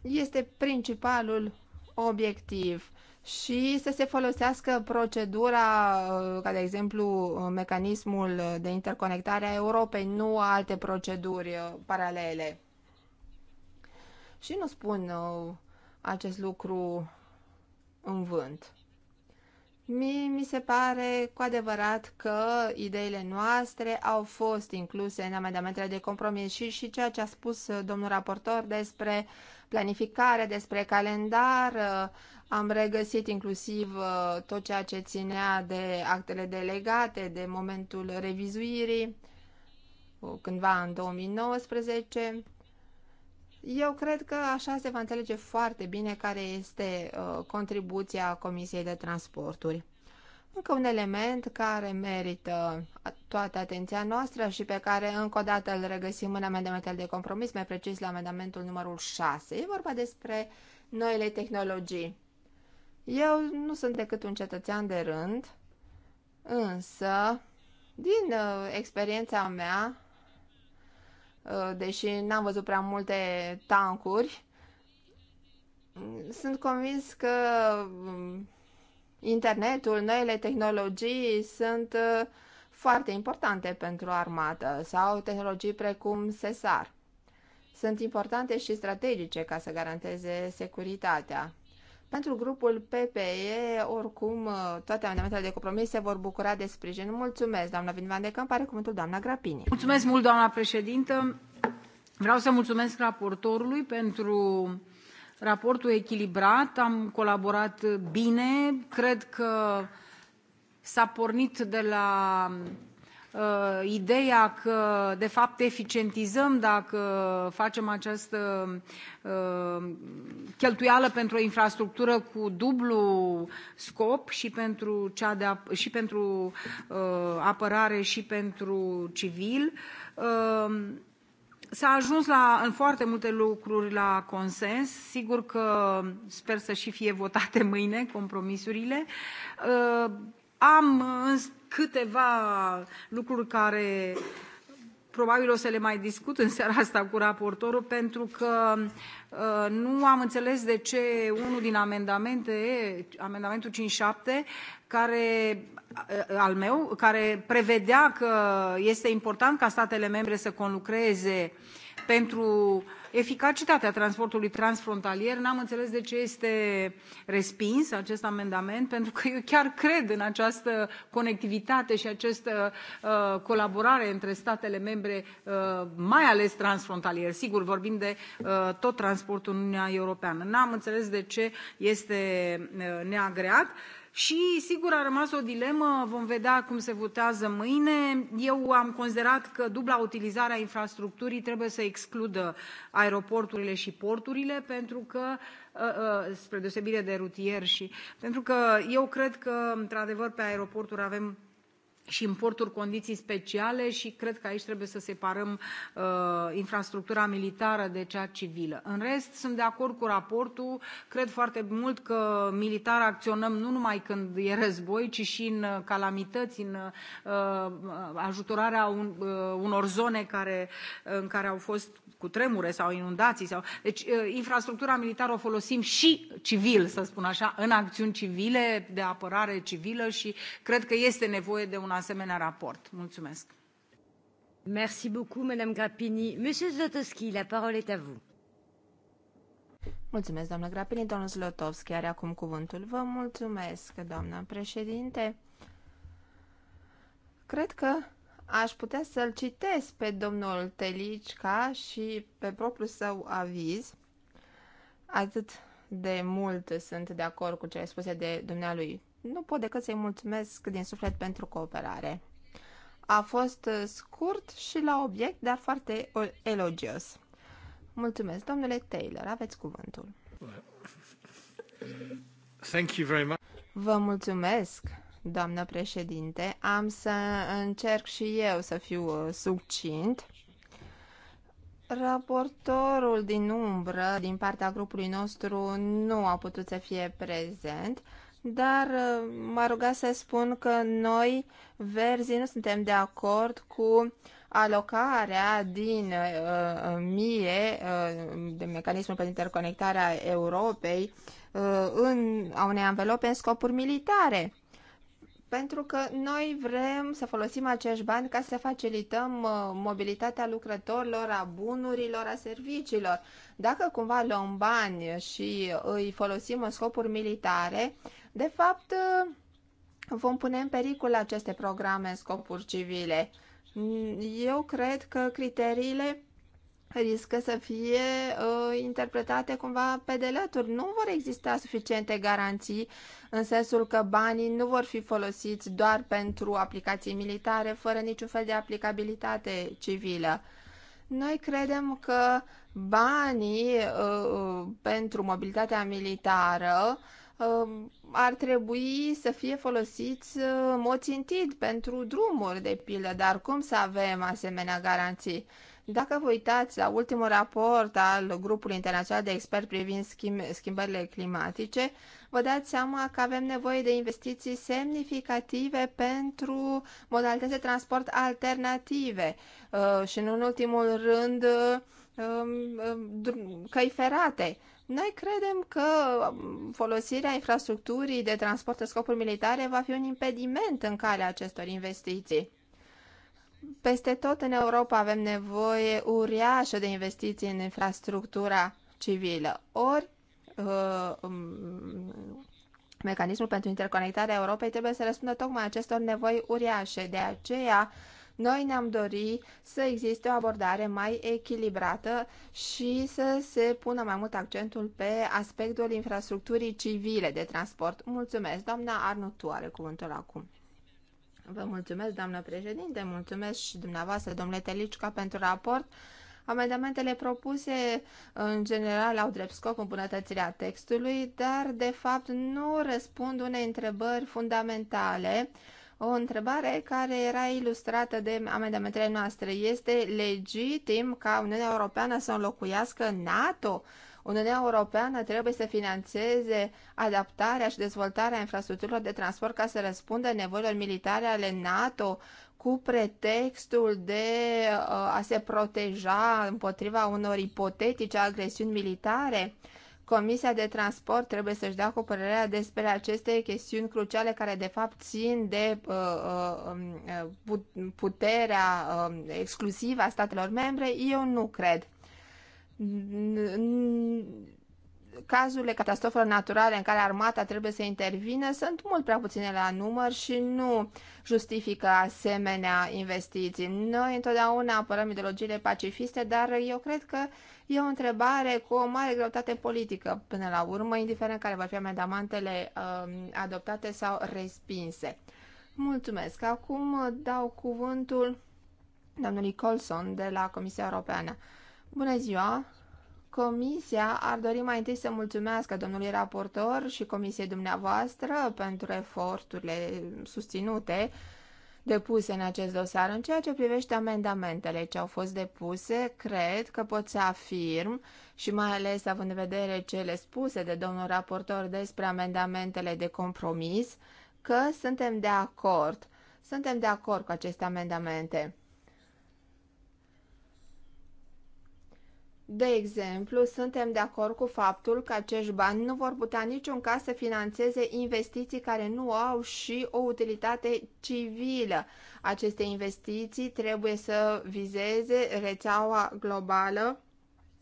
este principalul obiectiv și să se folosească procedura, uh, ca de exemplu uh, mecanismul de interconectare a Europei, nu alte proceduri uh, paralele. Și nu spun acest lucru în vânt. Mi, mi se pare cu adevărat că ideile noastre au fost incluse în amendamentele de compromis și, și ceea ce a spus domnul raportor despre planificare, despre calendar, uh, am regăsit inclusiv uh, tot ceea ce ținea de actele delegate, de momentul revizuirii, uh, cândva în 2019. Eu cred că așa se va înțelege foarte bine care este uh, contribuția Comisiei de Transporturi. Încă un element care merită toată atenția noastră și pe care încă o dată îl regăsim în amendamentele de compromis, mai precis la amendamentul numărul 6. E vorba despre noile tehnologii. Eu nu sunt decât un cetățean de rând, însă, din uh, experiența mea, uh, deși n-am văzut prea multe tancuri, mm, sunt convins că mm, internetul, noile tehnologii sunt uh, foarte importante pentru armată sau tehnologii precum SESAR. Sunt importante și strategice ca să garanteze securitatea. Pentru grupul PPE, oricum, uh, toate amendamentele de compromis se vor bucura de sprijin. Mulțumesc, doamna Vinvan de Camp, are cuvântul doamna Grapini. Mulțumesc mult, doamna președintă. Vreau să mulțumesc raportorului pentru raportul echilibrat. Am colaborat bine. Cred că s-a pornit de la uh, ideea că, de fapt, eficientizăm dacă facem această uh, cheltuială pentru o infrastructură cu dublu scop și pentru, cea de ap- și pentru uh, apărare și pentru civil. Uh, S-a ajuns la, în foarte multe lucruri la consens. Sigur că sper să și fie votate mâine compromisurile. Uh, am câteva lucruri care probabil o să le mai discut în seara asta cu raportorul, pentru că uh, nu am înțeles de ce unul din amendamente, amendamentul 57, care, uh, al meu, care prevedea că este important ca statele membre să conlucreze pentru eficacitatea transportului transfrontalier n am înțeles de ce este respins acest amendament pentru că eu chiar cred în această conectivitate și această uh, colaborare între statele membre uh, mai ales transfrontalier sigur vorbim de uh, tot transportul în uniunea europeană. n am înțeles de ce este uh, neagreat și și, sigur, a rămas o dilemă, vom vedea cum se votează mâine. Eu am considerat că dubla utilizare a infrastructurii trebuie să excludă aeroporturile și porturile, pentru că, ă, ă, spre deosebire de rutier și... Pentru că eu cred că, într-adevăr, pe aeroporturi avem și importuri condiții speciale și cred că aici trebuie să separăm uh, infrastructura militară de cea civilă. În rest, sunt de acord cu raportul. Cred foarte mult că militar acționăm nu numai când e război, ci și în uh, calamități, în uh, ajutorarea un, uh, unor zone care, uh, în care au fost cu tremure sau inundații. Sau... Deci, uh, infrastructura militară o folosim și civil, să spun așa, în acțiuni civile, de apărare civilă și cred că este nevoie de un asemenea raport. Mulțumesc! Merci beaucoup, Madame Grappini. Monsieur Zlotowski, la parole est à vous. Mulțumesc, doamnă Grapini. Domnul Zlotowski are acum cuvântul. Vă mulțumesc, doamnă președinte. Cred că aș putea să-l citesc pe domnul Telicca și pe propriul său aviz. Atât de mult sunt de acord cu ai spuse de dumnealui nu pot decât să-i mulțumesc din suflet pentru cooperare. A fost uh, scurt și la obiect, dar foarte uh, elogios. Mulțumesc, domnule Taylor, aveți cuvântul. Thank you very much. Vă mulțumesc, doamnă președinte. Am să încerc și eu să fiu uh, succint. Raportorul din umbră, din partea grupului nostru, nu a putut să fie prezent dar uh, m-a rugat să spun că noi, verzii, nu suntem de acord cu alocarea din uh, uh, mie, uh, de mecanismul pentru interconectarea Europei, uh, în, a unei anvelope în scopuri militare. Pentru că noi vrem să folosim acești bani ca să facilităm uh, mobilitatea lucrătorilor, a bunurilor, a serviciilor. Dacă cumva luăm bani și îi folosim în scopuri militare, de fapt, vom pune în pericol aceste programe în scopuri civile. Eu cred că criteriile riscă să fie uh, interpretate cumva pe delături. Nu vor exista suficiente garanții în sensul că banii nu vor fi folosiți doar pentru aplicații militare, fără niciun fel de aplicabilitate civilă. Noi credem că banii uh, uh pentru mobilitatea militară uh, Um, ar trebui să fie folosiți uh, în mod țintit pentru drumuri, de pildă, dar cum să avem asemenea garanții? Dacă vă uitați la ultimul raport al grupului internațional de experți privind schimb schimbările climatice, vă dați seama că avem nevoie de investiții semnificative pentru modalități de transport alternative uh, și, în ultimul rând, uh, um, căi ferate noi credem că um, folosirea infrastructurii de transport în scopuri militare va fi un impediment în calea acestor investiții. Peste tot în Europa avem nevoie uriașă de investiții în infrastructura civilă. Ori uh, um, mecanismul pentru interconectarea Europei trebuie să răspundă tocmai acestor nevoi uriașe. De aceea, noi ne-am dorit să existe o abordare mai echilibrată și să se pună mai mult accentul pe aspectul infrastructurii civile de transport. Mulțumesc, doamna Arnutu are cuvântul acum. Vă mulțumesc, doamnă președinte, mulțumesc și dumneavoastră, domnule Telicica, pentru raport. Amendamentele propuse, în general, au drept scop îmbunătățirea textului, dar, de fapt, nu răspund unei întrebări fundamentale o întrebare care era ilustrată de amendamentele noastre. Este legitim ca Uniunea Europeană să înlocuiască NATO? Uniunea Europeană trebuie să financeze adaptarea și dezvoltarea infrastructurilor de transport ca să răspundă nevoilor militare ale NATO cu pretextul de uh, a se proteja împotriva unor ipotetice agresiuni militare? Comisia de Transport trebuie să-și dea cu părerea despre aceste chestiuni cruciale care de fapt țin de uh, uh, um, uh puterea uh, exclusivă a statelor membre. Eu nu cred cazurile catastrofelor naturale în care armata trebuie să intervine sunt mult prea puține la număr și nu justifică asemenea investiții. Noi întotdeauna apărăm ideologiile pacifiste, dar eu cred că e o întrebare cu o mare greutate politică până la urmă, indiferent care vor fi amendamentele uh, adoptate sau respinse. Mulțumesc. Acum dau cuvântul domnului Colson de la Comisia Europeană. Bună ziua! Comisia ar dori mai întâi să mulțumească domnului raportor și comisiei dumneavoastră pentru eforturile susținute depuse în acest dosar. În ceea ce privește amendamentele ce au fost depuse, cred că pot să afirm și mai ales având în vedere cele spuse de domnul raportor despre amendamentele de compromis, că suntem de acord. Suntem de acord cu aceste amendamente. De exemplu, suntem de acord cu faptul că acești bani nu vor putea niciun caz să financeze investiții care nu au și o utilitate civilă. Aceste investiții trebuie să vizeze rețeaua globală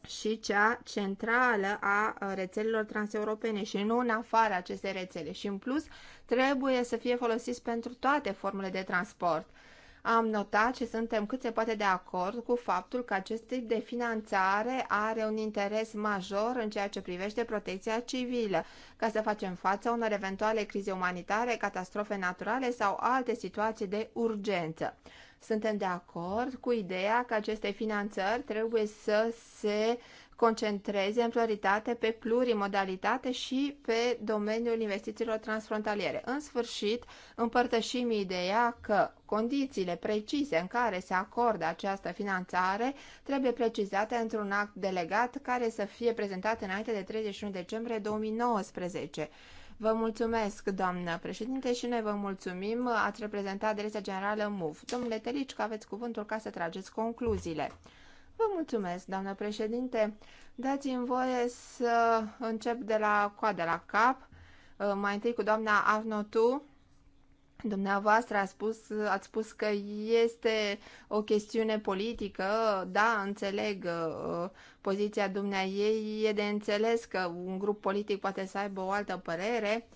și cea centrală a rețelelor transeuropene și nu în afara acestei rețele. Și în plus, trebuie să fie folosiți pentru toate formele de transport am notat și suntem cât se poate de acord cu faptul că acest tip de finanțare are un interes major în ceea ce privește protecția civilă, ca să facem față unor eventuale crize umanitare, catastrofe naturale sau alte situații de urgență. Suntem de acord cu ideea că aceste finanțări trebuie să se concentreze în prioritate pe plurimodalitate și pe domeniul investițiilor transfrontaliere. În sfârșit, împărtășim ideea că condițiile precise în care se acordă această finanțare trebuie precizate într-un act delegat care să fie prezentat înainte de 31 decembrie 2019. Vă mulțumesc, doamnă președinte, și noi vă mulțumim. Ați reprezentat Direcția Generală MUV. Domnule Telici, că aveți cuvântul ca să trageți concluziile. Vă mulțumesc, doamnă președinte. Dați-mi voie să încep de la coadă la cap. Uh, mai întâi cu doamna Arnotu. Dumneavoastră a spus, ați spus că este o chestiune politică. Da, înțeleg uh, poziția dumneai. E de înțeles că un grup politic poate să aibă o altă părere.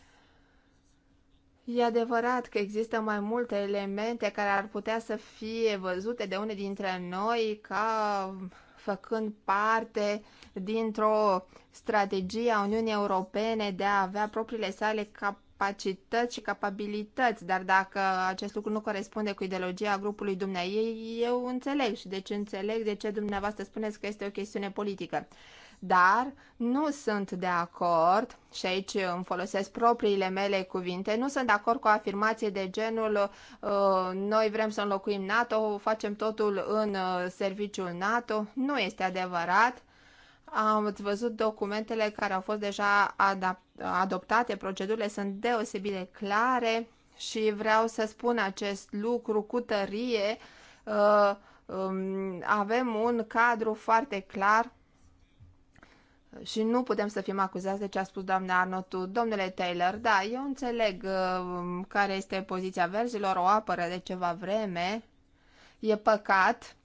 E adevărat că există mai multe elemente care ar putea să fie văzute de unii dintre noi ca făcând parte dintr-o strategie a Uniunii Europene de a avea propriile sale capacități și capabilități, dar dacă acest lucru nu corespunde cu ideologia grupului dumneai, eu înțeleg și deci înțeleg de ce dumneavoastră spuneți că este o chestiune politică dar nu sunt de acord, și aici îmi folosesc propriile mele cuvinte, nu sunt de acord cu afirmație de genul ă, noi vrem să înlocuim NATO, facem totul în ă, serviciul NATO. Nu este adevărat. Am văzut documentele care au fost deja adoptate, procedurile sunt deosebit de clare și vreau să spun acest lucru cu tărie. Ă, um, avem un cadru foarte clar și nu putem să fim acuzați de ce a spus doamna Arnotu. Domnule Taylor, da, eu înțeleg uh, care este poziția verzilor, o apără de ceva vreme. E păcat.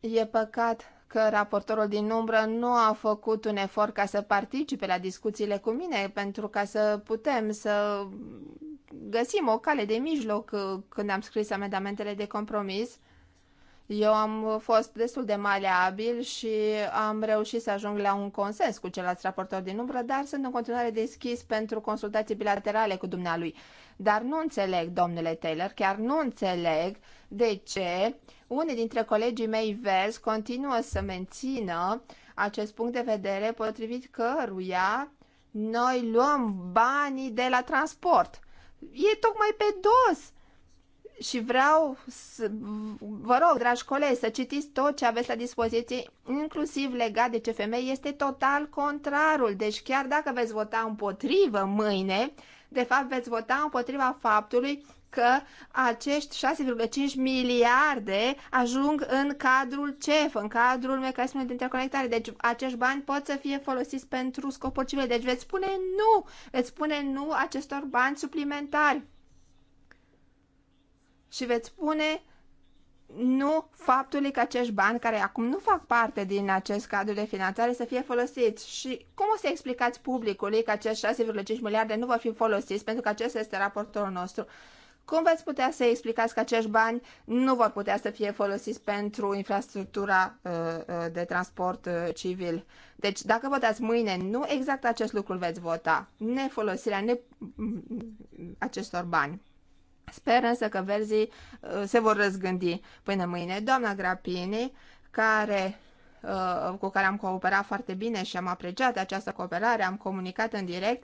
E păcat că raportorul din umbră nu a făcut un efort ca să participe la discuțiile cu mine, pentru ca să putem să găsim o cale de mijloc uh, când am scris amendamentele de compromis. Eu am fost destul de maleabil și am reușit să ajung la un consens cu celălalt raportor din umbră, dar sunt în continuare deschis pentru consultații bilaterale cu dumnealui. Dar nu înțeleg, domnule Taylor, chiar nu înțeleg de ce unii dintre colegii mei verzi continuă să mențină acest punct de vedere potrivit căruia noi luăm banii de la transport. E tocmai pe dos! și vreau să vă rog, dragi colegi, să citiți tot ce aveți la dispoziție, inclusiv legat de ce femei este total contrarul. Deci chiar dacă veți vota împotrivă mâine, de fapt veți vota împotriva faptului că acești 6,5 miliarde ajung în cadrul CEF, în cadrul mecanismului de interconectare. Deci acești bani pot să fie folosiți pentru scopuri civile. Deci veți spune nu, veți spune nu acestor bani suplimentari și veți spune nu faptului că acești bani care acum nu fac parte din acest cadru de finanțare să fie folosiți. Și cum o să explicați publicului că acești 6,5 miliarde nu vor fi folosiți pentru că acesta este raportorul nostru? Cum veți putea să explicați că acești bani nu vor putea să fie folosiți pentru infrastructura uh, uh, de transport uh, civil? Deci, dacă votați mâine, nu exact acest lucru veți vota, nefolosirea ne... Mm, acestor bani. Sper însă că verzii uh, se vor răzgândi până mâine. Doamna Grapini, care, uh, cu care am cooperat foarte bine și am apreciat această cooperare, am comunicat în direct,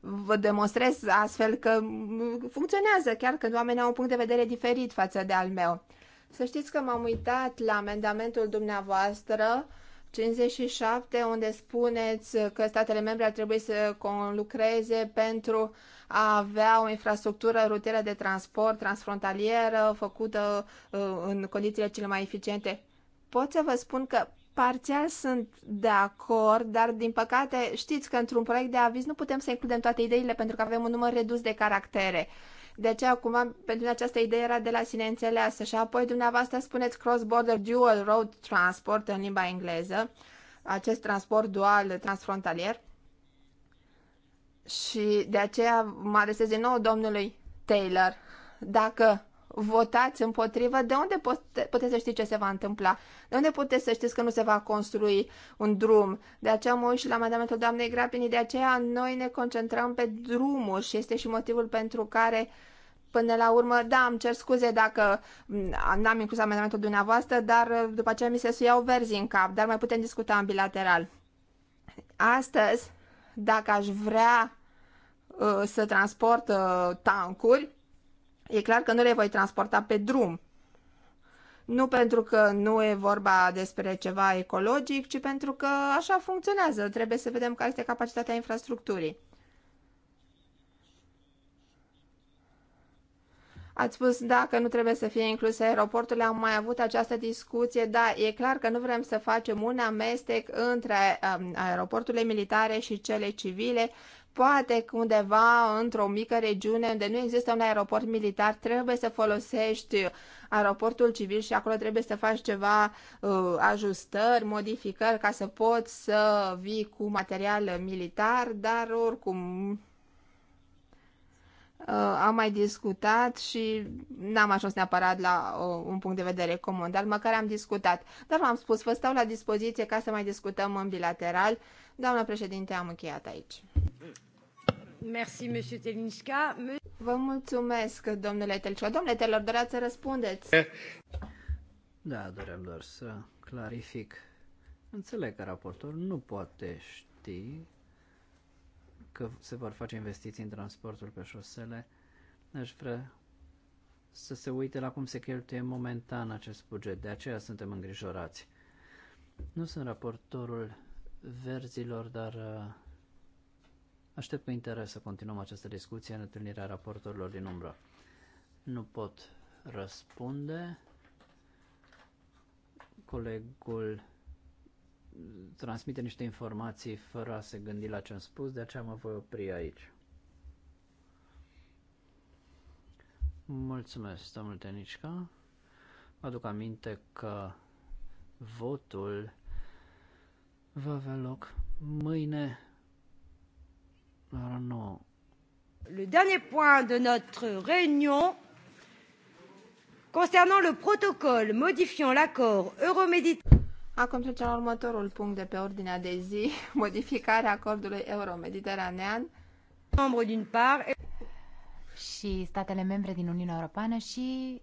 vă demonstrez astfel că mm, funcționează chiar când oamenii au un punct de vedere diferit față de al meu. Să știți că m-am uitat la amendamentul dumneavoastră 57, unde spuneți că statele membre ar trebui să conlucreze pentru a avea o infrastructură rutieră de transport transfrontalieră făcută uh, în condițiile cele mai eficiente. Pot să vă spun că parțial sunt de acord, dar din păcate știți că într-un proiect de aviz nu putem să includem toate ideile pentru că avem un număr redus de caractere. De aceea, cumva, pentru această idee era de la sine înțeleasă. Și apoi, dumneavoastră, spuneți cross-border dual road transport în limba engleză, acest transport dual transfrontalier. Și de aceea mă adresez din nou domnului Taylor. Dacă votați împotrivă, de unde puteți să știți ce se va întâmpla? De unde puteți să știți că nu se va construi un drum? De aceea mă uit și la mandamentul doamnei Grapini, de aceea noi ne concentrăm pe drumuri și este și motivul pentru care Până la urmă, da, îmi cer scuze dacă n-am inclus amendamentul dumneavoastră, dar uh, după aceea mi se suiau verzi în cap, dar mai putem discuta în bilateral. Astăzi dacă aș vrea uh, să transport uh, tancuri, e clar că nu le voi transporta pe drum. Nu pentru că nu e vorba despre ceva ecologic, ci pentru că așa funcționează. Trebuie să vedem care este capacitatea infrastructurii. Ați spus, da, că nu trebuie să fie incluse aeroporturile, am mai avut această discuție, da, e clar că nu vrem să facem un amestec între um, aeroporturile militare și cele civile, poate că undeva într-o mică regiune unde nu există un aeroport militar, trebuie să folosești aeroportul civil și acolo trebuie să faci ceva uh, ajustări, modificări ca să poți să vii cu material militar, dar oricum Uh, am mai discutat și n-am ajuns neapărat la uh, un punct de vedere comun, dar măcar am discutat. Dar v-am spus, vă stau la dispoziție ca să mai discutăm în bilateral. Doamna președinte, am încheiat aici. Merci, monsieur Telinska. Vă mulțumesc, domnule Telinska. Domnule Telor, doreați să răspundeți? Da, doream doar să clarific. Înțeleg că raportorul nu poate ști că se vor face investiții în transportul pe șosele, aș vrea să se uite la cum se cheltuie momentan acest buget. De aceea suntem îngrijorați. Nu sunt raportorul verzilor, dar uh, aștept cu interes să continuăm această discuție în întâlnirea raportorilor din umbră. Nu pot răspunde. Colegul transmite niște informații fără a se gândi la ce am spus, de aceea mă voi opri aici. Mulțumesc, domnul Tenișca. Mă aduc aminte că votul va avea loc mâine la ora 9. Le dernier point de notre réunion concernant le protocole modifiant l'accord euroméditerranéen Acum trecem la următorul punct de pe ordinea de zi, modificarea acordului euro-mediteranean. Și statele membre din Uniunea Europeană și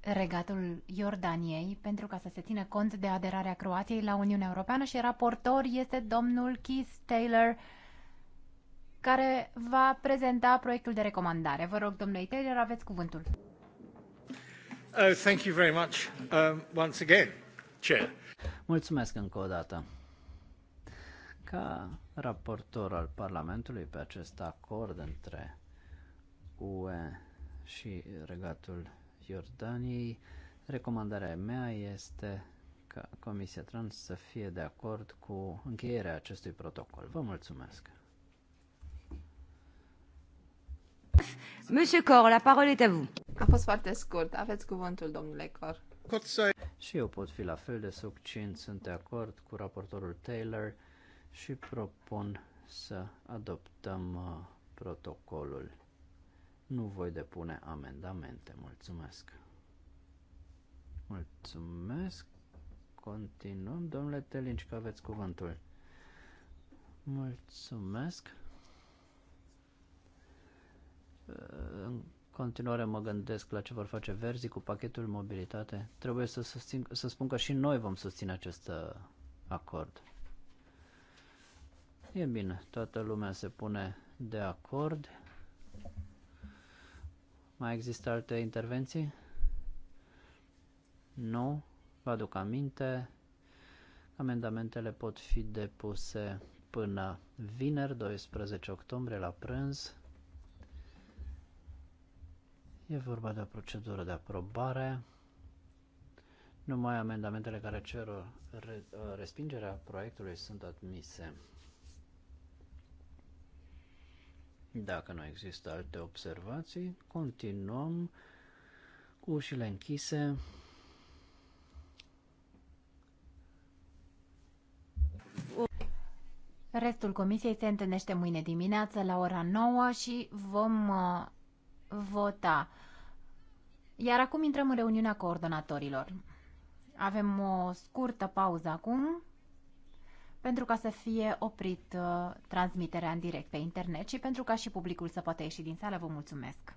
regatul Iordaniei pentru ca să se țină cont de aderarea Croației la Uniunea Europeană și raportor este domnul Keith Taylor care va prezenta proiectul de recomandare. Vă rog, domnule Taylor, aveți cuvântul. Oh, thank you very much um, once again, Chair. Mulțumesc încă o dată. Ca raportor al Parlamentului pe acest acord între UE și Regatul Iordaniei, recomandarea mea este ca Comisia Trans să fie de acord cu încheierea acestui protocol. Vă mulțumesc! Monsieur Cor, la parole est à vous. A fost foarte scurt. Aveți cuvântul, domnule Cor. să. Și eu pot fi la fel de succint. Sunt de acord cu raportorul Taylor și propun să adoptăm uh, protocolul. Nu voi depune amendamente. Mulțumesc. Mulțumesc. Continuăm, domnule Telinci, că aveți cuvântul. Mulțumesc. În continuare mă gândesc la ce vor face Verzi cu pachetul mobilitate. Trebuie să, susțin, să spun că și noi vom susține acest uh, acord. E bine, toată lumea se pune de acord. Mai există alte intervenții? Nu. Vă aduc aminte. Amendamentele pot fi depuse până vineri, 12 octombrie, la prânz. E vorba de o procedură de aprobare. Numai amendamentele care cer respingerea proiectului sunt admise. Dacă nu există alte observații, continuăm cu ușile închise. Restul comisiei se întâlnește mâine dimineață la ora 9 și vom uh, vota. Iar acum intrăm în reuniunea coordonatorilor. Avem o scurtă pauză acum pentru ca să fie oprit uh, transmiterea în direct pe internet și pentru ca și publicul să poată ieși din sală. Vă mulțumesc!